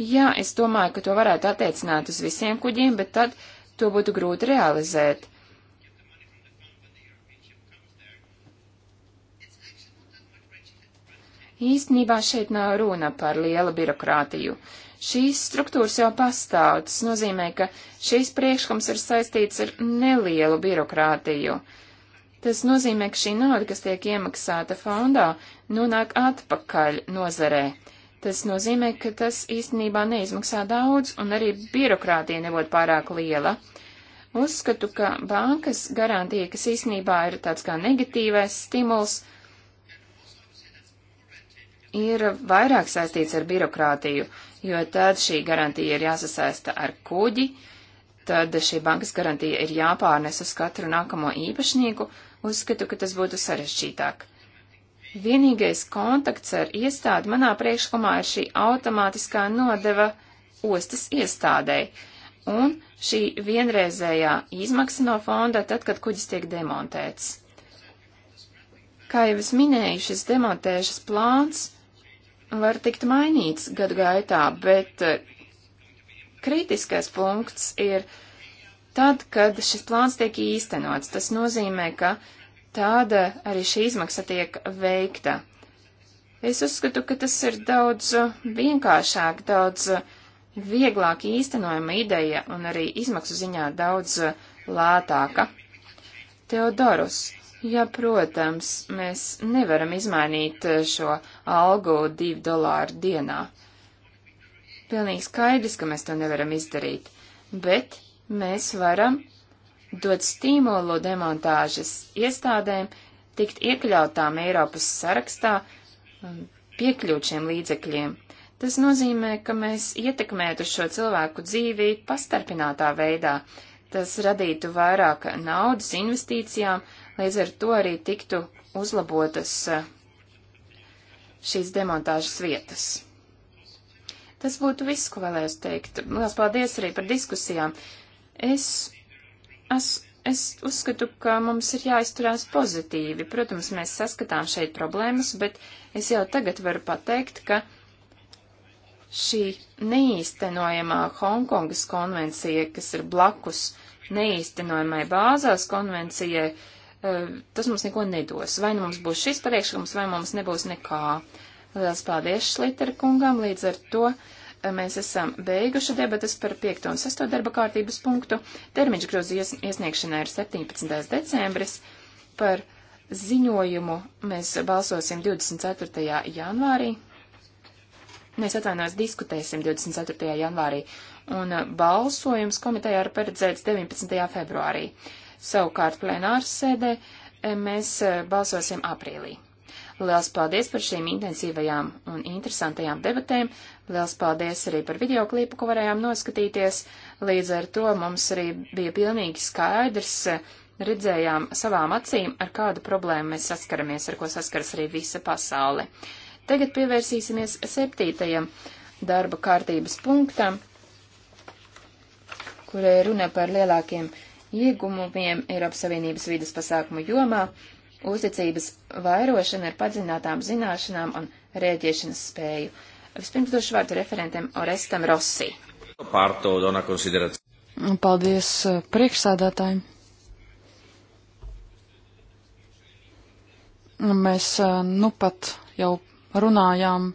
Jā, es domāju, ka to varētu attiecināt uz visiem kuģiem, bet tad to būtu grūti realizēt. Īstenībā šeit nav runa par lielu birokrātiju. Šīs struktūras jau pastāv, tas nozīmē, ka šīs priekšlikums ir saistīts ar nelielu birokrātiju. Tas nozīmē, ka šī nauda, kas tiek iemaksāta fondā, nonāk atpakaļ nozarē. Tas nozīmē, ka tas īstenībā neizmaksā daudz un arī birokrātija nebūtu pārāk liela. Uzskatu, ka bankas garantija, kas īstenībā ir tāds kā negatīvais stimuls, ir vairāk saistīts ar birokrātiju, jo tad šī garantija ir jāsasaista ar kuģi, tad šī bankas garantija ir jāpārnes uz katru nākamo īpašnieku, uzskatu, ka tas būtu sarežģītāk. Vienīgais kontakts ar iestādi manā priekšlikumā ir šī automātiskā nodeva ostas iestādēji, un šī vienreizējā izmaksa no fonda tad, kad kuģis tiek demontēts. Kā jau es minēju, šis demontēšanas plāns var tikt mainīts gadu gaitā, bet eh, kritiskais punkts ir tad, kad šis plāns tiek īstenots. Tas nozīmē, ka tāda arī šī izmaksa tiek veikta. Es uzskatu, ka tas ir daudz eh, vienkāršāk, daudz eh, vieglāk īstenojama ideja un arī izmaksu ziņā daudz lētāka. Teodorus, Ja, protams, mēs nevaram izmainīt eh, šo algu divu dolāru dienā. Pilnīgi skaidrs, ka mēs to nevaram izdarīt, bet mēs varam dot stimulu demontāžas iestādēm tikt iekļautām Eiropas sarakstā, um, piekļūt šiem līdzekļiem. Tas nozīmē, ka mēs ietekmētu šo cilvēku dzīvi pastarpinātā veidā. Tas radītu vairāk naudas investīcijām, Līdz ar to arī tiktu uzlabotas eh, šīs demontāžas vietas. Tas būtu viss, ko vēlējos teikt. Lielas paldies arī par diskusijām. Es, es, es uzskatu, ka mums ir jāizturās pozitīvi. Protams, mēs saskatām šeit problēmas, bet es jau tagad varu pateikt, ka šī neīstenojamā Hongkongas konvencija, kas ir blakus neīstenojamai bāzās konvencijai, uh, Eh, tas mums neko nedos. Vai nu mums būs šis priekšlikums, vai mums nebūs nekā. Lielas paldies Šlitera kungam, līdz ar to eh, mēs esam beiguši debatas par 5. un 6. darba kārtības punktu. Termiņš grozu ies, iesniegšanai ir 17. decembris. Par ziņojumu mēs balsosim 24. janvārī. Mēs atvainojos, diskutēsim 24. janvārī, un eh, balsojums komitejā ir paredzēts 19. februārī. Uh, Savukārt plenāras sēdē eh, mēs eh, balsosim aprīlī. Liels paldies par šīm intensīvajām un interesantajām debatēm. Liels paldies arī par videoklipu, ko varējām noskatīties. Līdz ar to mums arī bija pilnīgi skaidrs, eh, redzējām savām acīm, ar kādu problēmu mēs saskaramies, ar ko saskaras arī visa pasaule. Tagad pievērsīsimies septītajam darba kārtības punktam, kurē runa par lielākiem iegumumiem Eiropas Savienības vīdes pasākumu jomā, uzticības vairošana ar padziļinātām zināšanām un rēģiešanas spēju. Vispirms došu vārdu referentam Orestam Rossi. Paldies eh, priekšsādātājiem. Mēs eh, nu pat jau runājām,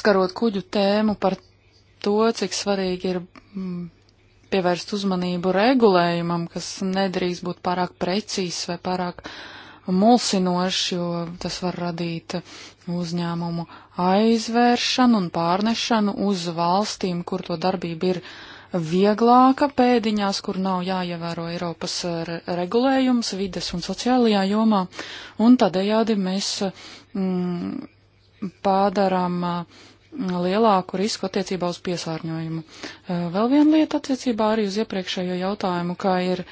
skarot kuģu tēmu par to, cik svarīgi ir mm, pievērst uzmanību regulējumam, kas nedrīkst būt pārāk precīzs vai pārāk mulsinošs, jo tas var radīt uzņēmumu aizvēršanu un pārnešanu uz valstīm, kur to darbība ir vieglāka pēdiņās, kur nav jāievēro Eiropas regulējums vides un sociālajā jomā, un tādējādi mēs mm, pādarām lielāku risku attiecībā uz piesārņojumu. Vēl viena lieta attiecībā arī uz iepriekšējo jautājumu, kā ir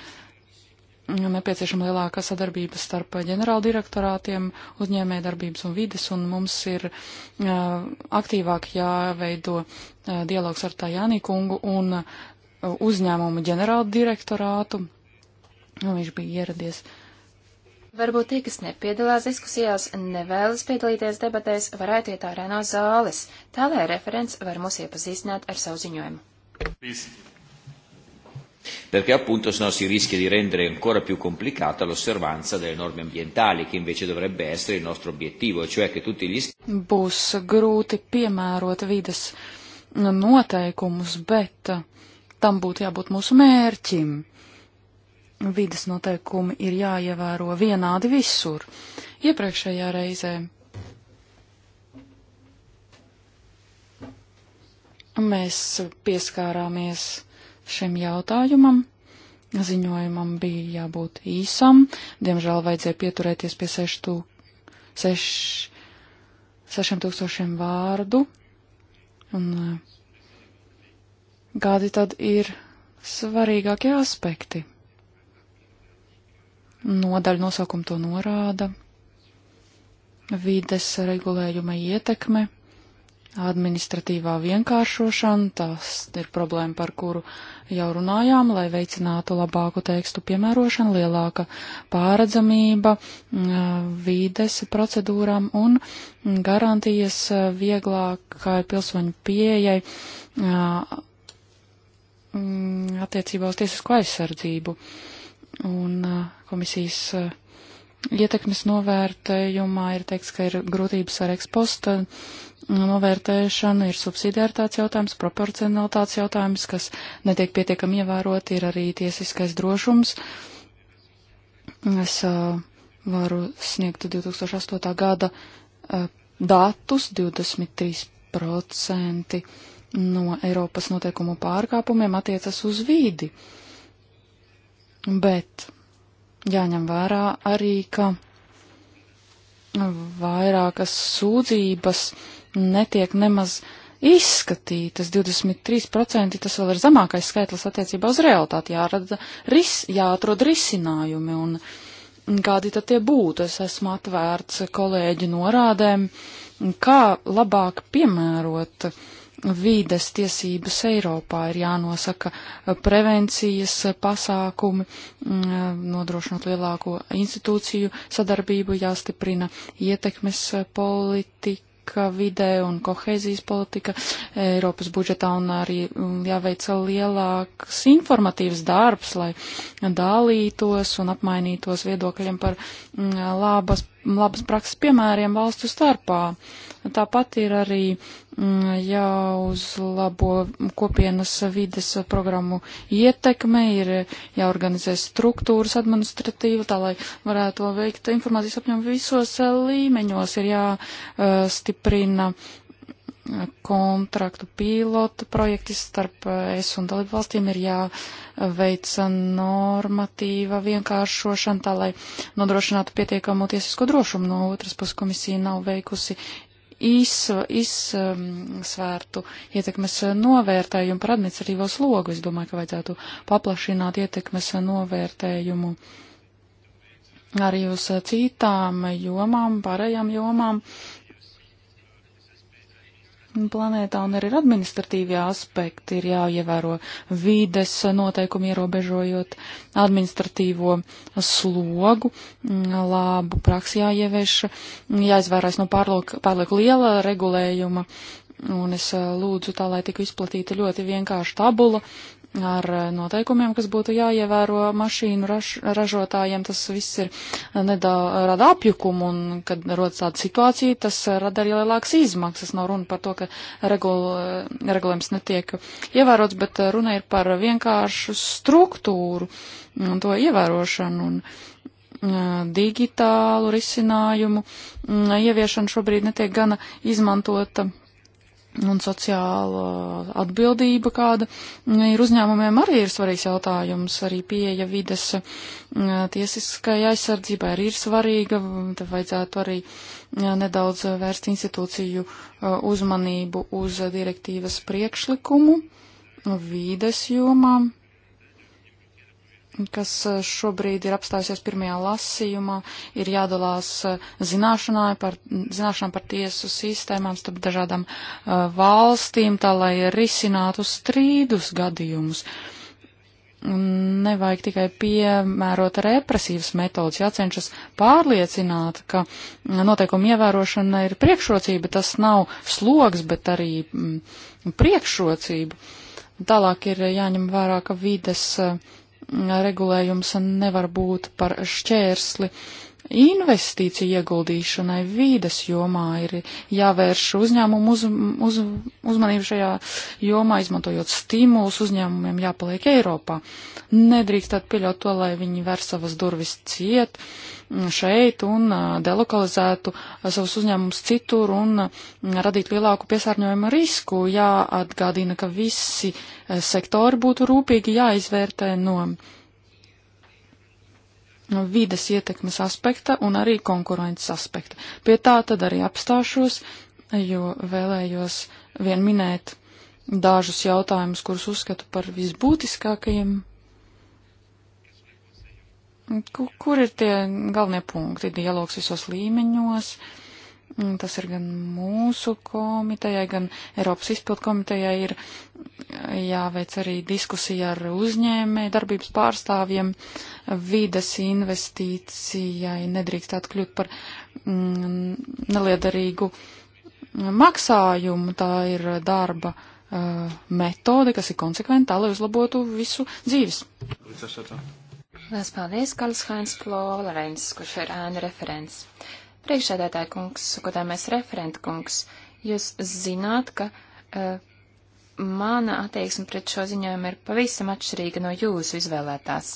nepieciešama lielāka sadarbība starp ģenerāldirektorātiem, uzņēmē darbības un vides, un mums ir aktīvāk jāveido dialogs ar Tajānī kungu un uzņēmumu ģenerāldirektorātu. Viņš bija ieradies uh, Varbūt tie, kas nepiedalās diskusijās, nevēlas piedalīties debatēs, varētu iet ārā no zāles. Tā lai referents var mūs iepazīstināt ar savu ziņojumu. Peace. Perché appunto sennò si rischia di rendere ancora più complicata l'osservanza delle norme ambientali, che invece dovrebbe essere il nostro obiettivo, e cioè che tutti gli Būs grūti piemērot vides noteikumus, bet tam būtu jābūt mūsu mērķim vidas noteikumi ir jāievēro vienādi visur. Iepriekšējā reizē mēs pieskārāmies šim jautājumam. Ziņojumam bija jābūt īsam, diemžēl vajadzēja pieturēties pie 6000 vārdu. Un eh, kādi tad ir svarīgākie aspekti? Nodaļu nosaukumu to norāda. Vides regulējuma ietekme, administratīvā vienkāršošana, tas ir problēma, par kuru jau runājām, lai veicinātu labāku tekstu piemērošanu, lielāka pāredzamība vides procedūrām un garantijas vieglākai pilsoņu pieejai attiecībā uz tiesisko aizsardzību. Un uh, komisijas eh, ietekmes novērtējumā ir teiks, ka ir grūtības ar eksposta eh, novērtēšanu, ir subsidiārtāts jautājums, proporcionalitāts jautājums, kas netiek pietiekami ievērot, ir arī tiesiskais drošums. Es uh, varu sniegt 2008. gada uh, datus 23% no Eiropas noteikumu pārkāpumiem attiecas uz vīdi. Bet jāņem vērā arī, ka vairākas sūdzības netiek nemaz izskatītas. 23% tas vēl ir zemākais skaitlis attiecībā uz realitāti. Jārada ris, jāatrod risinājumi un kādi tad tie būtu. Es esmu atvērts kolēģi norādēm, kā labāk piemērot uh, vīdes tiesības Eiropā ir jānosaka prevencijas pasākumi, mm, nodrošinot lielāko institūciju sadarbību, jāstiprina ietekmes politika vidē un kohēzijas politika Eiropas budžetā un arī mm, jāveic lielāks informatīvs darbs, lai dalītos un apmainītos viedokļiem par mm, labas labas prakses piemēriem valstu starpā. Tāpat ir arī mm, jāuzlabo kopienas vides programmu ietekme, ir jāorganizē struktūras administratīva, tā lai varētu veikt informācijas apņem visos eh, līmeņos, ir jāstiprina uh, kontraktu pilotu projekti starp es un dalību valstīm ir jāveic normatīva vienkāršošana, tā lai nodrošinātu pietiekamu tiesisko drošumu. No otras puses komisija nav veikusi izsvērtu ietekmes novērtējumu par administratīvo slogu. Es domāju, ka vajadzētu paplašināt ietekmes novērtējumu arī uz citām jomām, pārējām jomām. Uh, planētā, un arī administratīvie aspekti ir jāievēro vides noteikumi ierobežojot administratīvo slogu, mm, labu praksi jāievieš, jāizvērās no pārlieku liela regulējuma, un es lūdzu tā, lai tik izplatīta ļoti vienkārša tabula, ar eh, noteikumiem, kas būtu jāievēro mašīnu raž, ražotājiem, tas viss ir eh, nedaudz rada apjukumu, un kad rodas tāda situācija, tas eh, rada arī lielākas izmaksas. Nav runa par to, ka regul, regulējums netiek ievērots, bet runa ir par vienkāršu struktūru un mm, to ievērošanu. Un, mm, digitālu risinājumu mm, ieviešana šobrīd netiek gana izmantota un sociāla atbildība, kāda ir uzņēmumiem, arī ir svarīgs jautājums. Arī pieeja vides tiesiskai aizsardzībai arī ir svarīga. Te vajadzētu arī nedaudz vērst institūciju e, uzmanību uz direktīvas priekšlikumu vīdes jomām kas eh, šobrīd ir apstājusies pirmajā lasījumā, ir jādalās eh, zināšanai par, zināšanām par tiesu sistēmām starp dažādām uh, valstīm, tā lai risinātu strīdus gadījumus. Nevajag tikai piemērot represīvas metodas, jācenšas pārliecināt, ka mm, noteikuma ievērošana ir priekšrocība, tas nav sloks, bet arī mm, priekšrocība. Tālāk ir jāņem vērā, ka vides uh, regulējums nevar būt par šķērsli. Investīcija ieguldīšanai vīdes jomā ir jāvērš uzņēmumu uz, uz, uzmanību šajā jomā, izmantojot stimulus uzņēmumiem jāpaliek Eiropā. Nedrīkst pieļaut to, lai viņi vēr savas durvis ciet. Uh, šeit un delokalizētu savus uzņēmumus citur un radītu lielāku piesārņojuma risku. Jāatgādina, ka visi sektori būtu rūpīgi jāizvērtē no vides ietekmes aspekta un arī konkurences aspekta. Pie tā tad arī apstāšos, jo vēlējos vien minēt dažus jautājumus, kurus uzskatu par visbūtiskākajiem. Kur ir tie galvenie punkti? Dialogs visos līmeņos. Mm, tas ir gan mūsu komitejai, gan Eiropas izpildu komitejai ir jāveic arī diskusija ar uzņēmēju darbības pārstāvjiem. Vides investīcijai nedrīkst atkļūt par mm, neliederīgu maksājumu. Tā ir darba uh, metode, kas ir konsekventa, lai uzlabotu visu dzīves. Līdz ar to. Lielas paldies, Karls Hainz Plo, Lorenz, kurš ir ēna referents. Priekšsēdētāja kungs, godāmais referenta kungs, jūs zināt, ka uh, mana attieksme pret šo ziņojumu ir pavisam atšķirīga no jūsu izvēlētās.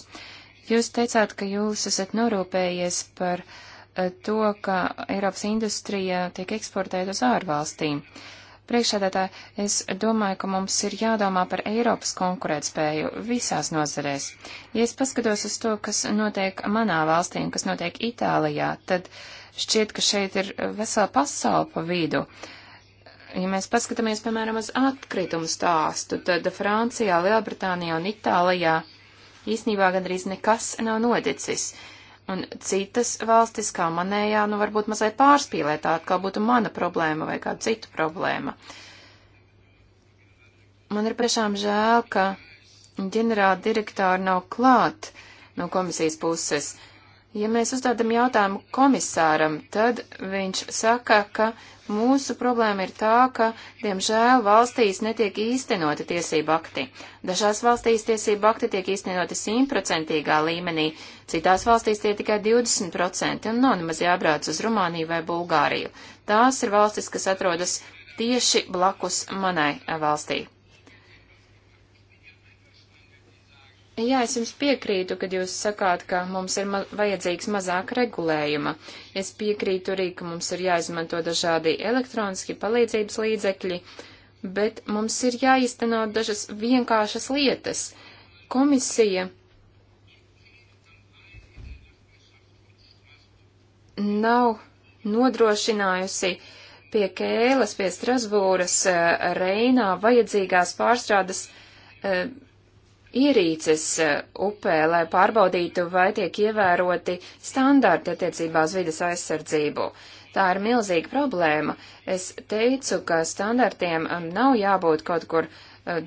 Jūs teicāt, ka jūs esat norūpējies par uh, to, ka Eiropas industrija tiek eksportēta uz ārvalstīm. Uh, Priekšādātāji, es domāju, ka mums ir jādomā par Eiropas konkurētspēju visās nozarēs. Ja es paskatos uz to, kas notiek manā valstī un kas notiek Itālijā, tad šķiet, ka šeit ir vesela pasaule pa vidu. Ja mēs paskatāmies, piemēram, uz atkritumu stāstu, tad Francijā, Lielbritānijā un Itālijā īsnībā gandrīz nekas nav noticis. Un citas valstis, kā manējā, nu varbūt mazliet pārspīlē tā, kā būtu mana problēma vai kāda cita problēma. Man ir patiešām žēl, ka ģenerāla direktāra nav klāt no komisijas puses. Ja mēs uzdodam jautājumu komisāram, tad viņš saka, ka Mūsu problēma ir tā, ka, diemžēl, valstīs netiek īstenoti tiesību akti. Dažās valstīs tiesību akti tiek īstenoti simtprocentīgā līmenī, citās valstīs tie tikai 20% un nav nemaz jābrauc uz Rumāniju vai Bulgāriju. Tās ir valstis, kas atrodas tieši blakus manai valstī. Jā, es jums piekrītu, kad jūs sakāt, ka mums ir ma vajadzīgs mazāk regulējuma. Es piekrītu arī, ka mums ir jāizmanto dažādi elektroniski palīdzības līdzekļi, bet mums ir jāizteno dažas vienkāršas lietas. Komisija nav nodrošinājusi pie Kēlas, pie Strasbūras, eh, Reinā vajadzīgās pārstrādes eh, ierīces e, upē, lai pārbaudītu, vai tiek ievēroti standarti attiecībā uz vidas aizsardzību. Tā ir milzīga problēma. Es teicu, ka standartiem um, nav jābūt kaut kur e,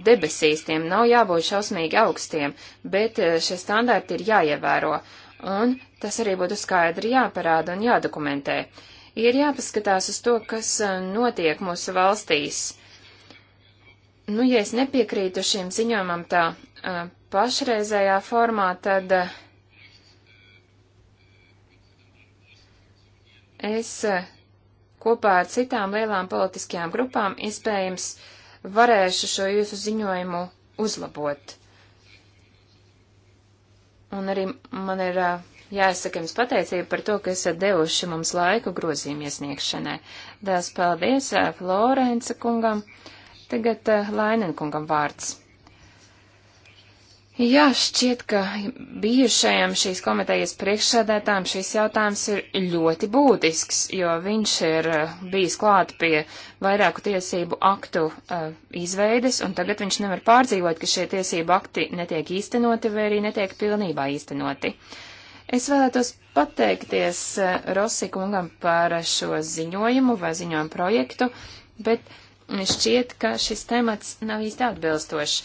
debesīs, tiem nav jābūt šausmīgi augstiem, bet e, šie standarti ir jāievēro. Un tas arī būtu skaidri jāparāda un jādokumentē. Ir jāpaskatās uz to, kas notiek mūsu valstīs Nu, ja es nepiekrītu šiem ziņojumam tā uh, pašreizējā formā, tad uh, es uh, kopā ar citām lielām politiskajām grupām iespējams varēšu šo jūsu ziņojumu uzlabot. Un arī man ir jāizsaka jums pateicība par to, ka esat devuši mums laiku grozījumu iesniegšanai. Dās paldies Florence kungam. Uh, Tagad uh, eh, Lainenkungam vārds. Jā, šķiet, ka bijušajam šīs komitejas priekšsēdētājam šis jautājums ir ļoti būtisks, jo viņš ir uh, bijis klāt pie vairāku tiesību aktu uh, izveides, un tagad viņš nevar pārdzīvot, ka šie tiesību akti netiek īstenoti vai arī netiek pilnībā īstenoti. Es vēlētos pateikties uh, Rossi kungam par šo ziņojumu vai ziņojumu projektu, bet Šķiet, ka šis temats nav īsti atbilstošs.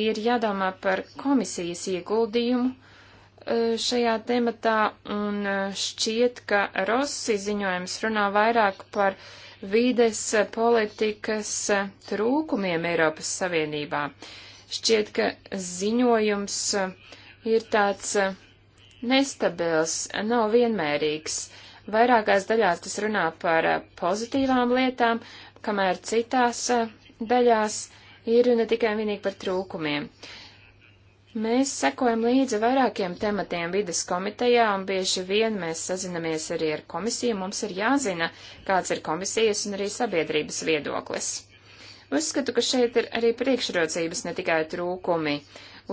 Ir jādomā par komisijas ieguldījumu e, šajā tematā, un e, šķiet, ka Rossi ziņojums runā vairāk par vides e, politikas trūkumiem Eiropas Savienībā. Šķiet, ka ziņojums ir tāds nestabils, nav vienmērīgs. Vairākās daļās tas runā par pozitīvām lietām, kamēr citās eh, daļās ir ne tikai un vienīgi par trūkumiem. Mēs sekojam līdzi vairākiem tematiem vides komitejā, un bieži vien mēs sazinamies arī ar komisiju. Mums ir jāzina, kāds ir komisijas un arī sabiedrības viedoklis. Uzskatu, ka šeit ir arī priekšrocības, ne tikai trūkumi.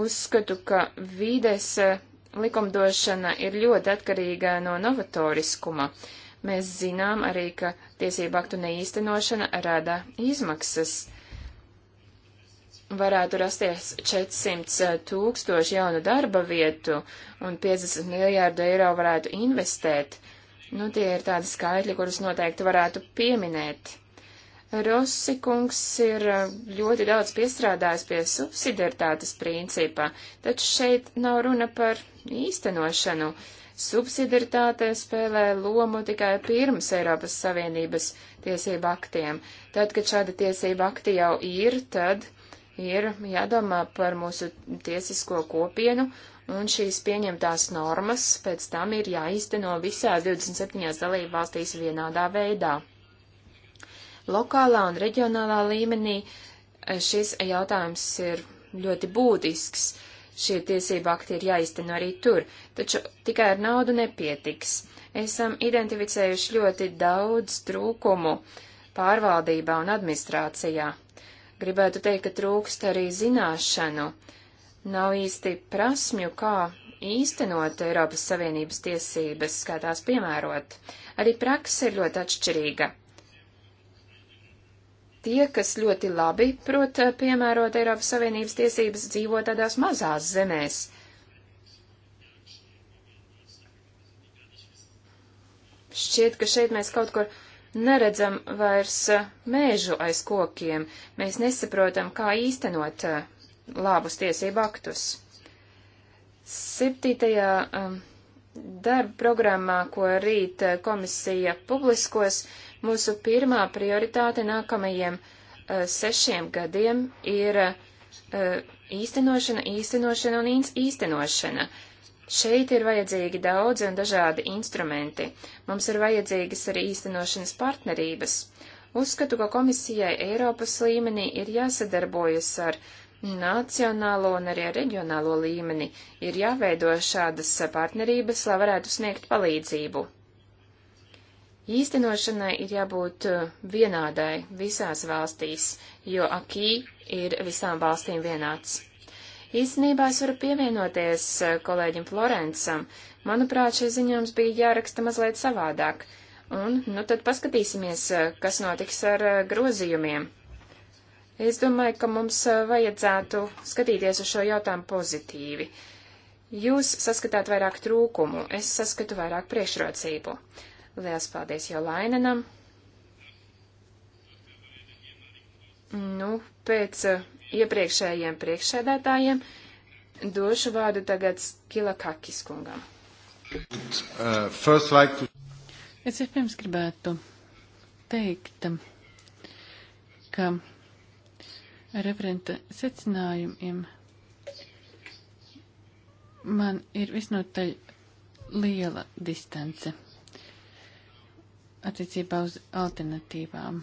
Uzskatu, ka vides eh, likumdošana ir ļoti atkarīga no novatoriskuma. Uh, Mēs zinām arī, ka tiesību aktu neīstenošana rada izmaksas. Varētu rasties 400 eh, tūkstoši jaunu darba vietu un 50 miljārdu eiro varētu investēt. Nu, tie ir tādi skaitļi, kurus noteikti varētu pieminēt. Rossi kungs ir eh, ļoti daudz piestrādājis pie subsidiaritātes principa, taču šeit nav runa par īstenošanu. Uh, Subsidiritāte spēlē lomu tikai pirms Eiropas Savienības tiesību aktiem. Tad, kad šāda tiesība akti jau ir, tad ir jādomā par mūsu tiesisko kopienu, un šīs pieņemtās normas pēc tam ir jāīsteno visās 27 dalību valstīs vienādā veidā. Lokālā un reģionālā līmenī eh, šis jautājums ir ļoti būtisks. Uh, Šie tiesība akti ir jāizteno arī tur, taču tikai ar naudu nepietiks. Esam identificējuši ļoti daudz trūkumu pārvaldībā un administrācijā. Gribētu teikt, ka trūkst arī zināšanu. Nav īsti prasmju, kā īstenot Eiropas Savienības tiesības, kā tās piemērot. Arī praksa ir ļoti atšķirīga. Tie, kas ļoti labi prot eh, piemērot Eiropas Savienības tiesības, dzīvo tādās mazās zemēs. Šķiet, ka šeit mēs kaut kur neredzam vairs eh, mēžu aiz kokiem. Mēs nesaprotam, kā īstenot eh, labus tiesību aktus. Septītajā um, darba programmā, ko rīt komisija publiskos, uh, Mūsu pirmā prioritāte nākamajiem uh, sešiem gadiem ir uh, īstenošana, īstenošana un īstenošana. Šeit ir vajadzīgi daudzi un dažādi instrumenti. Mums ir vajadzīgas arī īstenošanas partnerības. Uzskatu, ka komisijai Eiropas līmenī ir jāsadarbojas ar nacionālo un arī reģionālo līmeni, ir jāveido šādas partnerības, lai varētu sniegt palīdzību. Īstenošanai ir jābūt uh, vienādai visās valstīs, jo akī ir visām valstīm vienāds. Īstenībā es varu pievienoties uh, kolēģim Florencam. Manuprāt, šis ziņojums bija jāraksta mazliet savādāk. Un, nu tad paskatīsimies, uh, kas notiks ar grozījumiem. Es domāju, ka mums vajadzētu skatīties uz šo jautājumu pozitīvi. Jūs saskatāt vairāk trūkumu, es saskatu vairāk priekšrocību. Liels paldies jau Lainenam. Nu, pēc eh, iepriekšējiem priekšsēdētājiem došu vārdu tagad Skila Kakis kungam. Uh, es pirms gribētu teikt, ka referenta secinājumiem man ir visnotaļ liela distance attiecībā uz alternatīvām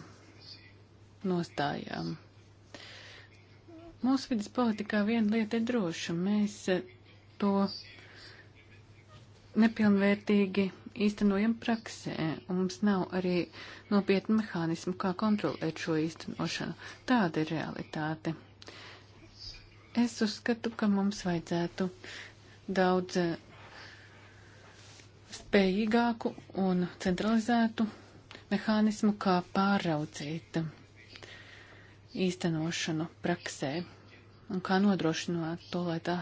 nostājām. Mūsu vidas politikā viena lieta ir droša. Mēs e, to nepilnvērtīgi īstenojam praksē, un mums nav arī nopietnu mehānismu, kā kontrolēt šo īstenošanu. Tāda ir realitāte. Es uzskatu, ka mums vajadzētu daudz e, spējīgāku un centralizētu mehānismu, kā pāraudzīt īstenošanu praksē un kā nodrošināt to, lai tā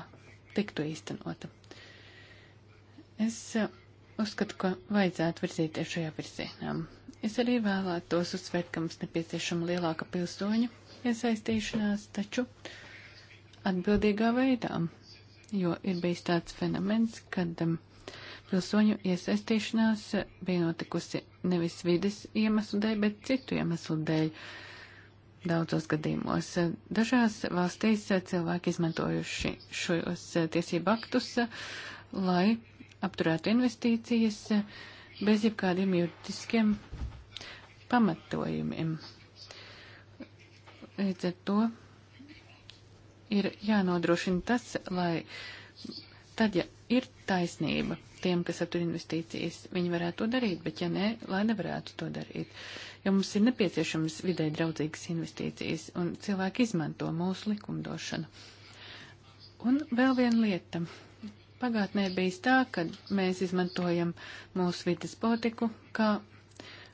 tiktu īstenota. Es uzskatu, ka vajadzētu virzīties šajā virzienā. Es arī vēlētos uzsvērt, ka mums nepieciešama lielāka pilsoņa iesaistīšanās, taču atbildīgā veidā, jo ir bijis tāds fenomens, kad um, Pilsoņu iesaistīšanās bija notikusi nevis vides iemeslu dēļ, bet citu iemeslu dēļ. Daudzos gadījumos dažās valstīs cilvēki izmantojuši šos tiesību aktus, lai apturētu investīcijas bez jebkādiem juridiskiem pamatojumiem. Līdz ar to ir jānodrošina tas, lai tad, ja ir taisnība tiem, kas aptur investīcijas. Viņi varētu to darīt, bet ja nē, lai nevarētu to darīt. Jo mums ir nepieciešams vidē draudzīgas investīcijas, un cilvēki izmanto mūsu likumdošanu. Un vēl viena lieta. Pagātnē bijis tā, ka mēs izmantojam mūsu vidas politiku kā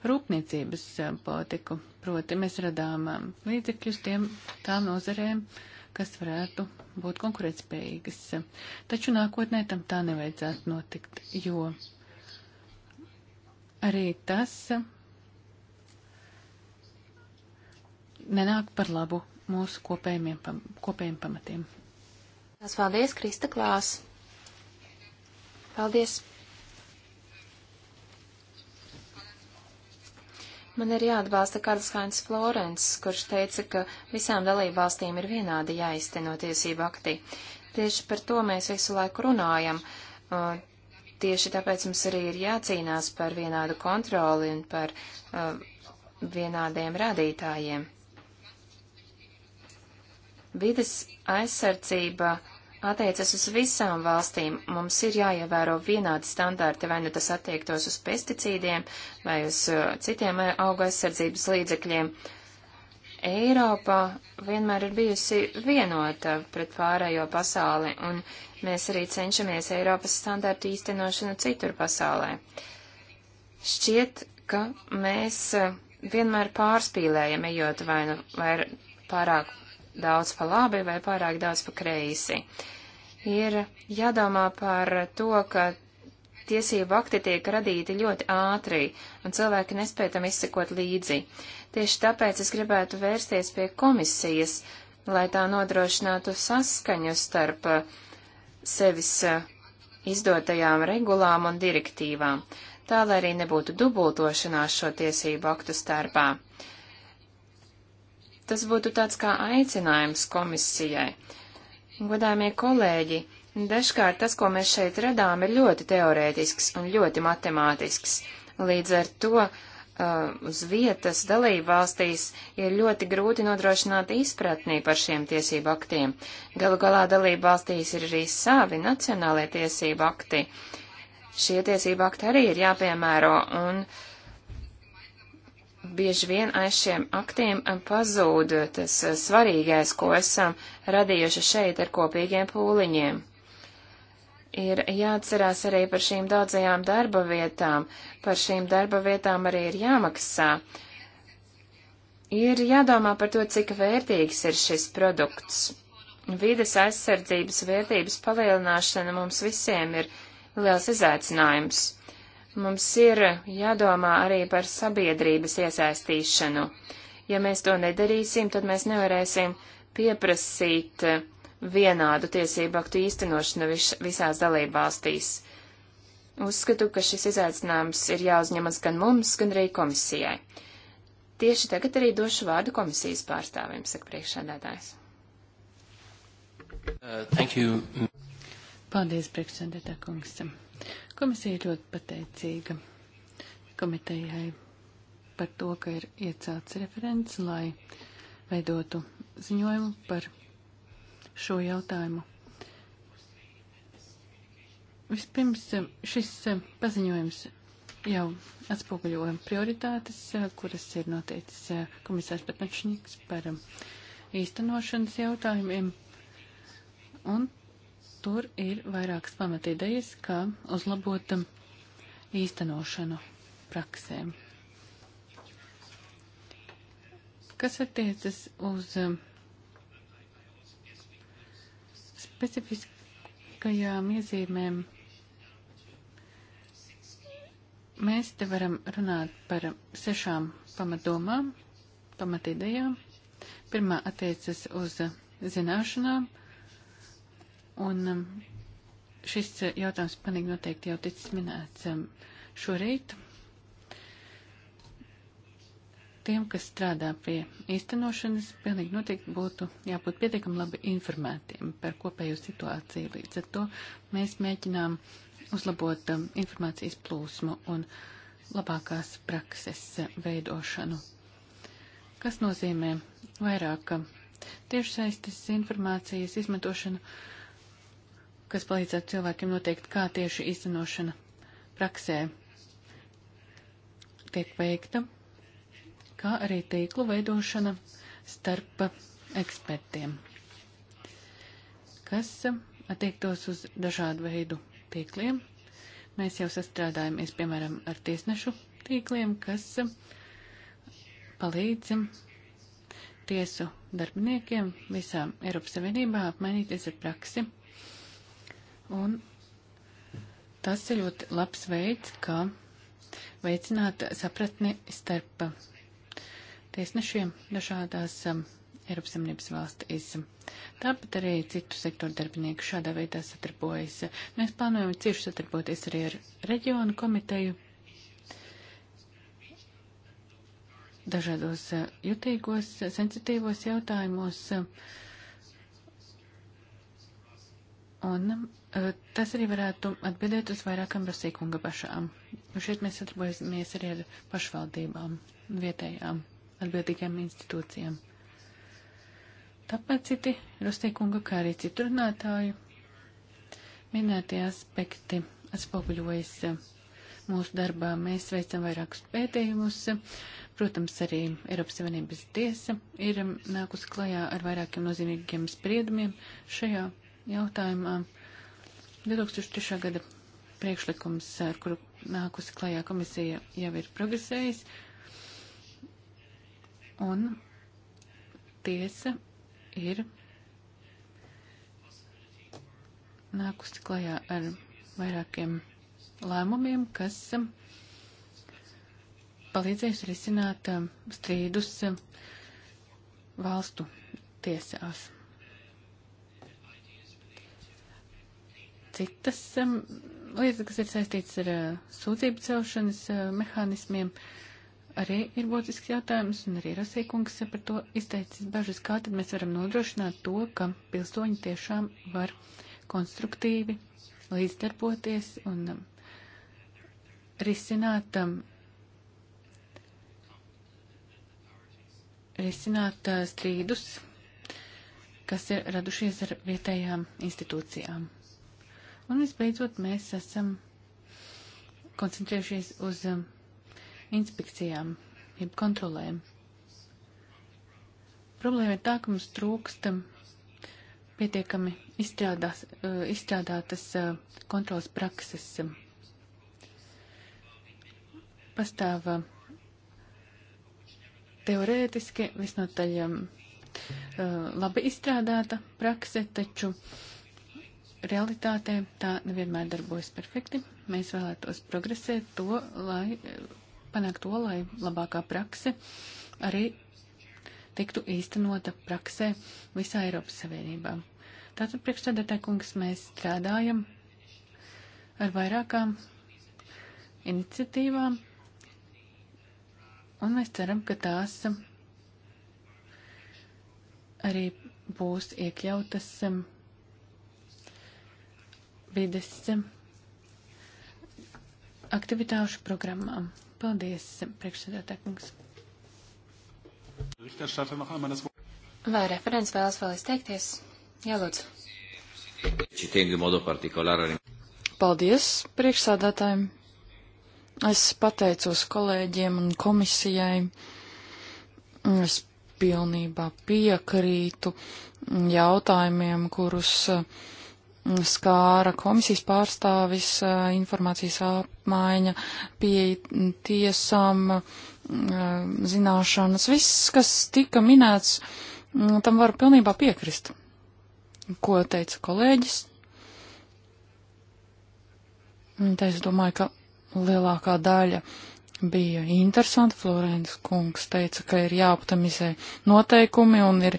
rūpniecības eh, politiku. Proti mēs radām eh, līdzekļus tiem tām nozarēm, uh, kas varētu būt konkurētspējīgas. Taču nākotnē tam tā nevajadzētu notikt, jo arī tas nenāk par labu mūsu kopējiem, pam, kopējiem pamatiem. Paldies, Krista Klās! Paldies! Man ir jāatbalsta Karls Hainz Florens, kurš teica, ka visām dalībvalstīm ir vienādi jāizteno tiesību akti. Tieši par to mēs visu laiku runājam. Uh, tieši tāpēc mums arī ir jācīnās par vienādu kontroli un par uh, vienādiem rādītājiem. Vides aizsardzība attiecas uz visām valstīm. Mums ir jāievēro vienādi standarti, vai nu tas attiektos uz pesticīdiem vai uz uh, citiem uh, auga aizsardzības līdzekļiem. Eiropa vienmēr ir bijusi vienota pret pārējo pasauli, un mēs arī cenšamies Eiropas standartu īstenošanu citur pasaulē. Šķiet, ka mēs uh, vienmēr pārspīlējam, ejot vai nu vai pārāk daudz pa labi vai pārāk daudz pa kreisi. Ir jādomā par to, ka tiesību akti tiek radīti ļoti ātri, un cilvēki nespēj tam izsekot līdzi. Tieši tāpēc es gribētu vērsties pie komisijas, lai tā nodrošinātu saskaņu starp uh, sevis uh, izdotajām regulām un direktīvām, tā lai arī nebūtu dubultošanās šo tiesību aktu starpā. Uh, Tas būtu tāds kā aicinājums komisijai. Godāmie kolēģi, dažkārt tas, ko mēs šeit redām, ir ļoti teorētisks un ļoti matemātisks. Līdz ar to uh, uz vietas dalību valstīs ir ļoti grūti nodrošināt izpratnī par šiem tiesību aktiem. Galu galā dalību valstīs ir arī savi nacionālie tiesību akti. Šie tiesību akti arī ir jāpiemēro, un bieži vien aiz šiem aktiem eh, pazūd eh, tas eh, svarīgais, ko esam radījuši šeit ar kopīgiem pūliņiem. Ir jāatcerās arī par šīm daudzajām darba vietām, par šīm darba vietām arī ir jāmaksā. Ir jādomā par to, cik vērtīgs ir šis produkts. Vides aizsardzības vērtības palielināšana mums visiem ir liels izaicinājums. Mums ir jādomā arī par sabiedrības iesaistīšanu. Ja mēs to nedarīsim, tad mēs nevarēsim pieprasīt eh, vienādu tiesību aktu īstenošanu vis visās dalībvalstīs. Uzskatu, ka šis izaicinājums ir jāuzņemas gan mums, gan arī komisijai. Tieši tagad arī došu vārdu komisijas pārstāvim, saka priekšsēdētājs. Uh, Paldies, priekšsēdētā kungs. Komisija ir ļoti pateicīga komitejai par to, ka ir iecelts referents, lai veidotu ziņojumu par šo jautājumu. Vispirms eh, šis eh, paziņojums jau atspoguļo prioritātes, eh, kuras ir noteicis komisārs Patnačņiks par īstenošanas jautājumiem. Un Tur ir vairākas pamatidejas, kā uzlabot īstenošanu praksēm. Kas attiecas uz um, specifiskajām iezīmēm, mēs te varam runāt par sešām pamatdomām, pamatidejām. Pirmā attiecas uz zināšanām, Un um, šis uh, jautājums panīgi noteikti jau ticis minēts um, šorīt. Tiem, kas strādā pie īstenošanas, pilnīgi noteikti būtu jābūt pietiekami labi informētiem par kopējo situāciju. Līdz ar to mēs mēģinām uzlabot um, informācijas plūsmu un labākās prakses uh, veidošanu. Kas nozīmē vairāk um, tiešsaistes informācijas izmantošanu? Uh, kas palīdzētu cilvēkiem noteikt, kā tieši īstenošana praksē tiek veikta, kā arī tīklu veidošana starp ekspertiem, kas attiektos uz dažādu veidu tīkliem. Mēs jau sastrādājamies, piemēram, ar tiesnešu tīkliem, kas palīdz tiesu darbiniekiem visām Eiropas Savienībā apmainīties ar praksi Un tas ir ļoti labs veids, kā veicināt sapratni starp tiesnešiem dažādās um, Eiropas Savienības valstīs. Tāpat arī citu sektoru darbinieku šādā veidā sadarbojas. Mēs plānojam cieši sadarboties arī ar reģionu komiteju dažādos uh, jutīgos, sensitīvos jautājumos. Uh, Un eh, tas arī varētu atbildēt uz vairākam rasīkunga pašām. Un šeit mēs sadarbojamies arī ar pašvaldībām, vietējām atbildīgajām institūcijām. Tāpēc citi rasīkunga, kā arī citu runātāju, minētie aspekti atspoguļojas eh, mūsu darbā. Mēs veicam vairākus pētījumus. Protams, arī Eiropas Savienības tiesa ir nākus klajā ar vairākiem nozīmīgiem spriedumiem šajā jautājumā. 2003. gada priekšlikums, ar kuru nākusi klajā komisija, jau ir progresējis. Un tiesa ir nākusi klajā ar vairākiem lēmumiem, kas palīdzēs risināt strīdus valstu tiesās. citas um, lietas, kas ir saistītas ar uh, sūdzību celšanas uh, mehānismiem, arī ir būtisks jautājums, un arī Rasīkungs par to izteicis bažas, kā tad mēs varam nodrošināt to, ka pilsoņi tiešām var konstruktīvi līdzdarboties un um, risināt, um, risināt uh, strīdus, kas ir radušies ar vietējām institūcijām. Un visbeidzot, mēs esam koncentrējušies uz um, inspekcijām, jeb kontrolēm. Problēma ir tā, ka mums trūkstam um, pietiekami izstrādās, uh, izstrādātas uh, kontrolas prakses. Um. Pastāv uh, teorētiski visnotaļ um, uh, labi izstrādāta prakse, taču uh, realitātē tā nevienmēr darbojas perfekti. Mēs vēlētos progresēt to, lai panākt to, lai labākā prakse arī tiktu īstenota praksē visā Eiropas Savienībā. Tātad priekšstādātāji kungs mēs strādājam ar vairākām iniciatīvām, un mēs ceram, ka tās arī būs iekļautas um, vides eh, aktivitāšu programmām. Paldies, priekšsēdētājkungs. Vai referents vēlas vēl izteikties? Jā, lūdzu. Paldies priekšsādātājiem. Es pateicos kolēģiem un komisijai. Es pilnībā piekrītu jautājumiem, kurus uh, skāra komisijas pārstāvis, informācijas apmaiņa, pieeja tiesām, zināšanas, viss, kas tika minēts, tam var pilnībā piekrist, ko teica kolēģis. Tā es domāju, ka lielākā daļa bija interesanti. Florence kungs teica, ka ir jāoptimizē noteikumi un ir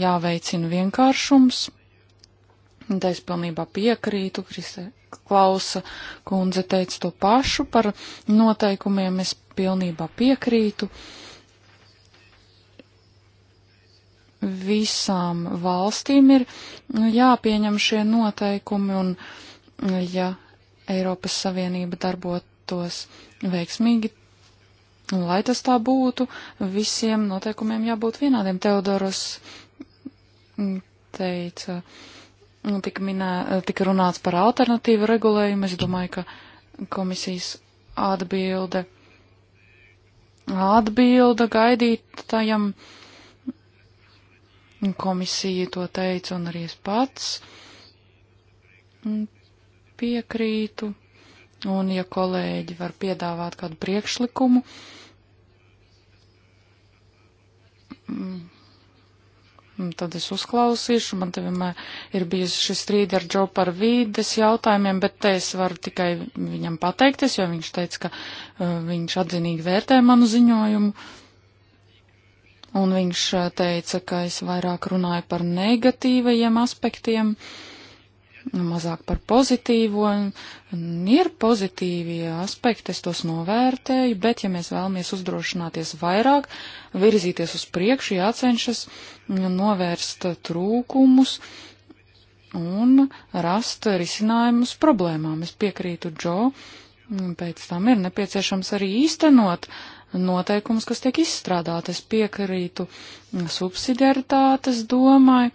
jāveicina vienkāršums Un tā es pilnībā piekrītu, Krista Klausa kundze teica to pašu par noteikumiem, es pilnībā piekrītu visām valstīm ir jāpieņem šie noteikumi un, ja Eiropas Savienība darbotos veiksmīgi, un lai tas tā būtu, visiem noteikumiem jābūt vienādiem. Teodoros mm, teica, uh, Nu, tika, minē, eh, tika runāts par alternatīvu regulējumu. Es domāju, ka komisijas atbilde, atbilda gaidītājam, komisija to teica un arī es pats mm, piekrītu. Un, ja kolēģi var piedāvāt kādu priekšlikumu, mm, Un tad es uzklausīšu, man te vienmēr ir bijis šis strīd ar Džo par vīdes jautājumiem, bet te es varu tikai viņam pateikties, jo viņš teica, ka uh, viņš atzinīgi vērtē manu ziņojumu. Un viņš uh, teica, ka es vairāk runāju par negatīvajiem aspektiem. Uh, Nu, mazāk par pozitīvo, un ir pozitīvie aspekti, es tos novērtēju, bet ja mēs vēlamies uzdrošināties vairāk, virzīties uz priekšu, jācenšas nu, novērst trūkumus un rast risinājumus problēmām. Es piekrītu Džo, pēc tam ir nepieciešams arī īstenot noteikumus, kas tiek izstrādāti. Es piekrītu subsidiaritātes domai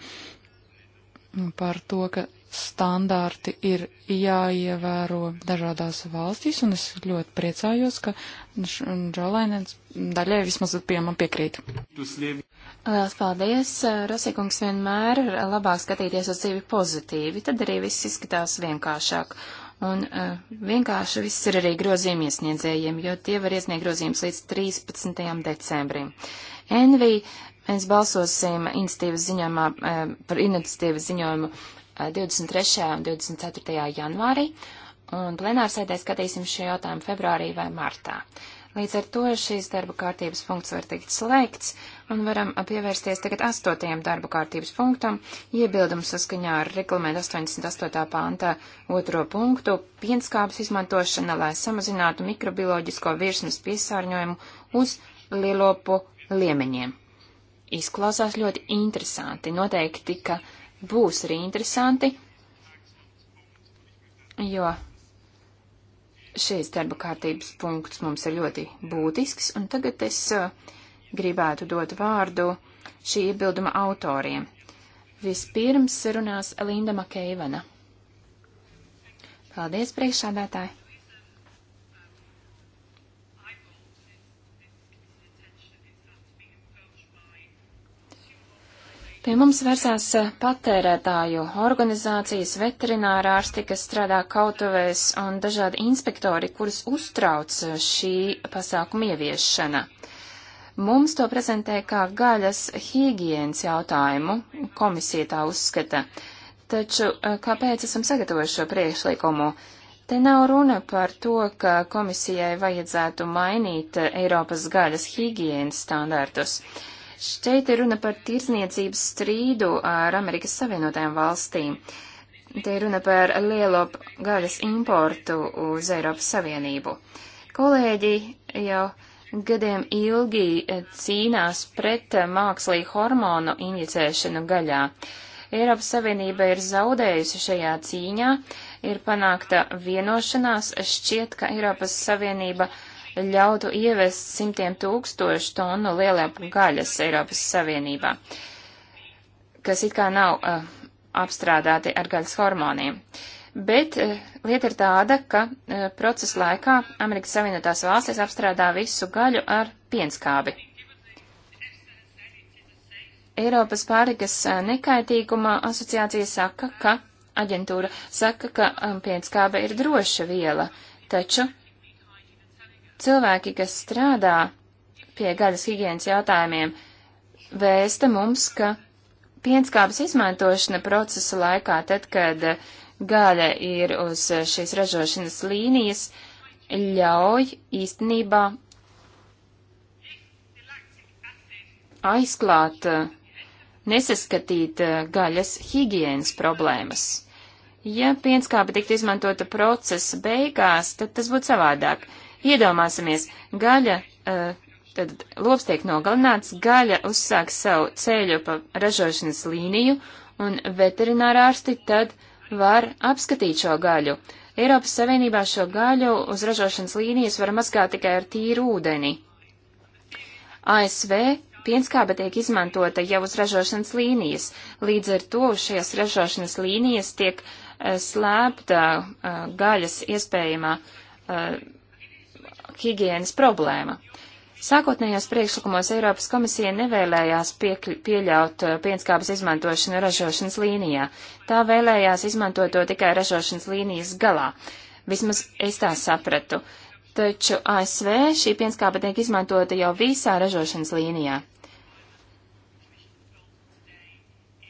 par to, ka standarti ir jāievēro dažādās valstīs, un es ļoti priecājos, ka Džolainens daļai vismaz pie man piekrīt. Lielas paldies! Rosīkungs vienmēr ir labāk skatīties uz dzīvi pozitīvi, tad arī viss izskatās vienkāršāk. Un uh, vienkārši viss ir arī grozījuma iesniedzējiem, jo tie var iesniegt grozījumus līdz 13. decembrim. Envī, mēs balsosim iniciatīvas ziņojumā, uh, par iniciatīvas ziņojumu 23. un 24. janvārī, un plenārsēdē skatīsim šo jautājumu februārī vai martā. Līdz ar to šīs darba kārtības punkts var tikt slēgts, un varam pievērsties tagad astotajam darba kārtības punktam, iebildums saskaņā ar reglamentu 88. pāntā otro punktu - pienskāpes izmantošana, lai samazinātu mikrobioloģisko virsmas piesārņojumu uz lielopu liemeņiem. Izklausās ļoti interesanti, noteikti, ka būs arī interesanti, jo šīs darba kārtības punkts mums ir ļoti būtisks, un tagad es uh, gribētu dot vārdu šī iebilduma autoriem. Vispirms runās Linda Makeivana. Paldies, priekšādātāji! Pie mums vērsās eh, patērētāju organizācijas, veterinārā ārsti, kas strādā kautuvēs un dažādi inspektori, kurus uztrauc eh, šī pasākuma ieviešana. Mums to prezentē kā gaļas higienas jautājumu, komisija tā uzskata. Taču eh, kāpēc esam sagatavojuši šo priekšlikumu? Te nav runa par to, ka komisijai vajadzētu mainīt Eiropas gaļas higienas standartus. Uh, Šeit ir runa par tirsniecības strīdu ar Amerikas Savienotajām valstīm. Te ir runa par lielo gaļas importu uz Eiropas Savienību. Kolēģi jau gadiem ilgi cīnās pret mākslīgu hormonu injicēšanu gaļā. Eiropas Savienība ir zaudējusi šajā cīņā, ir panākta vienošanās, šķiet, ka Eiropas Savienība uh, ļautu ievest simtiem tūkstošu tonu lielēpu gaļas Eiropas Savienībā, kas it kā nav uh, apstrādāti ar gaļas hormoniem. Bet uh, lieta ir tāda, ka uh, procesa laikā Amerikas Savienotās valstis apstrādā visu gaļu ar pienskābi. Eiropas pārtikas nekaitīguma asociācija saka, ka aģentūra saka, ka pienskābe ir droša viela, taču Cilvēki, kas strādā pie gaļas higienas jautājumiem, vēsta mums, ka pienskāpes izmantošana procesa laikā, tad, kad gaļa ir uz šīs ražošanas līnijas, ļauj īstenībā aizklāt, nesaskatīt gaļas higienas problēmas. Ja pienskāpe tiktu izmantota procesa beigās, tad tas būtu savādāk. Iedomāsimies, gaļa, eh, tad lops tiek nogalināts, gaļa uzsāk savu ceļu pa ražošanas līniju, un veterinārārsti tad var apskatīt šo gaļu. Eiropas Savienībā šo gaļu uz ražošanas līnijas var mazgāt tikai ar tīru ūdeni. ASV pienskābe tiek izmantota jau uz ražošanas līnijas, līdz ar to šajās ražošanas līnijas tiek eh, slēpta eh, gaļas iespējamā higienas problēma. Sākotnējos priekšlikumos Eiropas komisija nevēlējās piekļ, pieļaut uh, pienskābes izmantošanu ražošanas līnijā. Tā vēlējās izmantot to tikai ražošanas līnijas galā. Vismaz es tā sapratu. Taču ASV šī pienskābe tiek izmantota jau visā ražošanas līnijā.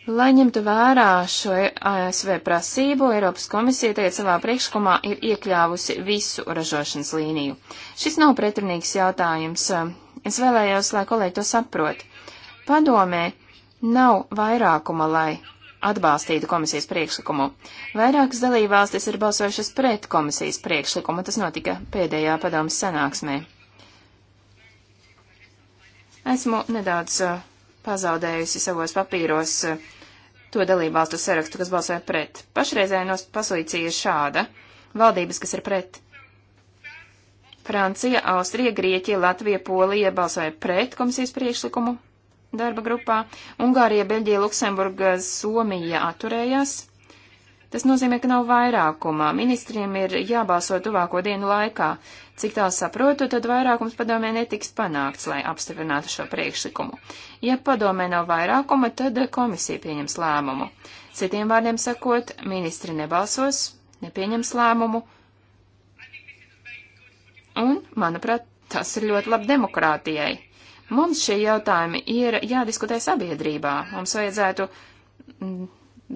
Lai ņemtu vērā šo ASV prasību, Eiropas komisija tagad savā priekšlikumā ir iekļāvusi visu ražošanas līniju. Šis nav pretrunīgs jautājums. Es vēlējos, lai kolēģi to saprot. Padomē nav vairākuma, lai atbalstītu komisijas priekšlikumu. Vairākas dalībvalstis ir balsojušas pret komisijas priekšlikumu, tas notika pēdējā padomas sanāksmē. Esmu nedaudz uh, pazaudējusi savos papīros eh, to dalībvalstu sarakstu, kas balsoja pret. Pašreizējā pozīcija ir šāda. Valdības, kas ir pret. Francija, Austrija, Grieķija, Latvija, Polija balsoja pret komisijas priekšlikumu darba grupā. Ungārija, Beļģija, Luksemburga, Somija atturējās. Tas nozīmē, ka nav vairākumā. Ministriem ir jābalso tuvāko dienu laikā. Cik tā saprotu, tad vairākums padomē netiks panākts, lai apstiprinātu šo priekšlikumu. Ja padomē nav vairākuma, tad komisija pieņems lēmumu. Citiem vārdiem sakot, ministri nebalsos, nepieņems lēmumu. Un, manuprāt, tas ir ļoti labi demokrātijai. Mums šie jautājumi ir jādiskutē sabiedrībā. Mums vajadzētu mm,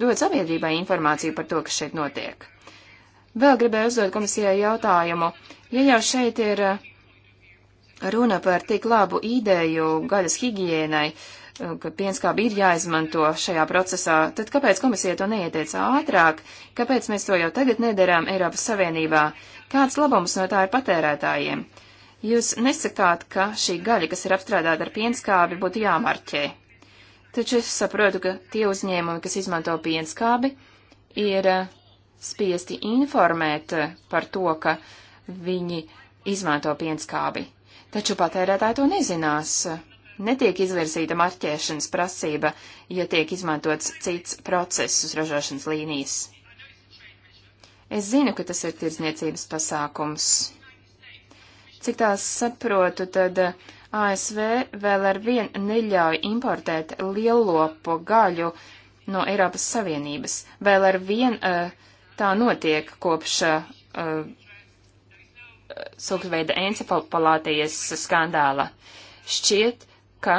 dot sabiedrībai informāciju par to, kas šeit notiek. Vēl gribēju uzdot komisijai jautājumu. Ja jau šeit ir eh, runa par tik labu ideju gaļas higiēnai, eh, ka pienskābi ir jāizmanto šajā procesā, tad kāpēc komisija to neieteica ātrāk? Kāpēc mēs to jau tagad nedarām Eiropas Savienībā? Kāds labums no tā ir patērētājiem? Jūs nesakāt, ka šī gaļa, kas ir apstrādāta ar pienskābi, būtu jāmarķē. Taču es saprotu, ka tie uzņēmumi, kas izmanto pienskābi, ir uh, spiesti informēt eh, par to, ka viņi izmanto pienskābi. Taču patērētāji to nezinās. Netiek izvirzīta marķēšanas prasība, ja tiek izmantots cits process uz ražošanas līnijas. Es zinu, ka tas ir tirdzniecības pasākums. Cik tās saprotu, tad eh, ASV vēl ar vien neļauj importēt lielopu gaļu no Eiropas Savienības. Vēl ar vien uh, tā notiek kopš uh, sūkļveida encefalopalātijas skandāla. Šķiet, ka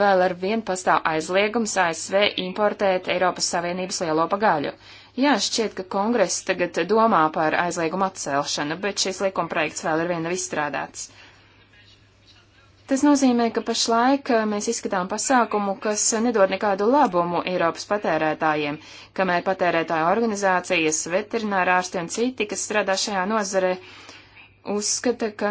vēl ar vienu pastāv aizliegums ASV importēt Eiropas Savienības lielo pagaļu. Jā, šķiet, ka kongress tagad domā par aizliegumu atcelšanu, bet šis likumprojekts vēl ir viena izstrādāts. Uh, Tas nozīmē, ka pašlaik eh, mēs izskatām pasākumu, kas nedod nekādu labumu Eiropas patērētājiem, kamēr patērētāju organizācijas, veterinārā ārsti un citi, kas strādā šajā nozare, uzskata, ka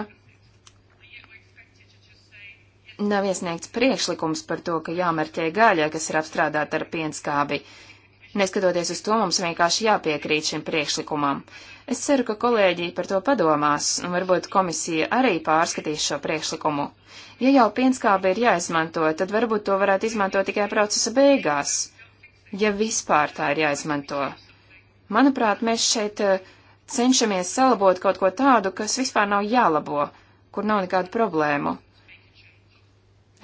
nav iesniegts priekšlikums par to, ka jāmērķē gaļa, kas ir apstrādāta ar pienskābi. Uh, Neskatoties uz to, mums vienkārši jāpiekrīt šim priekšlikumam. Es ceru, ka kolēģi par to padomās, un varbūt komisija arī pārskatīs šo priekšlikumu. Ja jau pienskābe ir jāizmanto, tad varbūt to varētu izmantot tikai procesa beigās, ja vispār tā ir jāizmanto. Manuprāt, mēs šeit eh, cenšamies salabot kaut ko tādu, kas vispār nav jālabo, kur nav nekādu problēmu.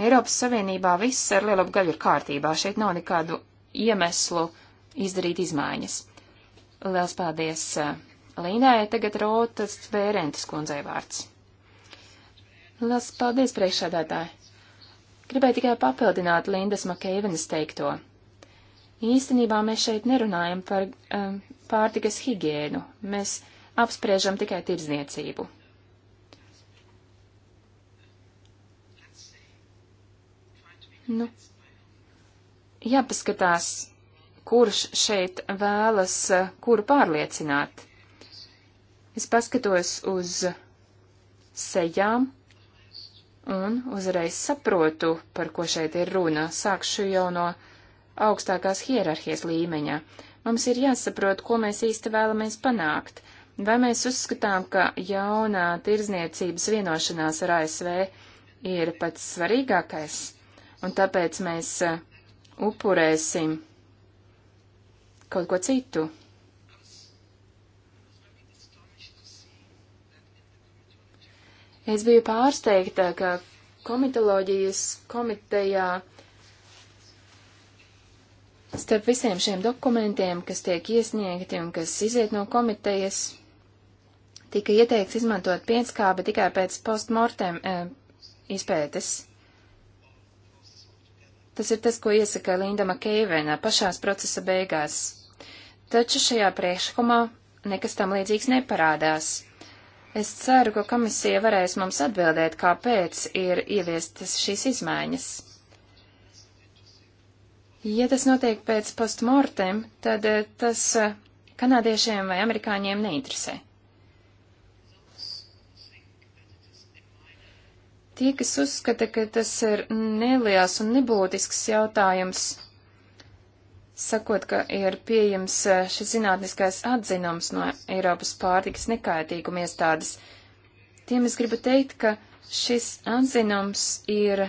Eiropas Savienībā viss ar lielu gaļu ir kārtībā, šeit nav nekādu iemeslu izdarīt izmaiņas. Liels paldies eh, Līnai, tagad Rotas Vērentas kundzei vārds. Liels paldies priekšādātāji. Gribēju tikai papildināt Lindas Makeivenes teikto. Īstenībā mēs šeit nerunājam par um, pārtikas higienu, mēs apspriežam tikai tirdzniecību. Nu, jāpaskatās, kurš šeit vēlas eh, kuru pārliecināt. Es paskatos uz sejām un uzreiz saprotu, par ko šeit ir runa. Sākšu jau no augstākās hierarhijas līmeņa. Mums ir jāsaprot, ko mēs īsti vēlamies panākt. Vai mēs uzskatām, ka jaunā tirzniecības vienošanās ar ASV ir pats svarīgākais, un tāpēc mēs eh, upurēsim kaut ko citu. Es biju pārsteigta, ka komitoloģijas komitejā starp visiem šiem dokumentiem, kas tiek iesniegti un kas iziet no komitejas, tika ieteikts izmantot pienskābi tikai pēc postmortem e, izpētes. Tas ir tas, ko iesaka Linda Makeivena pašās procesa beigās taču šajā priekšlikumā nekas tam līdzīgs neparādās. Es ceru, ka komisija varēs mums atbildēt, kāpēc ir ieviestas šīs izmaiņas. Ja tas notiek pēc postmortem, tad eh, tas eh, kanādiešiem vai amerikāņiem neinteresē. Tie, kas uzskata, ka tas ir neliels un nebūtisks jautājums, sakot, ka ir pieejams eh, šis zinātniskais atzinums no Eiropas pārtikas nekaitīguma iestādes. Tiem es gribu teikt, ka šis atzinums ir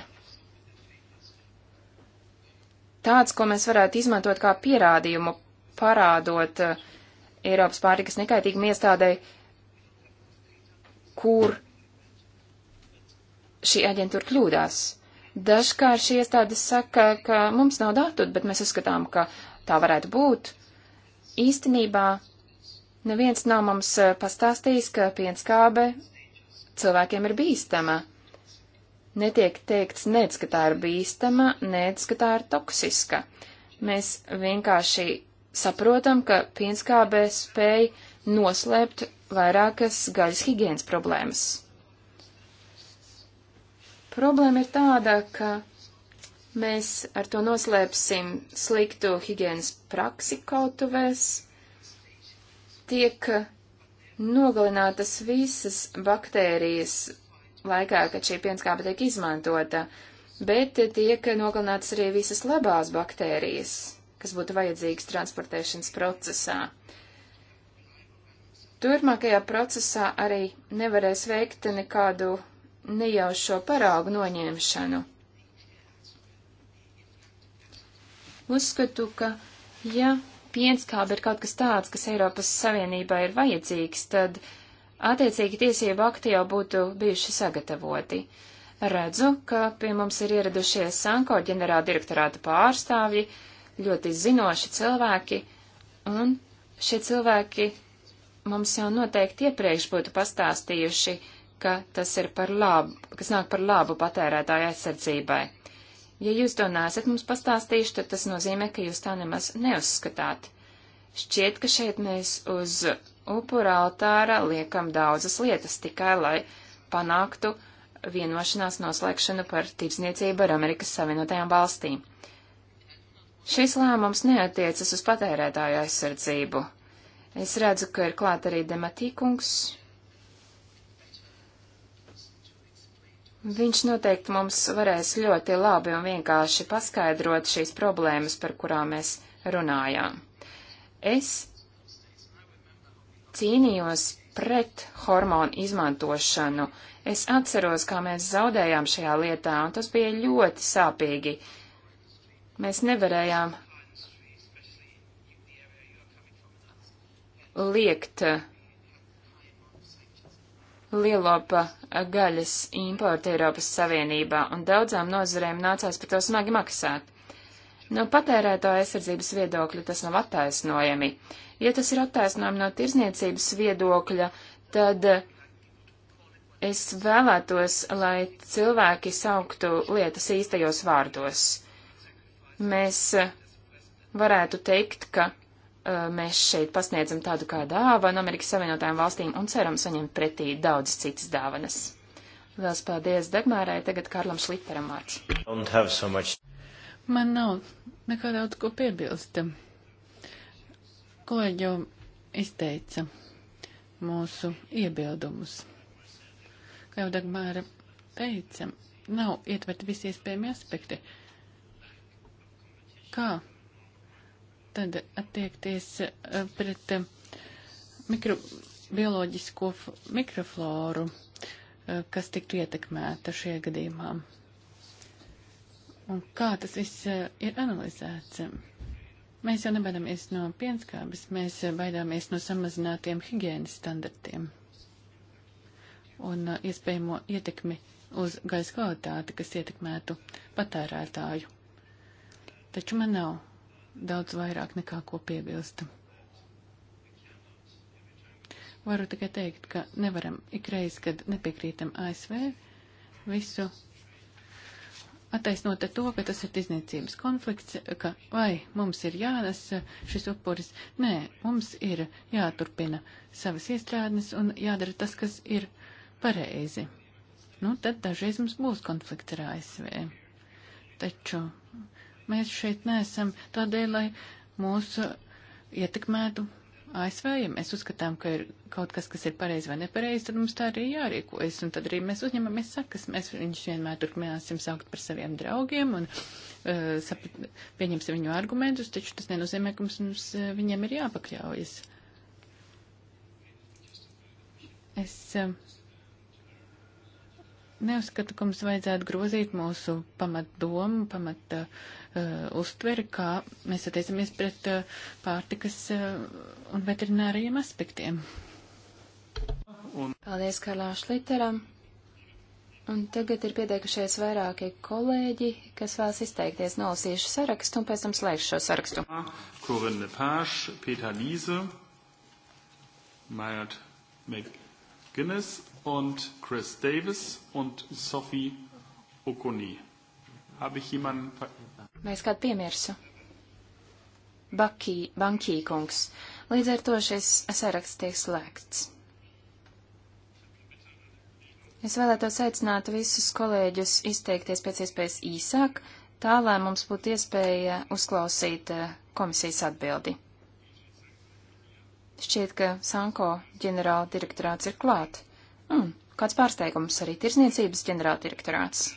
tāds, ko mēs varētu izmantot kā pierādījumu, parādot eh, Eiropas pārtikas nekaitīguma iestādei, kur šī aģentūra kļūdās. Dažkārt šī iestādes saka, ka mums nav datu, bet mēs uzskatām, ka tā varētu būt. Īstenībā neviens nav mums eh, pastāstījis, ka pienskābe cilvēkiem ir bīstama. Netiek teikts nec, ka tā ir bīstama, nec, ka tā ir toksiska. Mēs vienkārši saprotam, ka pienskābe spēj noslēpt vairākas gaļas higienas problēmas. Problēma ir tāda, ka mēs ar to noslēpsim sliktu higienas praksi kautuvēs, tiek nogalinātas visas baktērijas laikā, kad šī pienskāpe tiek izmantota, bet tiek nogalinātas arī visas labās baktērijas, kas būtu vajadzīgas transportēšanas procesā. Turmākajā procesā arī nevarēs veikt nekādu nejaušo parāgu noņemšanu. Uzskatu, ka ja pienskābe ir kaut kas tāds, kas Eiropas Savienībā ir vajadzīgs, tad attiecīgi tiesību akti jau būtu bijuši sagatavoti. Redzu, ka pie mums ir ieradušies Sanko ģenerāldirektorāta pārstāvji, ļoti zinoši cilvēki, un šie cilvēki mums jau noteikti iepriekš būtu pastāstījuši, uh, ka tas ir par labu, kas nāk par labu patērētāju aizsardzībai. Ja jūs to nesat mums pastāstījuši, tad tas nozīmē, ka jūs tā nemaz neuzskatāt. Šķiet, ka šeit mēs uz upura altāra liekam daudzas lietas tikai, lai panāktu vienošanās noslēgšanu par tirdzniecību ar Amerikas Savienotajām valstīm. Šis lēmums neatiecas uz patērētāju aizsardzību. Es redzu, ka ir klāt arī Dematīkungs. Viņš noteikti mums varēs ļoti labi un vienkārši paskaidrot šīs problēmas, par kurām mēs runājām. Es cīnījos pret hormonu izmantošanu. Es atceros, kā mēs zaudējām šajā lietā, un tas bija ļoti sāpīgi. Mēs nevarējām liekt lielopa gaļas importu Eiropas Savienībā, un daudzām nozarēm nācās par to smagi maksāt. No patērētāja aizsardzības viedokļa tas nav attaisnojami. Ja tas ir attaisnojami no tirzniecības viedokļa, tad es vēlētos, lai cilvēki sauktu lietas īstajos vārdos. Mēs varētu teikt, ka Eh, mēs šeit pasniedzam tādu kā dāvanu Amerikas Savienotājām valstīm un ceram saņemt pretī daudz citas dāvanas. Lielas paldies Dagmārai, tagad Karlam Šliteram vārds. So much. Man nav nekā daudz ko piebilst. Kolēģi jau izteica mūsu iebildumus. Kā jau Dagmāra teica, nav ietverti visi iespējami aspekti. Kā tad attiekties eh, pret eh, mikrobioloģisko mikrofloru, eh, kas tiktu ietekmēta šie gadījumā. Un kā tas viss ir analizēts? Mēs jau nebaidāmies no pienskābes, mēs baidāmies no samazinātiem higienas standartiem un iespējamo ietekmi uz gaisa kvalitāti, kas ietekmētu patērētāju. Taču man nav daudz vairāk nekā ko piebilst. Varu tikai teikt, ka nevaram ikreiz, kad nepiekrītam ASV, visu attaisnot ar to, ka tas ir tiznīcības konflikts, ka vai mums ir jānes šis upuris. Nē, mums ir jāturpina savas iestrādnes un jādara tas, kas ir pareizi. Nu, tad dažreiz mums būs konflikts ar ASV. Taču Mēs šeit neesam tādēļ, lai mūsu ietekmētu ASV. Ja mēs uzskatām, ka ir kaut kas, kas ir pareizi vai nepareizi, tad mums tā arī jārīkojas. Un tad arī mēs uzņemamies sakas. Mēs viņus vienmēr turpināsim saukt par saviem draugiem un uh, eh, sapat, pieņemsim viņu argumentus, taču tas nenozīmē, ka mums eh, viņiem ir jāpakļaujas. Es uh, neuzskatu, ka mums vajadzētu grozīt mūsu pamatdomu, pamat, domu, pamat uh, uh, uztver, kā mēs attiecamies pret uh, pārtikas uh, un veterināriem aspektiem. Un... Paldies Karlāšu Literam. Un tagad ir pieteikušies vairāki kolēģi, kas vēlas izteikties. Nolasīšu sarakstu un pēc tam slēgšu šo sarakstu. Corinne Lepage, Peter Liese, Mayat McGuinness und Chris Davis und Sophie Okoni. Habe ich jemanden? Vai es kādu piemirsu? Bakī, bankī kungs. Līdz ar to šis saraksts tiek slēgts. Es vēlētos aicināt visus kolēģus izteikties pēc iespējas īsāk, tā lai mums būtu iespēja uzklausīt eh, komisijas atbildi. Šķiet, ka Sanko ģenerāla direktorāts ir klāt. Mm, kāds pārsteigums arī tirsniecības ģenerāla direktorāts.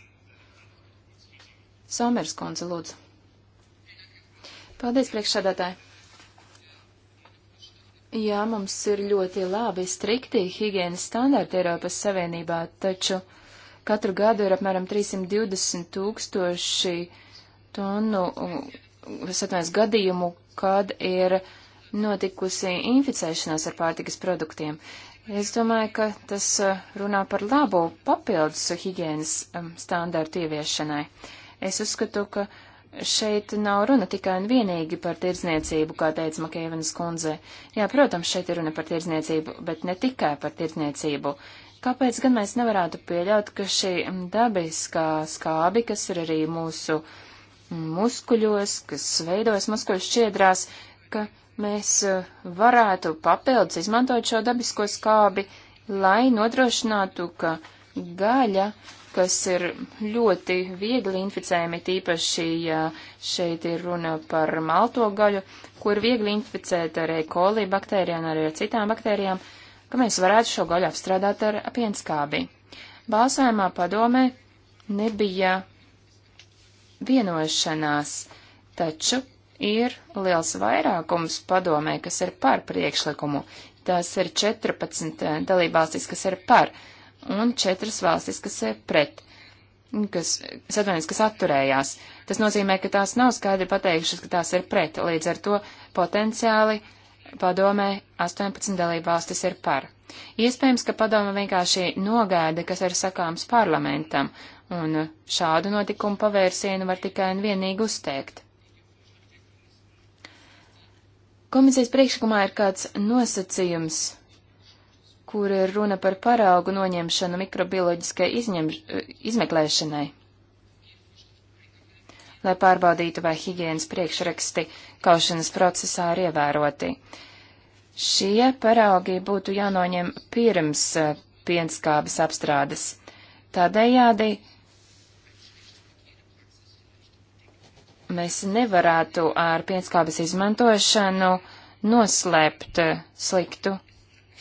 Somers kundze, lūdzu. Paldies, priekšsādātāji. Jā, mums ir ļoti labi strikti higienas standarti Eiropas Savienībā, taču katru gadu ir apmēram 320 tūkstoši tonu, uh, es atvainojos, gadījumu, kad ir notikusi inficēšanās ar pārtikas produktiem. Es domāju, ka tas uh, runā par labu papildus higienas um, standārtu ieviešanai. Uh, Es uzskatu, ka šeit nav runa tikai un vienīgi par tirdzniecību, kā teica Makēvenas kundze. Jā, protams, šeit ir runa par tirdzniecību, bet ne tikai par tirdzniecību. Kāpēc gan mēs nevarētu pieļaut, ka šī dabiskā skābi, kas ir arī mūsu muskuļos, kas veidojas muskuļu šķiedrās, ka mēs eh, varētu papildus izmantot šo dabisko skābi, lai nodrošinātu, ka gaļa kas ir ļoti viegli inficējami, tīpaši, ja šeit ir runa par malto gaļu, ko ir viegli inficēt ar E. coli baktērijām, arī ar citām baktērijām, ka mēs varētu šo gaļu apstrādāt ar pienskābi. Balsojumā padomē nebija vienošanās, taču ir liels vairākums padomē, kas ir par priekšlikumu. Tās ir 14 eh, dalībvalstis, kas ir par. Uh, un četras valstis, kas ir pret, kas, es atvainojos, kas atturējās. Tas nozīmē, ka tās nav skaidri pateikušas, ka tās ir pret, līdz ar to potenciāli padomē 18 dalību valstis ir par. Iespējams, ka padoma vienkārši nogaida, kas ir sakāms parlamentam, un šādu notikumu pavērsienu var tikai un vienīgi uzteikt. Komisijas priekšlikumā ir kāds nosacījums kur ir runa par paraugu noņemšanu mikrobioloģiskai izņem, izmeklēšanai, lai pārbaudītu, vai higienas priekšraksti kaušanas procesā ir ievēroti. Šie paraugi būtu jānoņem pirms eh, pienskābes apstrādes. Tādējādi mēs nevarētu ar pienskābes izmantošanu noslēpt eh, sliktu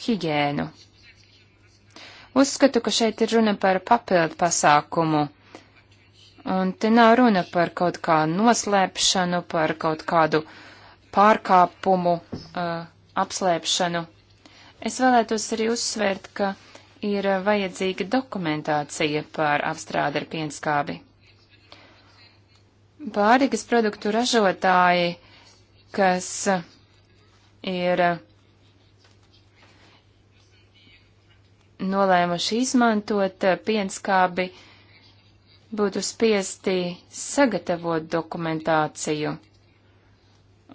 higiēnu. Uzskatu, ka šeit ir runa par papildu pasākumu, un te nav runa par kaut kādu noslēpšanu, par kaut kādu pārkāpumu uh, apslēpšanu. Es vēlētos arī uzsvērt, ka ir uh, vajadzīga dokumentācija par apstrādi ar pienskābi. Pārtikas produktu ražotāji, kas ir uh, nolēmuši izmantot eh, pienskābi, būtu spiesti sagatavot dokumentāciju.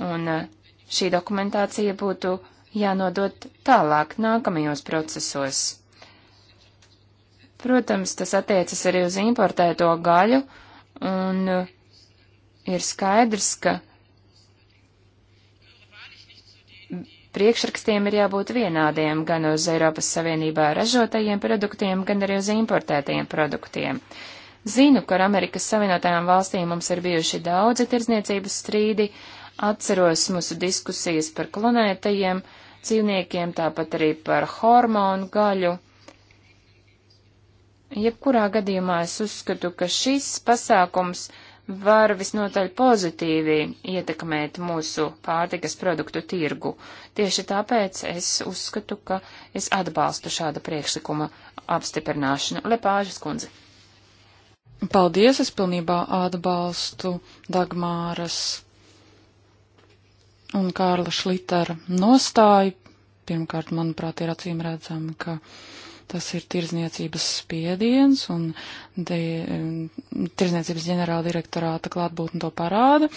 Un eh, šī dokumentācija būtu jānodot tālāk nākamajos procesos. Protams, tas attiecas arī uz importēto gaļu, un eh, ir skaidrs, ka Priekšrakstiem ir jābūt vienādiem gan uz Eiropas Savienībā ražotajiem produktiem, gan arī uz importētajiem produktiem. Zinu, ka ar Amerikas Savienotajām valstīm mums ir bijuši daudzi tirzniecības strīdi, atceros mūsu diskusijas par klonētajiem dzīvniekiem, tāpat arī par hormonu gaļu. Jebkurā gadījumā es uzskatu, ka šis pasākums var visnotaļ pozitīvi ietekmēt mūsu pārtikas produktu tirgu. Tieši tāpēc es uzskatu, ka es atbalstu šāda priekšlikuma apstiprināšanu. Lepāžas kundze. Paldies, es pilnībā atbalstu Dagmāras un Kārla Šlitera nostāju. Pirmkārt, manuprāt, ir acīm redzami, ka Tas ir tirzniecības spiediens un de, mm, tirzniecības ģenerāla direktorāta klātbūtne to parāda,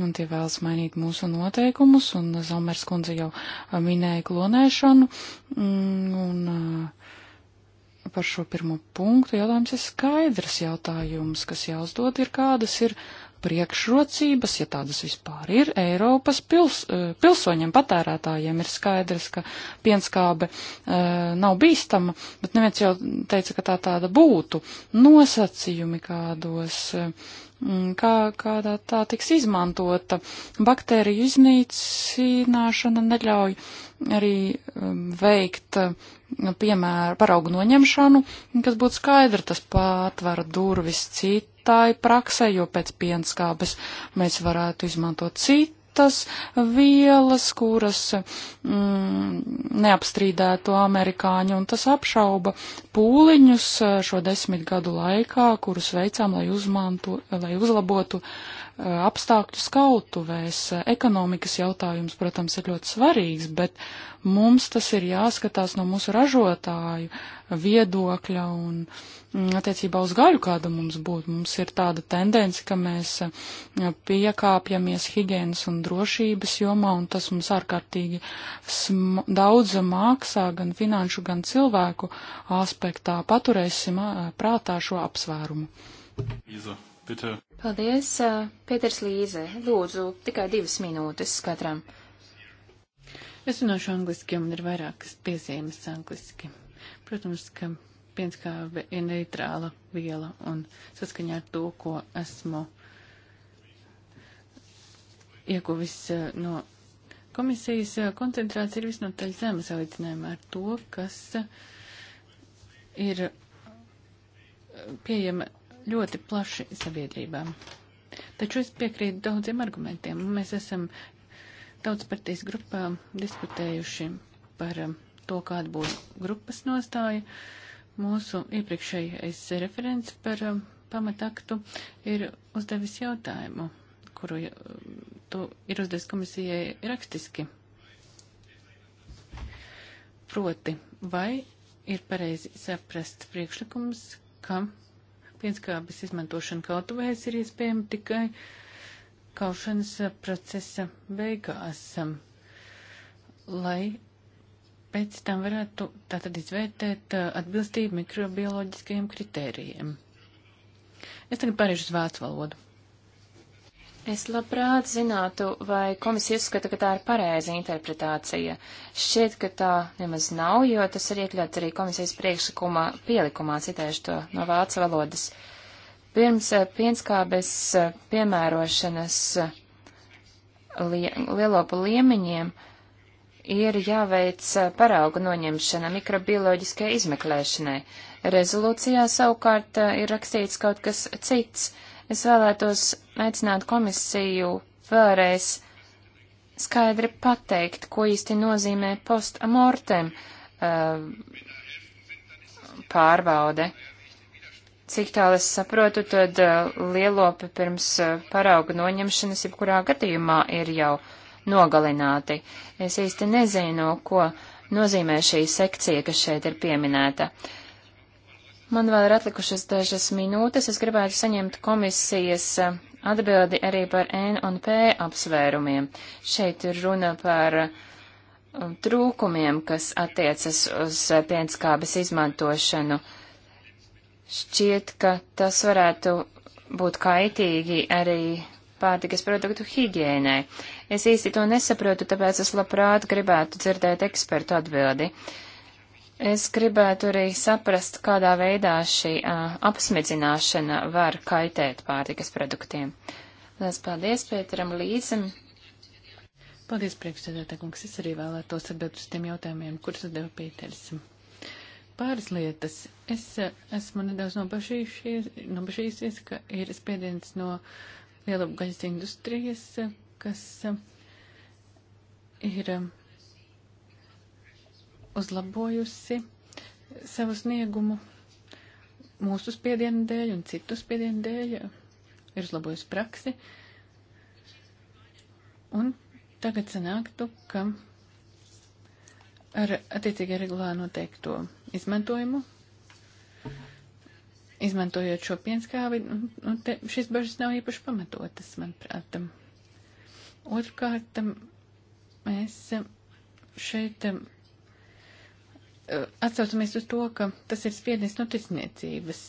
un tie vēlas mainīt mūsu noteikumus, un Zomers kundze jau minēja klonēšanu, mm, un par šo pirmo punktu jautājums ir skaidrs jautājums, kas jāuzdod ir, kādas ir priekšrocības, ja tādas vispār ir, Eiropas pils, eh, pilsoņiem, patērētājiem ir skaidrs, ka pienskābe uh, nav bīstama, bet neviens jau teica, ka tā tāda būtu nosacījumi kādos, um, kā, kādā tā tiks izmantota. Baktēriju iznīcināšana neļauj arī um, veikt, um, piemēram, paraugu noņemšanu, kas būtu skaidra, tas pātver durvis citu ražotāji praksē, jo pēc pienskābes mēs varētu izmantot citas vielas, kuras mm, neapstrīdētu amerikāņi, un tas apšauba pūliņus eh, šo desmit gadu laikā, kurus veicām, lai, uzmantu, lai uzlabotu eh, apstākļu skautuvēs. Ekonomikas jautājums, protams, ir ļoti svarīgs, bet mums tas ir jāskatās no mūsu ražotāju viedokļa un uh, Mm, attiecībā uz gaļu, kāda mums būtu. Mums ir tāda tendence, ka mēs eh, piekāpjamies higienas un drošības jomā, un tas mums ārkārtīgi daudz maksā gan finanšu, gan cilvēku aspektā. Paturēsim eh, prātā šo apsvērumu. Iza, bitte. Paldies, eh, Pēters Līze. Lūdzu, tikai divas minūtes katram. Es runāšu angliski, jo man ir vairākas piezīmes angliski. Protams, ka pienskāve ir neitrāla viela un saskaņā ar to, ko esmu ieguvis eh, no komisijas, eh, koncentrācija ir visnotaļ zema salīdzinājumā ar to, kas eh, ir pieejama ļoti plaši sabiedrībām. Taču es piekrītu daudziem argumentiem. Mēs esam tautspartijas grupā diskutējuši par to, kāda būs grupas nostāja. Uh, Mūsu iepriekšējais referents par um, pamataktu ir uzdevis jautājumu, kuru tu ir uzdevis komisijai rakstiski. Proti, vai ir pareizi saprast priekšlikums, ka pienskābes izmantošana kautuvēs ir iespējama tikai kaušanas procesa beigās, um, lai pēc tam varētu tātad izvērtēt uh, atbilstību mikrobioloģiskajiem kritērijiem. Es tagad pārēšu uz vācu valodu. Es labprāt zinātu, vai komisija uzskata, ka tā ir pareiza interpretācija. Šķiet, ka tā nemaz nav, jo tas ir iekļauts arī komisijas priekšlikuma pielikumā, citēšu to no vācu valodas. Pirms uh, pienskābes uh, piemērošanas li lielopu liemiņiem uh, ir jāveic parauga noņemšana mikrobioloģiskai izmeklēšanai. Rezolūcijā savukārt ir rakstīts kaut kas cits. Es vēlētos aicināt komisiju vēlreiz skaidri pateikt, ko īsti nozīmē postmortem pārbaude. Cik tālu es saprotu, tad lielopi pirms parauga noņemšanas jebkurā gadījumā ir jau nogalināti. Es īsti nezinu, ko nozīmē šī sekcija, kas šeit ir pieminēta. Man vēl ir atlikušas dažas minūtes. Es gribētu saņemt komisijas eh, atbildi arī par N un P apsvērumiem. Šeit ir runa par um, trūkumiem, kas attiecas uz eh, pienskābes izmantošanu. Šķiet, ka tas varētu būt kaitīgi arī pārtikas produktu higiēnai. Es īsti to nesaprotu, tāpēc es labprāt gribētu dzirdēt ekspertu atbildi. Es gribētu arī saprast, kādā veidā šī uh, apsmidzināšana var kaitēt pārtikas produktiem. Lielas paldies Pēteram Līdzim. Paldies, priekšsēdētā kungs. Es arī vēlētos atbildēt uz tiem jautājumiem, kurus atdeva Pēters pāris lietas. Es esmu nedaudz nobažījusies, ka ir spiediens no lielapgaļas industrijas kas um, ir um, uzlabojusi savu sniegumu mūsu spiedienu dēļ un citu spiedienu dēļ, ir uzlabojusi praksi. Un tagad sanāktu, ka ar attiecīgi regulā noteikto izmantojumu, izmantojot šo pienskāvi, nu, te, šis bažas nav īpaši pamatotas, manuprāt. Otrkārt, mēs šeit atsaucamies uz to, ka tas ir spiediens no ticniecības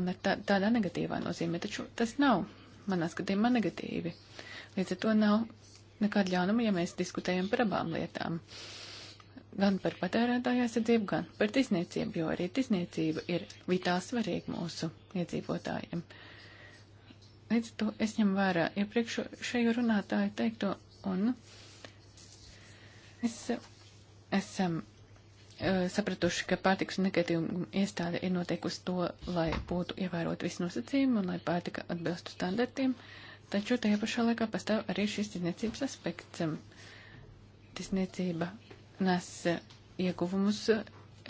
un ar tā, tādā negatīvā nozīmē, taču tas nav manā skatījumā negatīvi. Līdz ar to nav nekāda ļaunuma, ja mēs diskutējam par abām lietām. Gan par patērētāju aizsardzību, gan par tisniecību, jo arī tisniecība ir vitāli svarīga mūsu iedzīvotājiem. Uh, Līdz to es ņem vērā iepriekšējo runātāju teikto un es, esam e, sapratuši, ka pārtiks un negatīvuma iestāde ir noteikusi to, lai būtu ievērot visi nosacījumi un lai pārtika atbilstu standartiem, taču tajā pašā laikā pastāv arī šis tirniecības aspekts. Tirniecība nes ieguvumus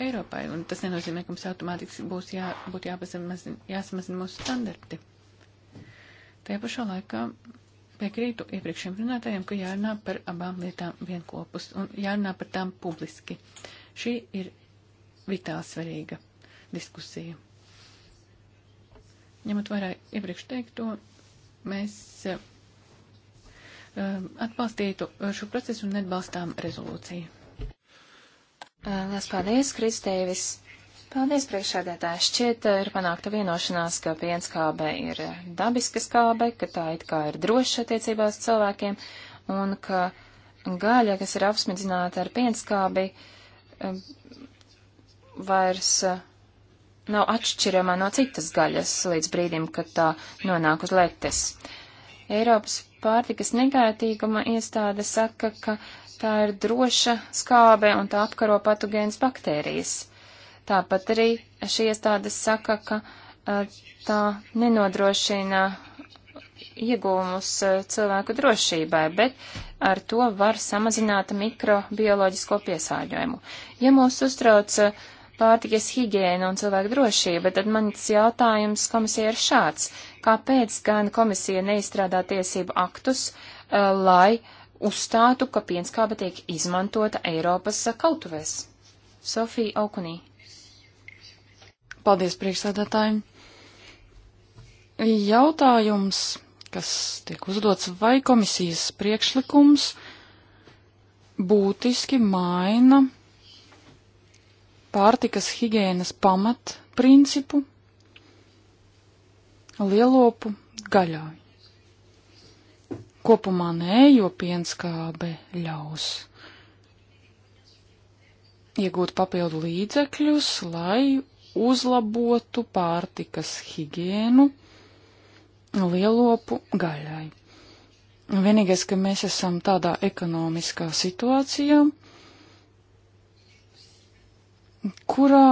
Eiropai, un tas nenozīmē, ka mums automātiski būs jā, būtu jāpazemazina, jāsamazina mūsu standarti. Tajā pašā laikā piekrītu iepriekšējiem runātājiem, ka jārunā par abām lietām vienkopus un jārunā par tām publiski. Šī ir vitāli svarīga diskusija. Ņemot vērā iepriekš teikto, mēs uh, atbalstītu šo procesu un atbalstām rezolūciju. Lielas paldies, Kristēvis. Paldies, priekšsēdētāji. Šķiet, eh, ir panākta vienošanās, ka pienskābe ir eh, dabiska skābe, ka tā it kā ir droša attiecībās cilvēkiem, un ka gaļa, kas ir apsmidzināta ar pienskābi, eh, vairs nav atšķirama no citas gaļas līdz brīdim, kad tā nonāk uz letes. Eiropas pārtikas negaitīguma iestāde saka, ka tā ir droša skābe un tā apkaro patogēnas baktērijas. Tāpat arī šī iestāde saka, ka eh, tā nenodrošina iegūmus eh, cilvēku drošībai, bet ar to var samazināt mikrobioloģisko piesārņojumu. Ja mūs uztrauc eh, pārtikas higiēna un cilvēku drošība, tad mans jautājums komisija ir šāds. Kāpēc gan komisija neizstrādā tiesību aktus, lai uzstātu, ka pienskāba tiek izmantota Eiropas kautuvēs? Sofija Aukunī. Paldies priekšsēdētājiem. Jautājums, kas tiek uzdots, vai komisijas priekšlikums būtiski maina pārtikas higienas pamat principu lielopu gaļā. Kopumā nē, jo pienskābe ļaus iegūt papildu līdzekļus, lai uzlabotu pārtikas higienu lielopu gaļai. Vienīgais, ka mēs esam tādā ekonomiskā situācijā, kurā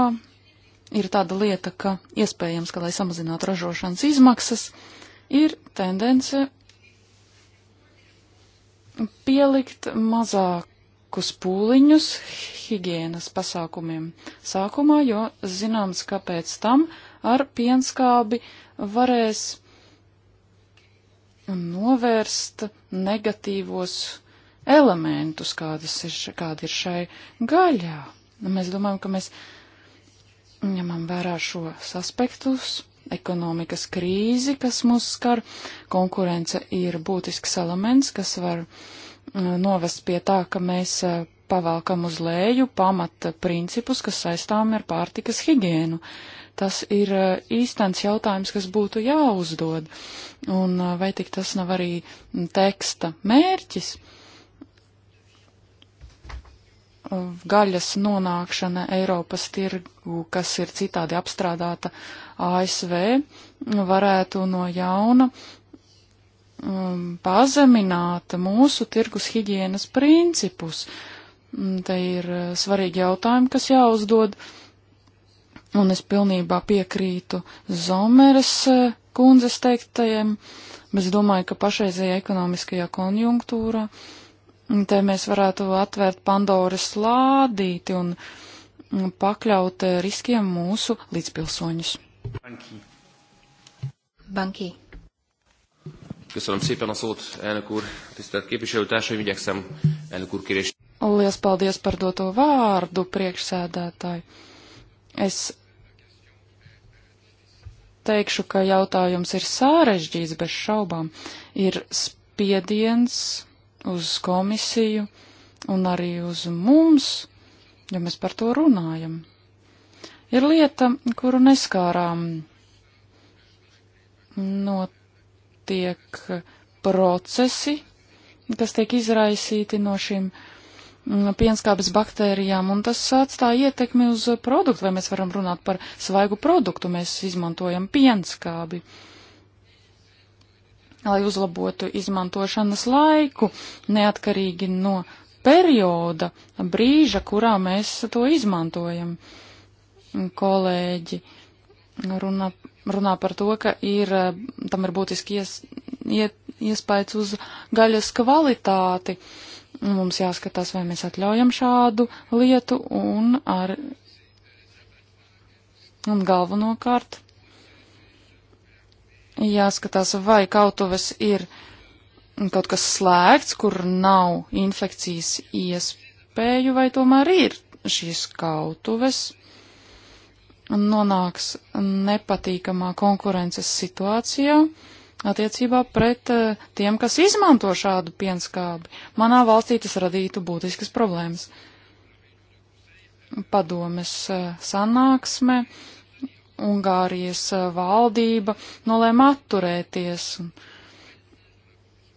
ir tāda lieta, ka iespējams, ka, lai samazinātu ražošanas izmaksas, ir tendence pielikt mazāk lielākus pūliņus higienas pasākumiem sākumā, jo zināms, ka pēc tam ar pienskābi varēs novērst negatīvos elementus, kādas ir, kāda ir šai gaļā. Mēs domājam, ka mēs ņemam vērā šos aspektus, ekonomikas krīzi, kas mūs skar, konkurence ir būtisks elements, kas var uh, Uh, novest pie tā, ka mēs uh, pavalkam uz leju pamata principus, kas saistām ar pārtikas higienu. Tas ir uh, īstens jautājums, kas būtu jāuzdod, un vai tik tas nav arī teksta mērķis? Gaļas nonākšana Eiropas tirgu, kas ir citādi apstrādāta ASV, varētu no jauna um, pazemināt mūsu tirgus hiģienas principus. Mm, te ir uh, svarīgi jautājumi, kas jāuzdod, un es pilnībā piekrītu Zomeres uh, kundzes teiktajiem, bet es domāju, ka pašreizējā ekonomiskajā konjunktūrā mm, te mēs varētu atvērt Pandoras lādīti un mm, pakļaut uh, riskiem mūsu līdzpilsoņus. Banki. Banki. Köszönöm szépen a szót, elnök úr, tisztelt képviselőtársaim, igyekszem elnök úr kérés. Lielas paldies par doto vārdu, priekšsēdētāji. Es teikšu, ka jautājums ir sārežģīts bez šaubām. Ir spiediens uz komisiju un arī uz mums, ja mēs par to runājam. Ir lieta, kuru neskārām not notiek procesi, kas tiek izraisīti no šīm mm, pienskābes baktērijām, un tas atstāja ietekmi uz produktu, vai mēs varam runāt par svaigu produktu, mēs izmantojam pienskābi, lai uzlabotu izmantošanas laiku, neatkarīgi no perioda, brīža, kurā mēs to izmantojam. Kolēģi runā, runā par to, ka ir, eh, tam ir būtiski ies, iet, iespējas uz gaļas kvalitāti. Mums jāskatās, vai mēs atļaujam šādu lietu un ar. Un galvenokārt jāskatās, vai kautuves ir kaut kas slēgts, kur nav infekcijas iespēju, vai tomēr ir šīs kautuves nonāks nepatīkamā konkurences situācijā attiecībā pret eh, tiem, kas izmanto šādu pienskābi. Manā valstī tas radītu būtiskas problēmas. Padomes eh, sanāksme, Ungārijas eh, valdība nolēma atturēties. Un,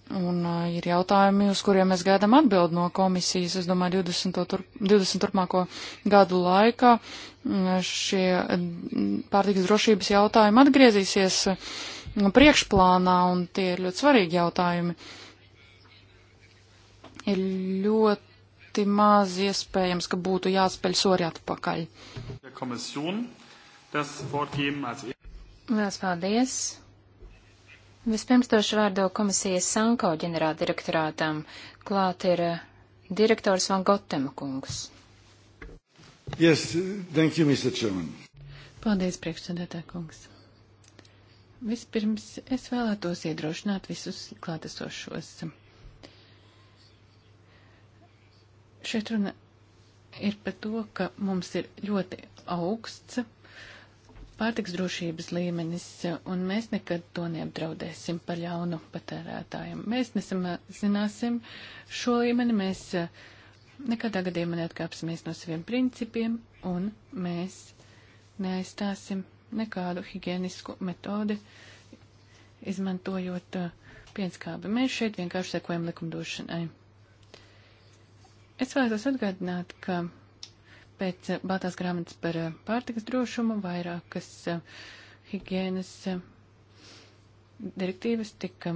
Un uh, ir jautājumi, uz kuriem mēs gaidām atbildi no komisijas. Es domāju, 20. Tur, 20 turpmāko gadu laikā šie pārtikas drošības jautājumi atgriezīsies priekšplānā, un tie ir ļoti svarīgi jautājumi. Ir ļoti maz iespējams, ka būtu jāspēļ sori atpakaļ. Lielas paldies! Vispirms došu vārdu komisijas Sanko ģenerāldirektorātam. Klāt ir eh, direktors Van Gotema kungs. Yes, thank you, Mr. Chairman. Paldies, priekšsēdētā kungs. Vispirms es vēlētos iedrošināt visus klātesošos. Šeit runa ir par to, ka mums ir ļoti augsts pārtiks drošības līmenis, un mēs nekad to neapdraudēsim par ļaunu patērētājiem. Mēs nesamazināsim šo līmeni, mēs eh, nekādā gadījumā neatkāpsimies no saviem principiem, un mēs neaizstāsim nekādu higienisku metodi, izmantojot eh, pienskābi. Mēs šeit vienkārši sekojam likumdošanai. Es vēlētos atgādināt, ka pēc Baltās grāmatas par eh, pārtikas drošumu vairākas eh, higienas eh, direktīvas tika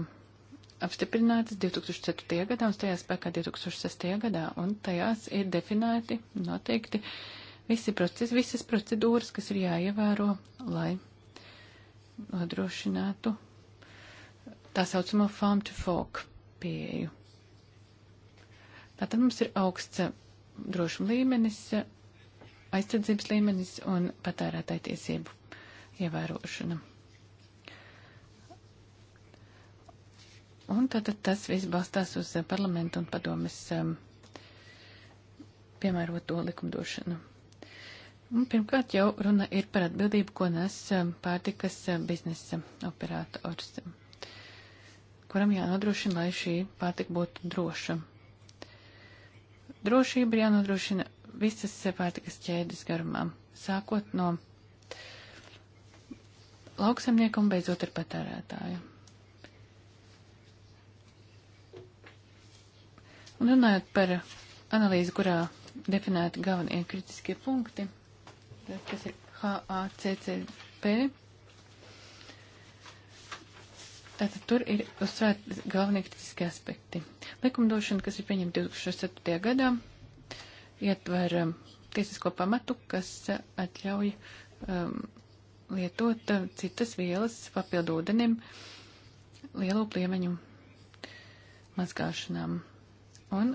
apstiprinātas 2004. gadā un stājās spēkā 2006. gadā, un tajās ir definēti noteikti visi procesi, visas procedūras, kas ir jāievēro, lai nodrošinātu tā saucamo farm to fork pieeju. Tātad mums ir augsts drošuma līmenis, aizsardzības līmenis un patērētāju tiesību ievērošana. Un tātad tas viss balstās uz eh, parlamentu un padomes um, piemēroto likumdošanu. Un pirmkārt jau runa ir par atbildību, ko nes eh, pārtikas biznesa operators, kuram jānodrošina, lai šī pārtika būtu droša. Drošība ir jānodrošina visas pārtikas ķēdes garumā, sākot no lauksamnieku un beidzot ar patērētāju. Un runājot par analīzi, kurā definēti galvenie kritiskie punkti, tas ir HACCP. Tātad tur ir uzsvērti galvenie kritiskie aspekti. Likumdošana, kas ir pieņemta 2007. gadā, ietver um, tiesisko pamatu, kas uh, atļauj um, lietot uh, citas vielas papildu ūdenim lielo pliemeņu mazgāšanām. Un,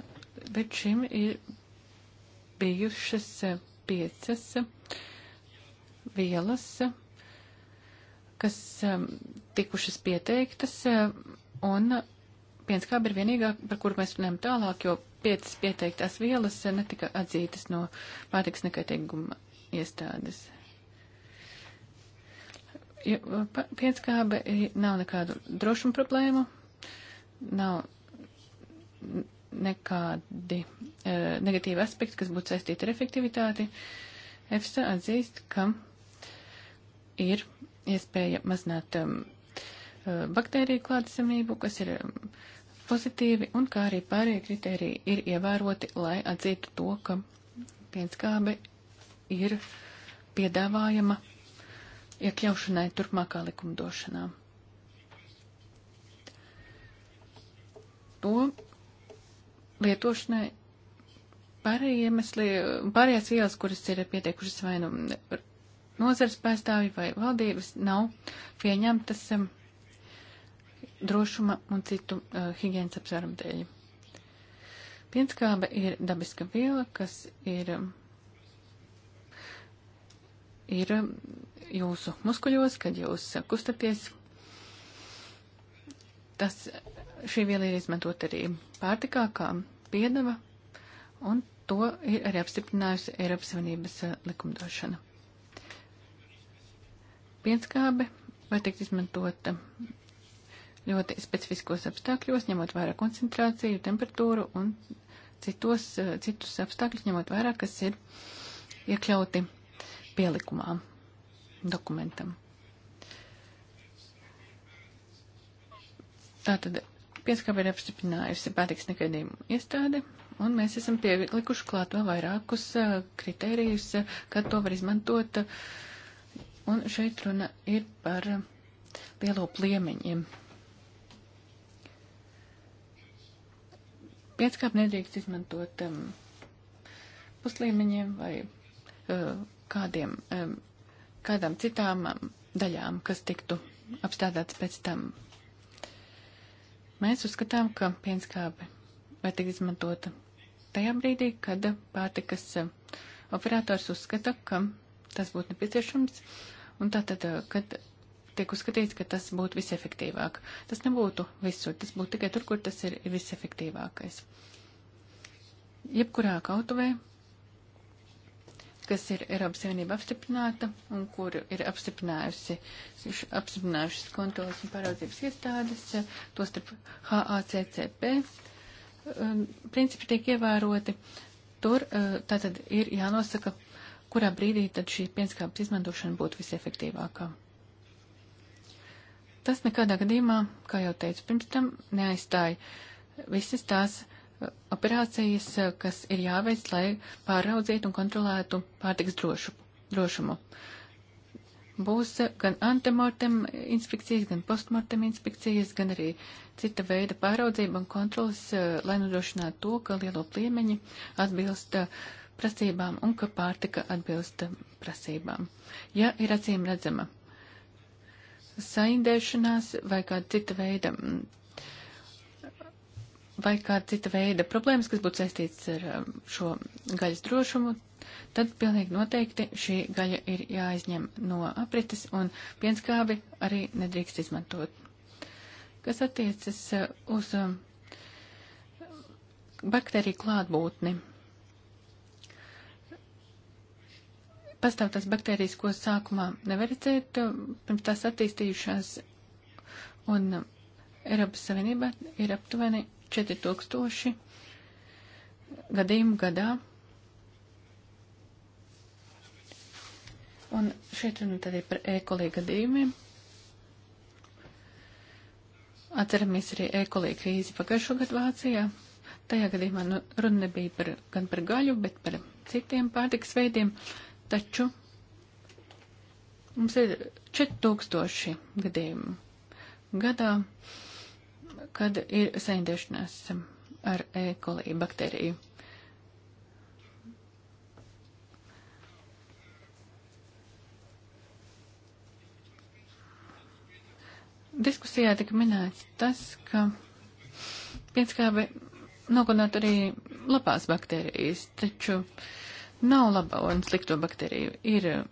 bet šim ir bijušas uh, piecas uh, vielas, uh, kas um, tikušas pieteiktas, uh, un pienskāba ir vienīgā, par kuru mēs runājam tālāk, jo piecas pieteiktās vielas netika atzītas no pārtiks nekaitīguma iestādes. Ja, pienskābe nav nekādu drošumu problēmu, nav nekādi e, negatīvi aspekti, kas būtu saistīti ar efektivitāti. EFSA atzīst, ka ir iespēja mazināt um, e, baktēriju klātesamību, kas ir um, pozitīvi un kā arī pārējie kriteriji ir ievēroti, lai atzītu to, ka pienskābe ir piedāvājama iekļaušanai turpmākā likumdošanā. To lietošanai pārējie iemesli, pārējās vielas, kuras ir pietiekušas vai nu nozares pārstāvji vai valdības, nav pieņemtas. Um, drošuma un citu uh, eh, higienas apsvērumu dēļ. Pienskābe ir dabiska viela, kas ir, ir jūsu muskuļos, kad jūs kustaties. Tas, šī viela ir izmantot arī pārtikā, kā piedeva, un to ir arī apstiprinājusi Eiropas Savienības uh, likumdošana. Pienskābe var tikt izmantota ļoti specifiskos apstākļos, ņemot vērā koncentrāciju, temperatūru un citos, eh, citus apstākļus, ņemot vērā, kas ir iekļauti pielikumā dokumentam. Tātad pieskāpē ir apstiprinājusi pārtiks nekādījumu iestādi, un mēs esam pielikuši klāt vēl vairākus uh, kritērijus, uh, kad to var izmantot. Uh, un šeit runa ir par lielo pliemeņiem. pieckāp nedrīkst izmantot um, puslīmeņiem vai uh, kādiem, um, kādām citām um, daļām, kas tiktu apstādāts pēc tam. Mēs uzskatām, ka pienskābe var tikt izmantota tajā brīdī, kad pārtikas uh, operators uzskata, ka tas būtu nepieciešams, un tātad, uh, kad tiek uzskatīts, ka tas būtu visefektīvāk. Tas nebūtu visur, tas būtu tikai tur, kur tas ir visefektīvākais. Jebkurā kautuvē, kas ir Eiropas Savienība apstiprināta un kur ir apstiprinājusi, apstiprinājušas kontrolas un pāraudzības iestādes, tostarp HACCP, um, principi tiek ievēroti. Tur uh, tātad ir jānosaka, kurā brīdī tad šī pienskāpes izmantošana būtu visefektīvākā. Tas nekādā gadījumā, kā jau teicu pirms tam, neaizstāja visas tās uh, operācijas, uh, kas ir jāveic, lai pāraudzītu un kontrolētu pārtiks drošu, drošumu. Būs uh, gan antemortem inspekcijas, gan postmortem inspekcijas, gan arī cita veida pāraudzība un kontrolas, lai nodrošinātu to, ka lielo pliemeņi atbilst prasībām un ka pārtika atbilst prasībām. Ja ir acīm redzama saindēšanās vai kāda cita veida, mm, vai kāda cita veida problēmas, kas būtu saistīts ar um, šo gaļas drošumu, tad pilnīgi noteikti šī gaļa ir jāizņem no aprites un pienskābi arī nedrīkst izmantot. Kas attiecas uh, uz um, baktēriju klātbūtni? pastāv tās baktērijas, ko sākumā nevar redzēt, pirms tās attīstījušās. Un Eiropas Savienībā ir aptuveni 4000 gadījumu gadā. Un šeit runa tad ir par e-kolī gadījumiem. Atceramies arī e-kolī krīzi pagājušo gadu Vācijā. Tajā gadījumā nu, runa nebija par, gan par gaļu, bet par citiem pārtiks veidiem. Uh, Taču mums ir 4000 gadījumu gadā, kad ir saindēšanās ar E. coli baktēriju. diskusijā tika minēts tas, ka pienskābe nokonāt arī labās baktērijas, taču Nav laba un slikto baktēriju. Ir eh,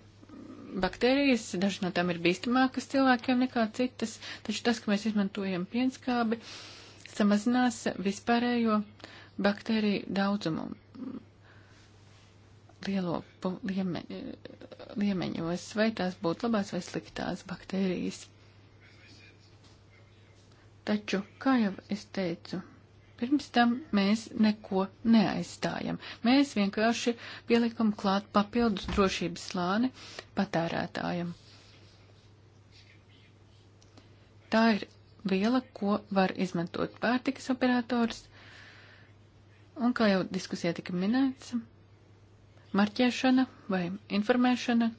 baktērijas, dažas no tām ir bīstamākas cilvēkiem nekā citas, taču tas, ka mēs izmantojam pienskābi, samazinās vispārējo baktēriju daudzumu lielo lieme, eh, liemeņos, vai tās būtu labās vai sliktās baktērijas. Taču, kā jau es teicu, Pirms tam mēs neko neaizstājam. Mēs vienkārši pielikam klāt papildus drošības slāni patērētājam. Tā ir viela, ko var izmantot pārtikas operators. Un kā jau diskusijā tika minēts, marķēšana vai informēšana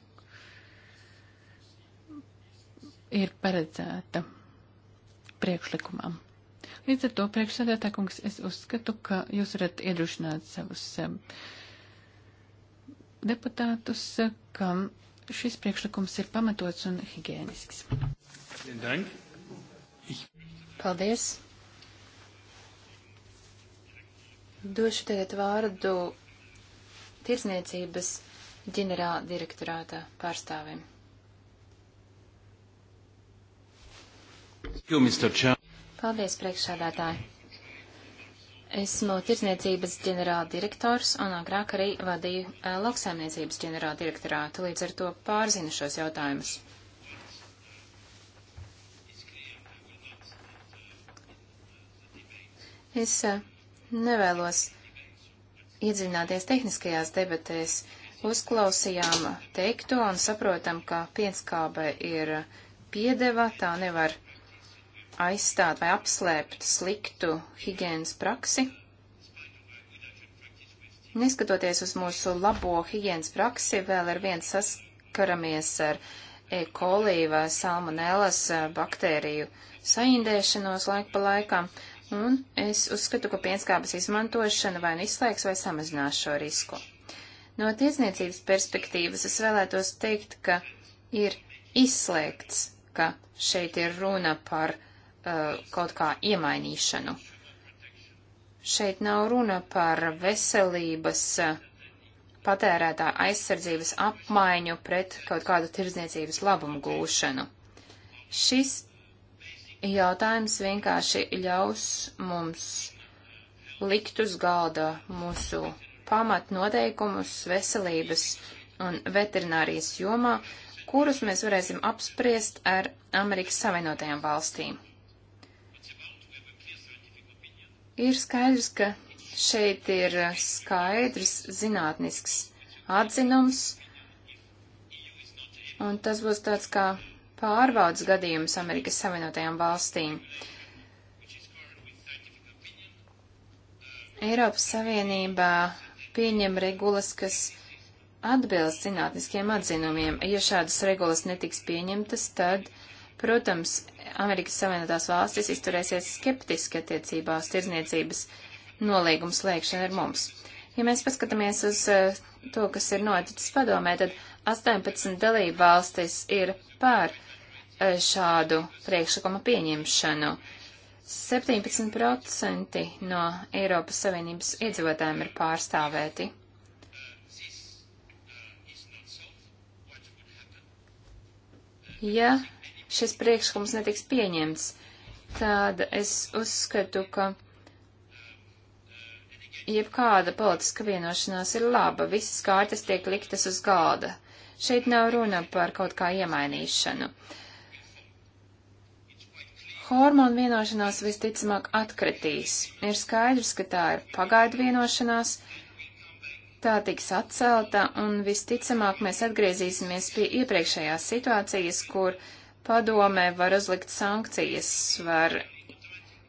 ir paredzēta priekšlikumam. Līdz ar to, priekšsēdētā kungs, es uzskatu, ka jūs varat iedrošināt savus eh, deputātus, eh, ka šis priekšlikums ir pamatots un higiēnisks. Paldies! Došu tagad vārdu tirsniecības ģenerāla direktorāta pārstāvim. You, Paldies, priekšsādātāji! Esmu tirzniecības ģenerāla direktors un agrāk arī vadīju e, lauksaimniecības ģenerāla direktorātu, līdz ar to pārzinu šos jautājumus. Es e, nevēlos iedziļināties tehniskajās debatēs. Uzklausījām teikto un saprotam, ka pienskābe ir eh, piedeva, tā nevar aizstāt vai apslēpt sliktu higiēnas praksi. Neskatoties uz mūsu labo higiēnas praksi, vēl ar viens saskaramies ar E. coli vai salmonellas e, baktēriju saindēšanos laik pa laikam, un es uzskatu, ka pienskābes izmantošana vai nu izslēgs vai samazinās šo risku. No tiesniecības perspektīvas es vēlētos teikt, ka ir izslēgts, ka šeit ir runa par uh, Uh, kaut kā iemainīšanu. Šeit nav runa par veselības uh, patērētā aizsardzības apmaiņu pret kaut kādu tirdzniecības labumu gūšanu. Šis jautājums vienkārši ļaus mums likt uz galda mūsu pamatnoteikumus veselības un veterinārijas jomā, kurus mēs varēsim apspriest ar Amerikas Savienotajām valstīm. Ir skaidrs, ka šeit ir skaidrs zinātnisks atzinums, un tas būs tāds kā pārbaudas gadījums Amerikas Savienotajām valstīm. Eiropas Savienībā pieņem regulas, kas atbilst zinātniskiem atzinumiem. Ja šādas regulas netiks pieņemtas, tad, protams, Amerikas Savienotās valstis izturēsies skeptiski attiecībā uz tirzniecības nolīgumu slēgšanu ar mums. Ja mēs paskatāmies uz eh, to, kas ir noticis padomē, tad 18 dalību valstis ir pār eh, šādu priekšlikumu pieņemšanu. 17% no Eiropas Savienības iedzīvotājiem ir pārstāvēti. Ja šis priekšlikums netiks pieņemts, tad es uzskatu, ka jebkāda politiska vienošanās ir laba, visas kārtas tiek liktas uz galda. Šeit nav runa par kaut kā iemainīšanu. Hormonu vienošanās visticamāk atkritīs. Ir skaidrs, ka tā ir pagaidu vienošanās, tā tiks atcelta, un visticamāk mēs atgriezīsimies pie iepriekšējās situācijas, kur uh, padomē var uzlikt sankcijas, var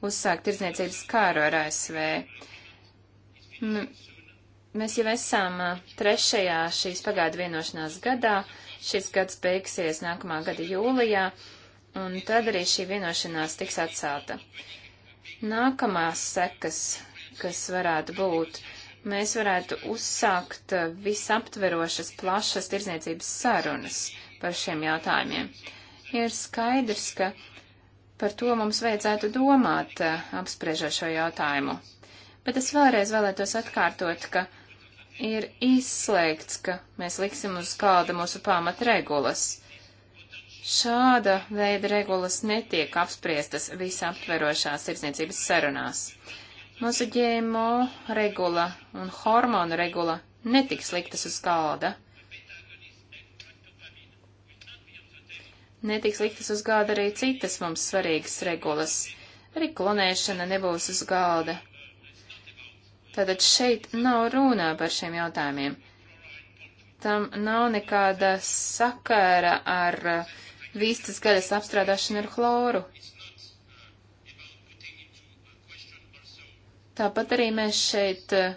uzsākt tirdzniecības kāru ar ASV. M nu, mēs jau esam trešajā šīs pagāda vienošanās gadā, šis gads beigsies nākamā gada jūlijā, un tad arī šī vienošanās tiks atcelta. Nākamās sekas, kas varētu būt, mēs varētu uzsākt visaptverošas plašas tirdzniecības sarunas par šiem jautājumiem ir skaidrs, ka par to mums vajadzētu domāt, eh, apspriežot šo jautājumu. Bet es vēlreiz vēlētos atkārtot, ka ir izslēgts, ka mēs liksim uz galda mūsu pamatregulas. Šāda veida regulas netiek apspriestas visaptverošās tirdzniecības sarunās. Mūsu ģēmo regula un hormonu regula netiks liktas uz galda. netiks liktas uz gāda arī citas mums svarīgas regulas. Arī klonēšana nebūs uz galda. Tātad šeit nav runā par šiem jautājumiem. Tam nav nekāda sakara ar uh, vistas gaļas apstrādāšanu ar chloru. Tāpat arī mēs šeit uh,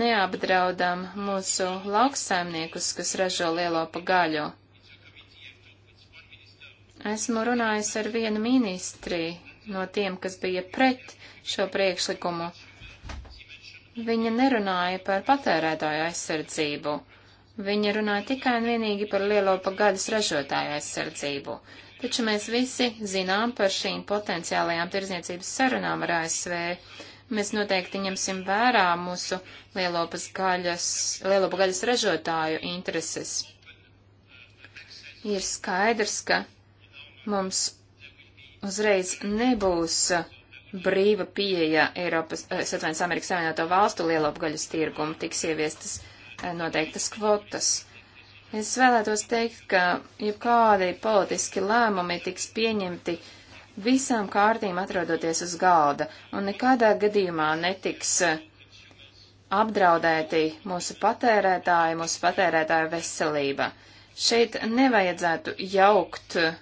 neapdraudam mūsu lauksaimniekus, kas ražo lielo pagaļu. Esmu runājis ar vienu ministri no tiem, kas bija pret šo priekšlikumu. Viņa nerunāja par patērētāju aizsardzību. Viņa runāja tikai un vienīgi par lielo pagadas ražotāju aizsardzību. Taču mēs visi zinām par šīm potenciālajām tirzniecības sarunām ar ASV. Mēs noteikti ņemsim vērā mūsu lielopas gaļas, lielopa gaļas ražotāju intereses. Ir skaidrs, ka Mums uzreiz nebūs uh, brīva pieeja Eiropas, uh, es atvainojos, Amerikas Savienoto valstu lielopgaļas tirgumu, tiks ieviestas uh, noteiktas kvotas. Es vēlētos teikt, ka jebkādi politiski lēmumi tiks pieņemti visām kārtīm atrodoties uz galda, un nekādā gadījumā netiks apdraudēti mūsu patērētāji, mūsu patērētāju veselība. Šeit nevajadzētu jaukt uh,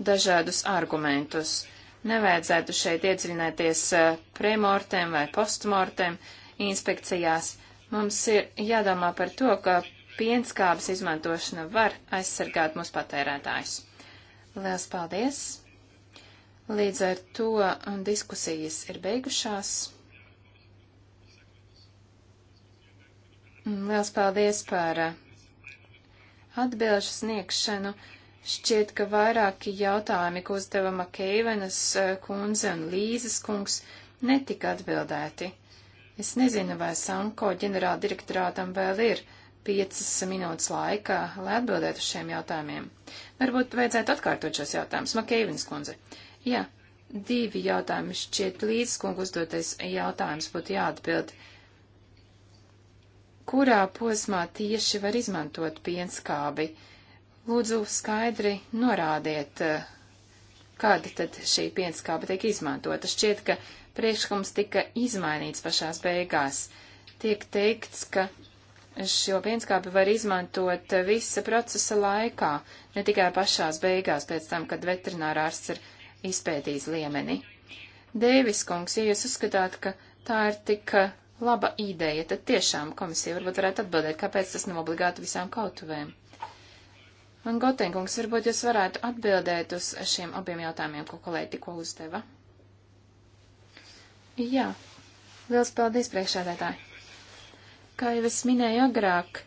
dažādus argumentus. Nevajadzētu šeit iedziļināties eh, premortem vai postmortem inspekcijās. Mums ir jādomā par to, ka pienskābes izmantošana var aizsargāt mūsu patērētājus. Lielas paldies! Līdz ar to um, diskusijas ir beigušās. Mm, Lielas paldies par uh, atbilžu sniegšanu. Šķiet, ka vairāki jautājumi, ko uzdeva Makeivenas eh, kundze un Līzes kungs, netika atbildēti. Es nezinu, vai Sanko ģenerāla direktorātam vēl ir piecas minūtes laika, lai atbildētu uz šiem jautājumiem. Varbūt vajadzētu atkārtot šos jautājumus. Makeivins kundze. Jā, divi jautājumi šķiet līdz kungu uzdotais jautājums būtu jāatbild. Kurā posmā tieši var izmantot pienskābi? Uh, Lūdzu, skaidri norādiet, kāda tad šī pienskāba tiek izmantota. Šķiet, ka priekšlikums tika izmainīts pašās beigās. Tiek teikts, ka šo pienskābi var izmantot visa procesa laikā, ne tikai pašās beigās, pēc tam, kad veterinārārsts ir izpētījis liemeni. Dēvis kungs, ja jūs uzskatāt, ka tā ir tik laba ideja, tad tiešām komisija varbūt varētu atbildēt, kāpēc tas nav obligāti visām kautuvēm. Un, Gotenkungs, varbūt jūs varētu atbildēt uz šiem abiem jautājumiem, ko kolēģi tikko uzdeva. Jā, liels paldies priekšādētāji. Kā jau es minēju agrāk,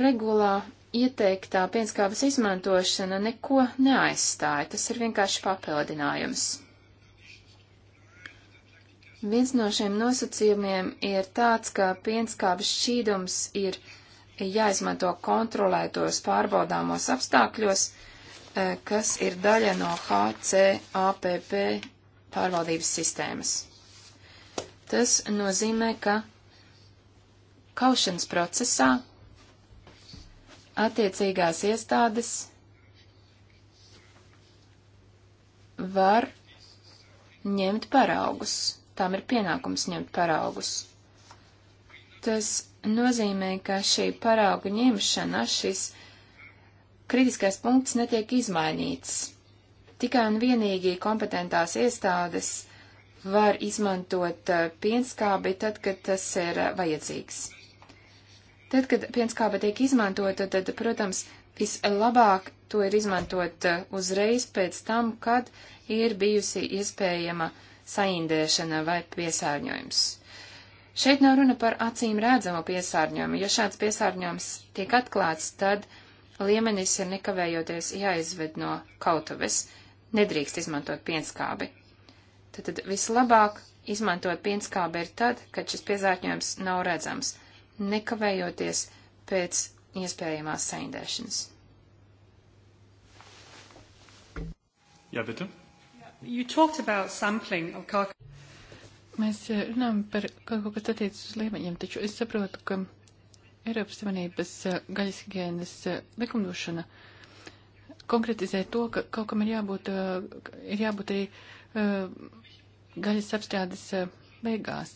regulā ieteiktā pienskābes izmantošana neko neaizstāja, tas ir vienkārši papildinājums. Viens no šiem nosacījumiem ir tāds, ka pienskābes šķīdums ir jāizmanto kontrolētos pārbaudāmos apstākļos, eh, kas ir daļa no HCAPP pārvaldības sistēmas. Tas nozīmē, ka kaušanas procesā attiecīgās iestādes var ņemt paraugus. Tām ir pienākums ņemt paraugus. Tas nozīmē, ka šī parauga ņemšana, šis kritiskais punkts netiek izmainīts. Tikai un vienīgi kompetentās iestādes var izmantot eh, pienskābi tad, kad tas ir eh, vajadzīgs. Tad, kad pienskāba tiek izmantota, tad, protams, vislabāk to ir izmantot eh, uzreiz pēc tam, kad ir bijusi iespējama saindēšana vai piesārņojums. Šeit nav runa par acīm redzamu piesārņojumu. Ja šāds piesārņojums tiek atklāts, tad liemenis ir nekavējoties jāizved no kautuves. Nedrīkst izmantot pienskābi. Tad, tad vislabāk izmantot pienskābi ir tad, kad šis piesārņojums nav redzams, nekavējoties pēc iespējamās saindēšanas. Jā, bet. You talked about sampling of carcass. Mēs eh, runājam par kaut ko, kas attiecas uz līmeņiem, taču es saprotu, ka Eiropas Savienības eh, gaļas higienas eh, likumdošana konkretizē to, ka kaut kam ir jābūt, ir jābūt arī gaļas apstrādes beigās.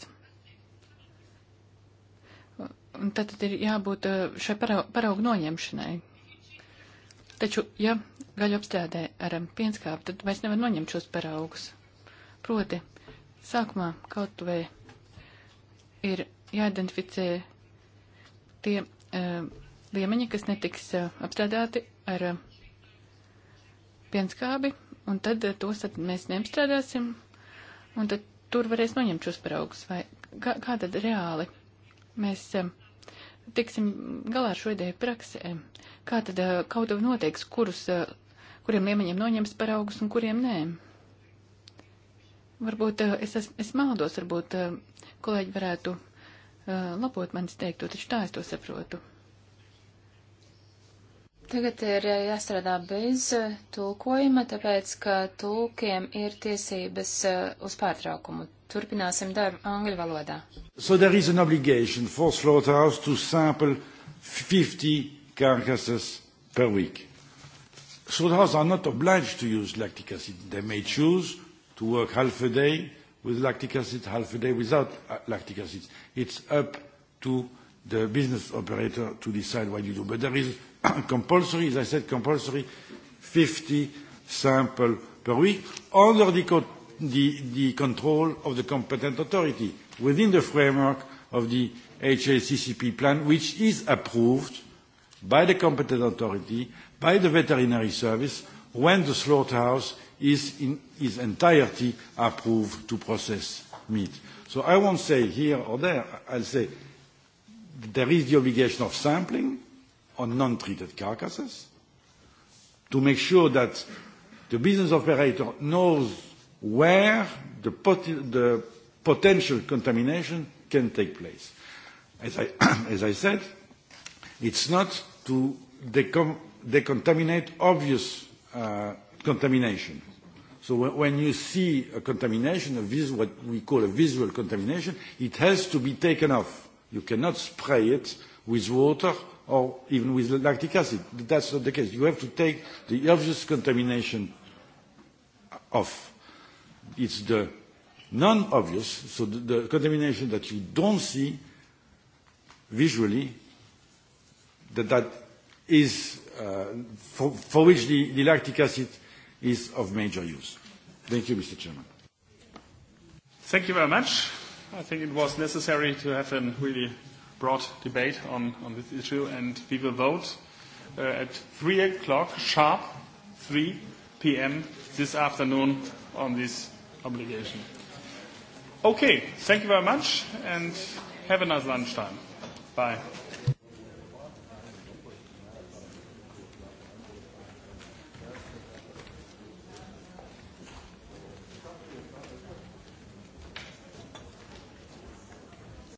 Un tad ir jābūt šai paraugu noņemšanai. Taču, ja gaļu apstrādē ar pienskāpu, tad vairs nevar noņemt šos paraugus. Proti, uh, Sākumā kaut vai ir jāidentificē tie uh, liemeņi, kas netiks uh, apstrādāti ar uh, pienskābi, un tad uh, tos tad mēs neapstrādāsim, un tad tur varēs noņemt šos paraugus. Vai kā, kā tad reāli mēs uh, tiksim galā ar šo ideju praksē? Kā tad uh, kaut vai noteiks, kurus, uh, kuriem liemeņiem noņems paraugus un kuriem nē? Varbūt eh, es, es, es maldos, varbūt eh, kolēģi varētu eh, labot manis teikto, taču tā es to saprotu. Tagad ir jāstrādā bez tulkojuma, tāpēc, ka tulkiem ir tiesības uz pārtraukumu. Turpināsim darbu angļu valodā. So there is an obligation for slaughterhouse to sample 50 carcasses per week. Slaughterhouses are not obliged to use lactic acid. They may choose to work half a day with lactic acid, half a day without uh, lactic acid. It's up to the business operator to decide what you do. But there is compulsory, as I said, compulsory 50 sample per week under the, co the, the control of the competent authority within the framework of the HACCP plan, which is approved by the competent authority, by the veterinary service, when the slaughterhouse is in its entirety approved to process meat. So I won't say here or there. I'll say there is the obligation of sampling on non-treated carcasses to make sure that the business operator knows where the, pot- the potential contamination can take place. As I, as I said, it's not to decom- decontaminate obvious uh, contamination. So when you see a contamination, a vis- what we call a visual contamination, it has to be taken off. You cannot spray it with water or even with lactic acid. That's not the case. You have to take the obvious contamination off. It's the non-obvious, so the, the contamination that you don't see visually, that, that is uh, for, for which the, the lactic acid – is of major use. Thank you, Mr. Chairman. Thank you very much. I think it was necessary to have a really broad debate on, on this issue, and we will vote uh, at 3 o'clock sharp, 3 p.m. this afternoon on this obligation. Okay, thank you very much, and have a nice lunchtime. Bye.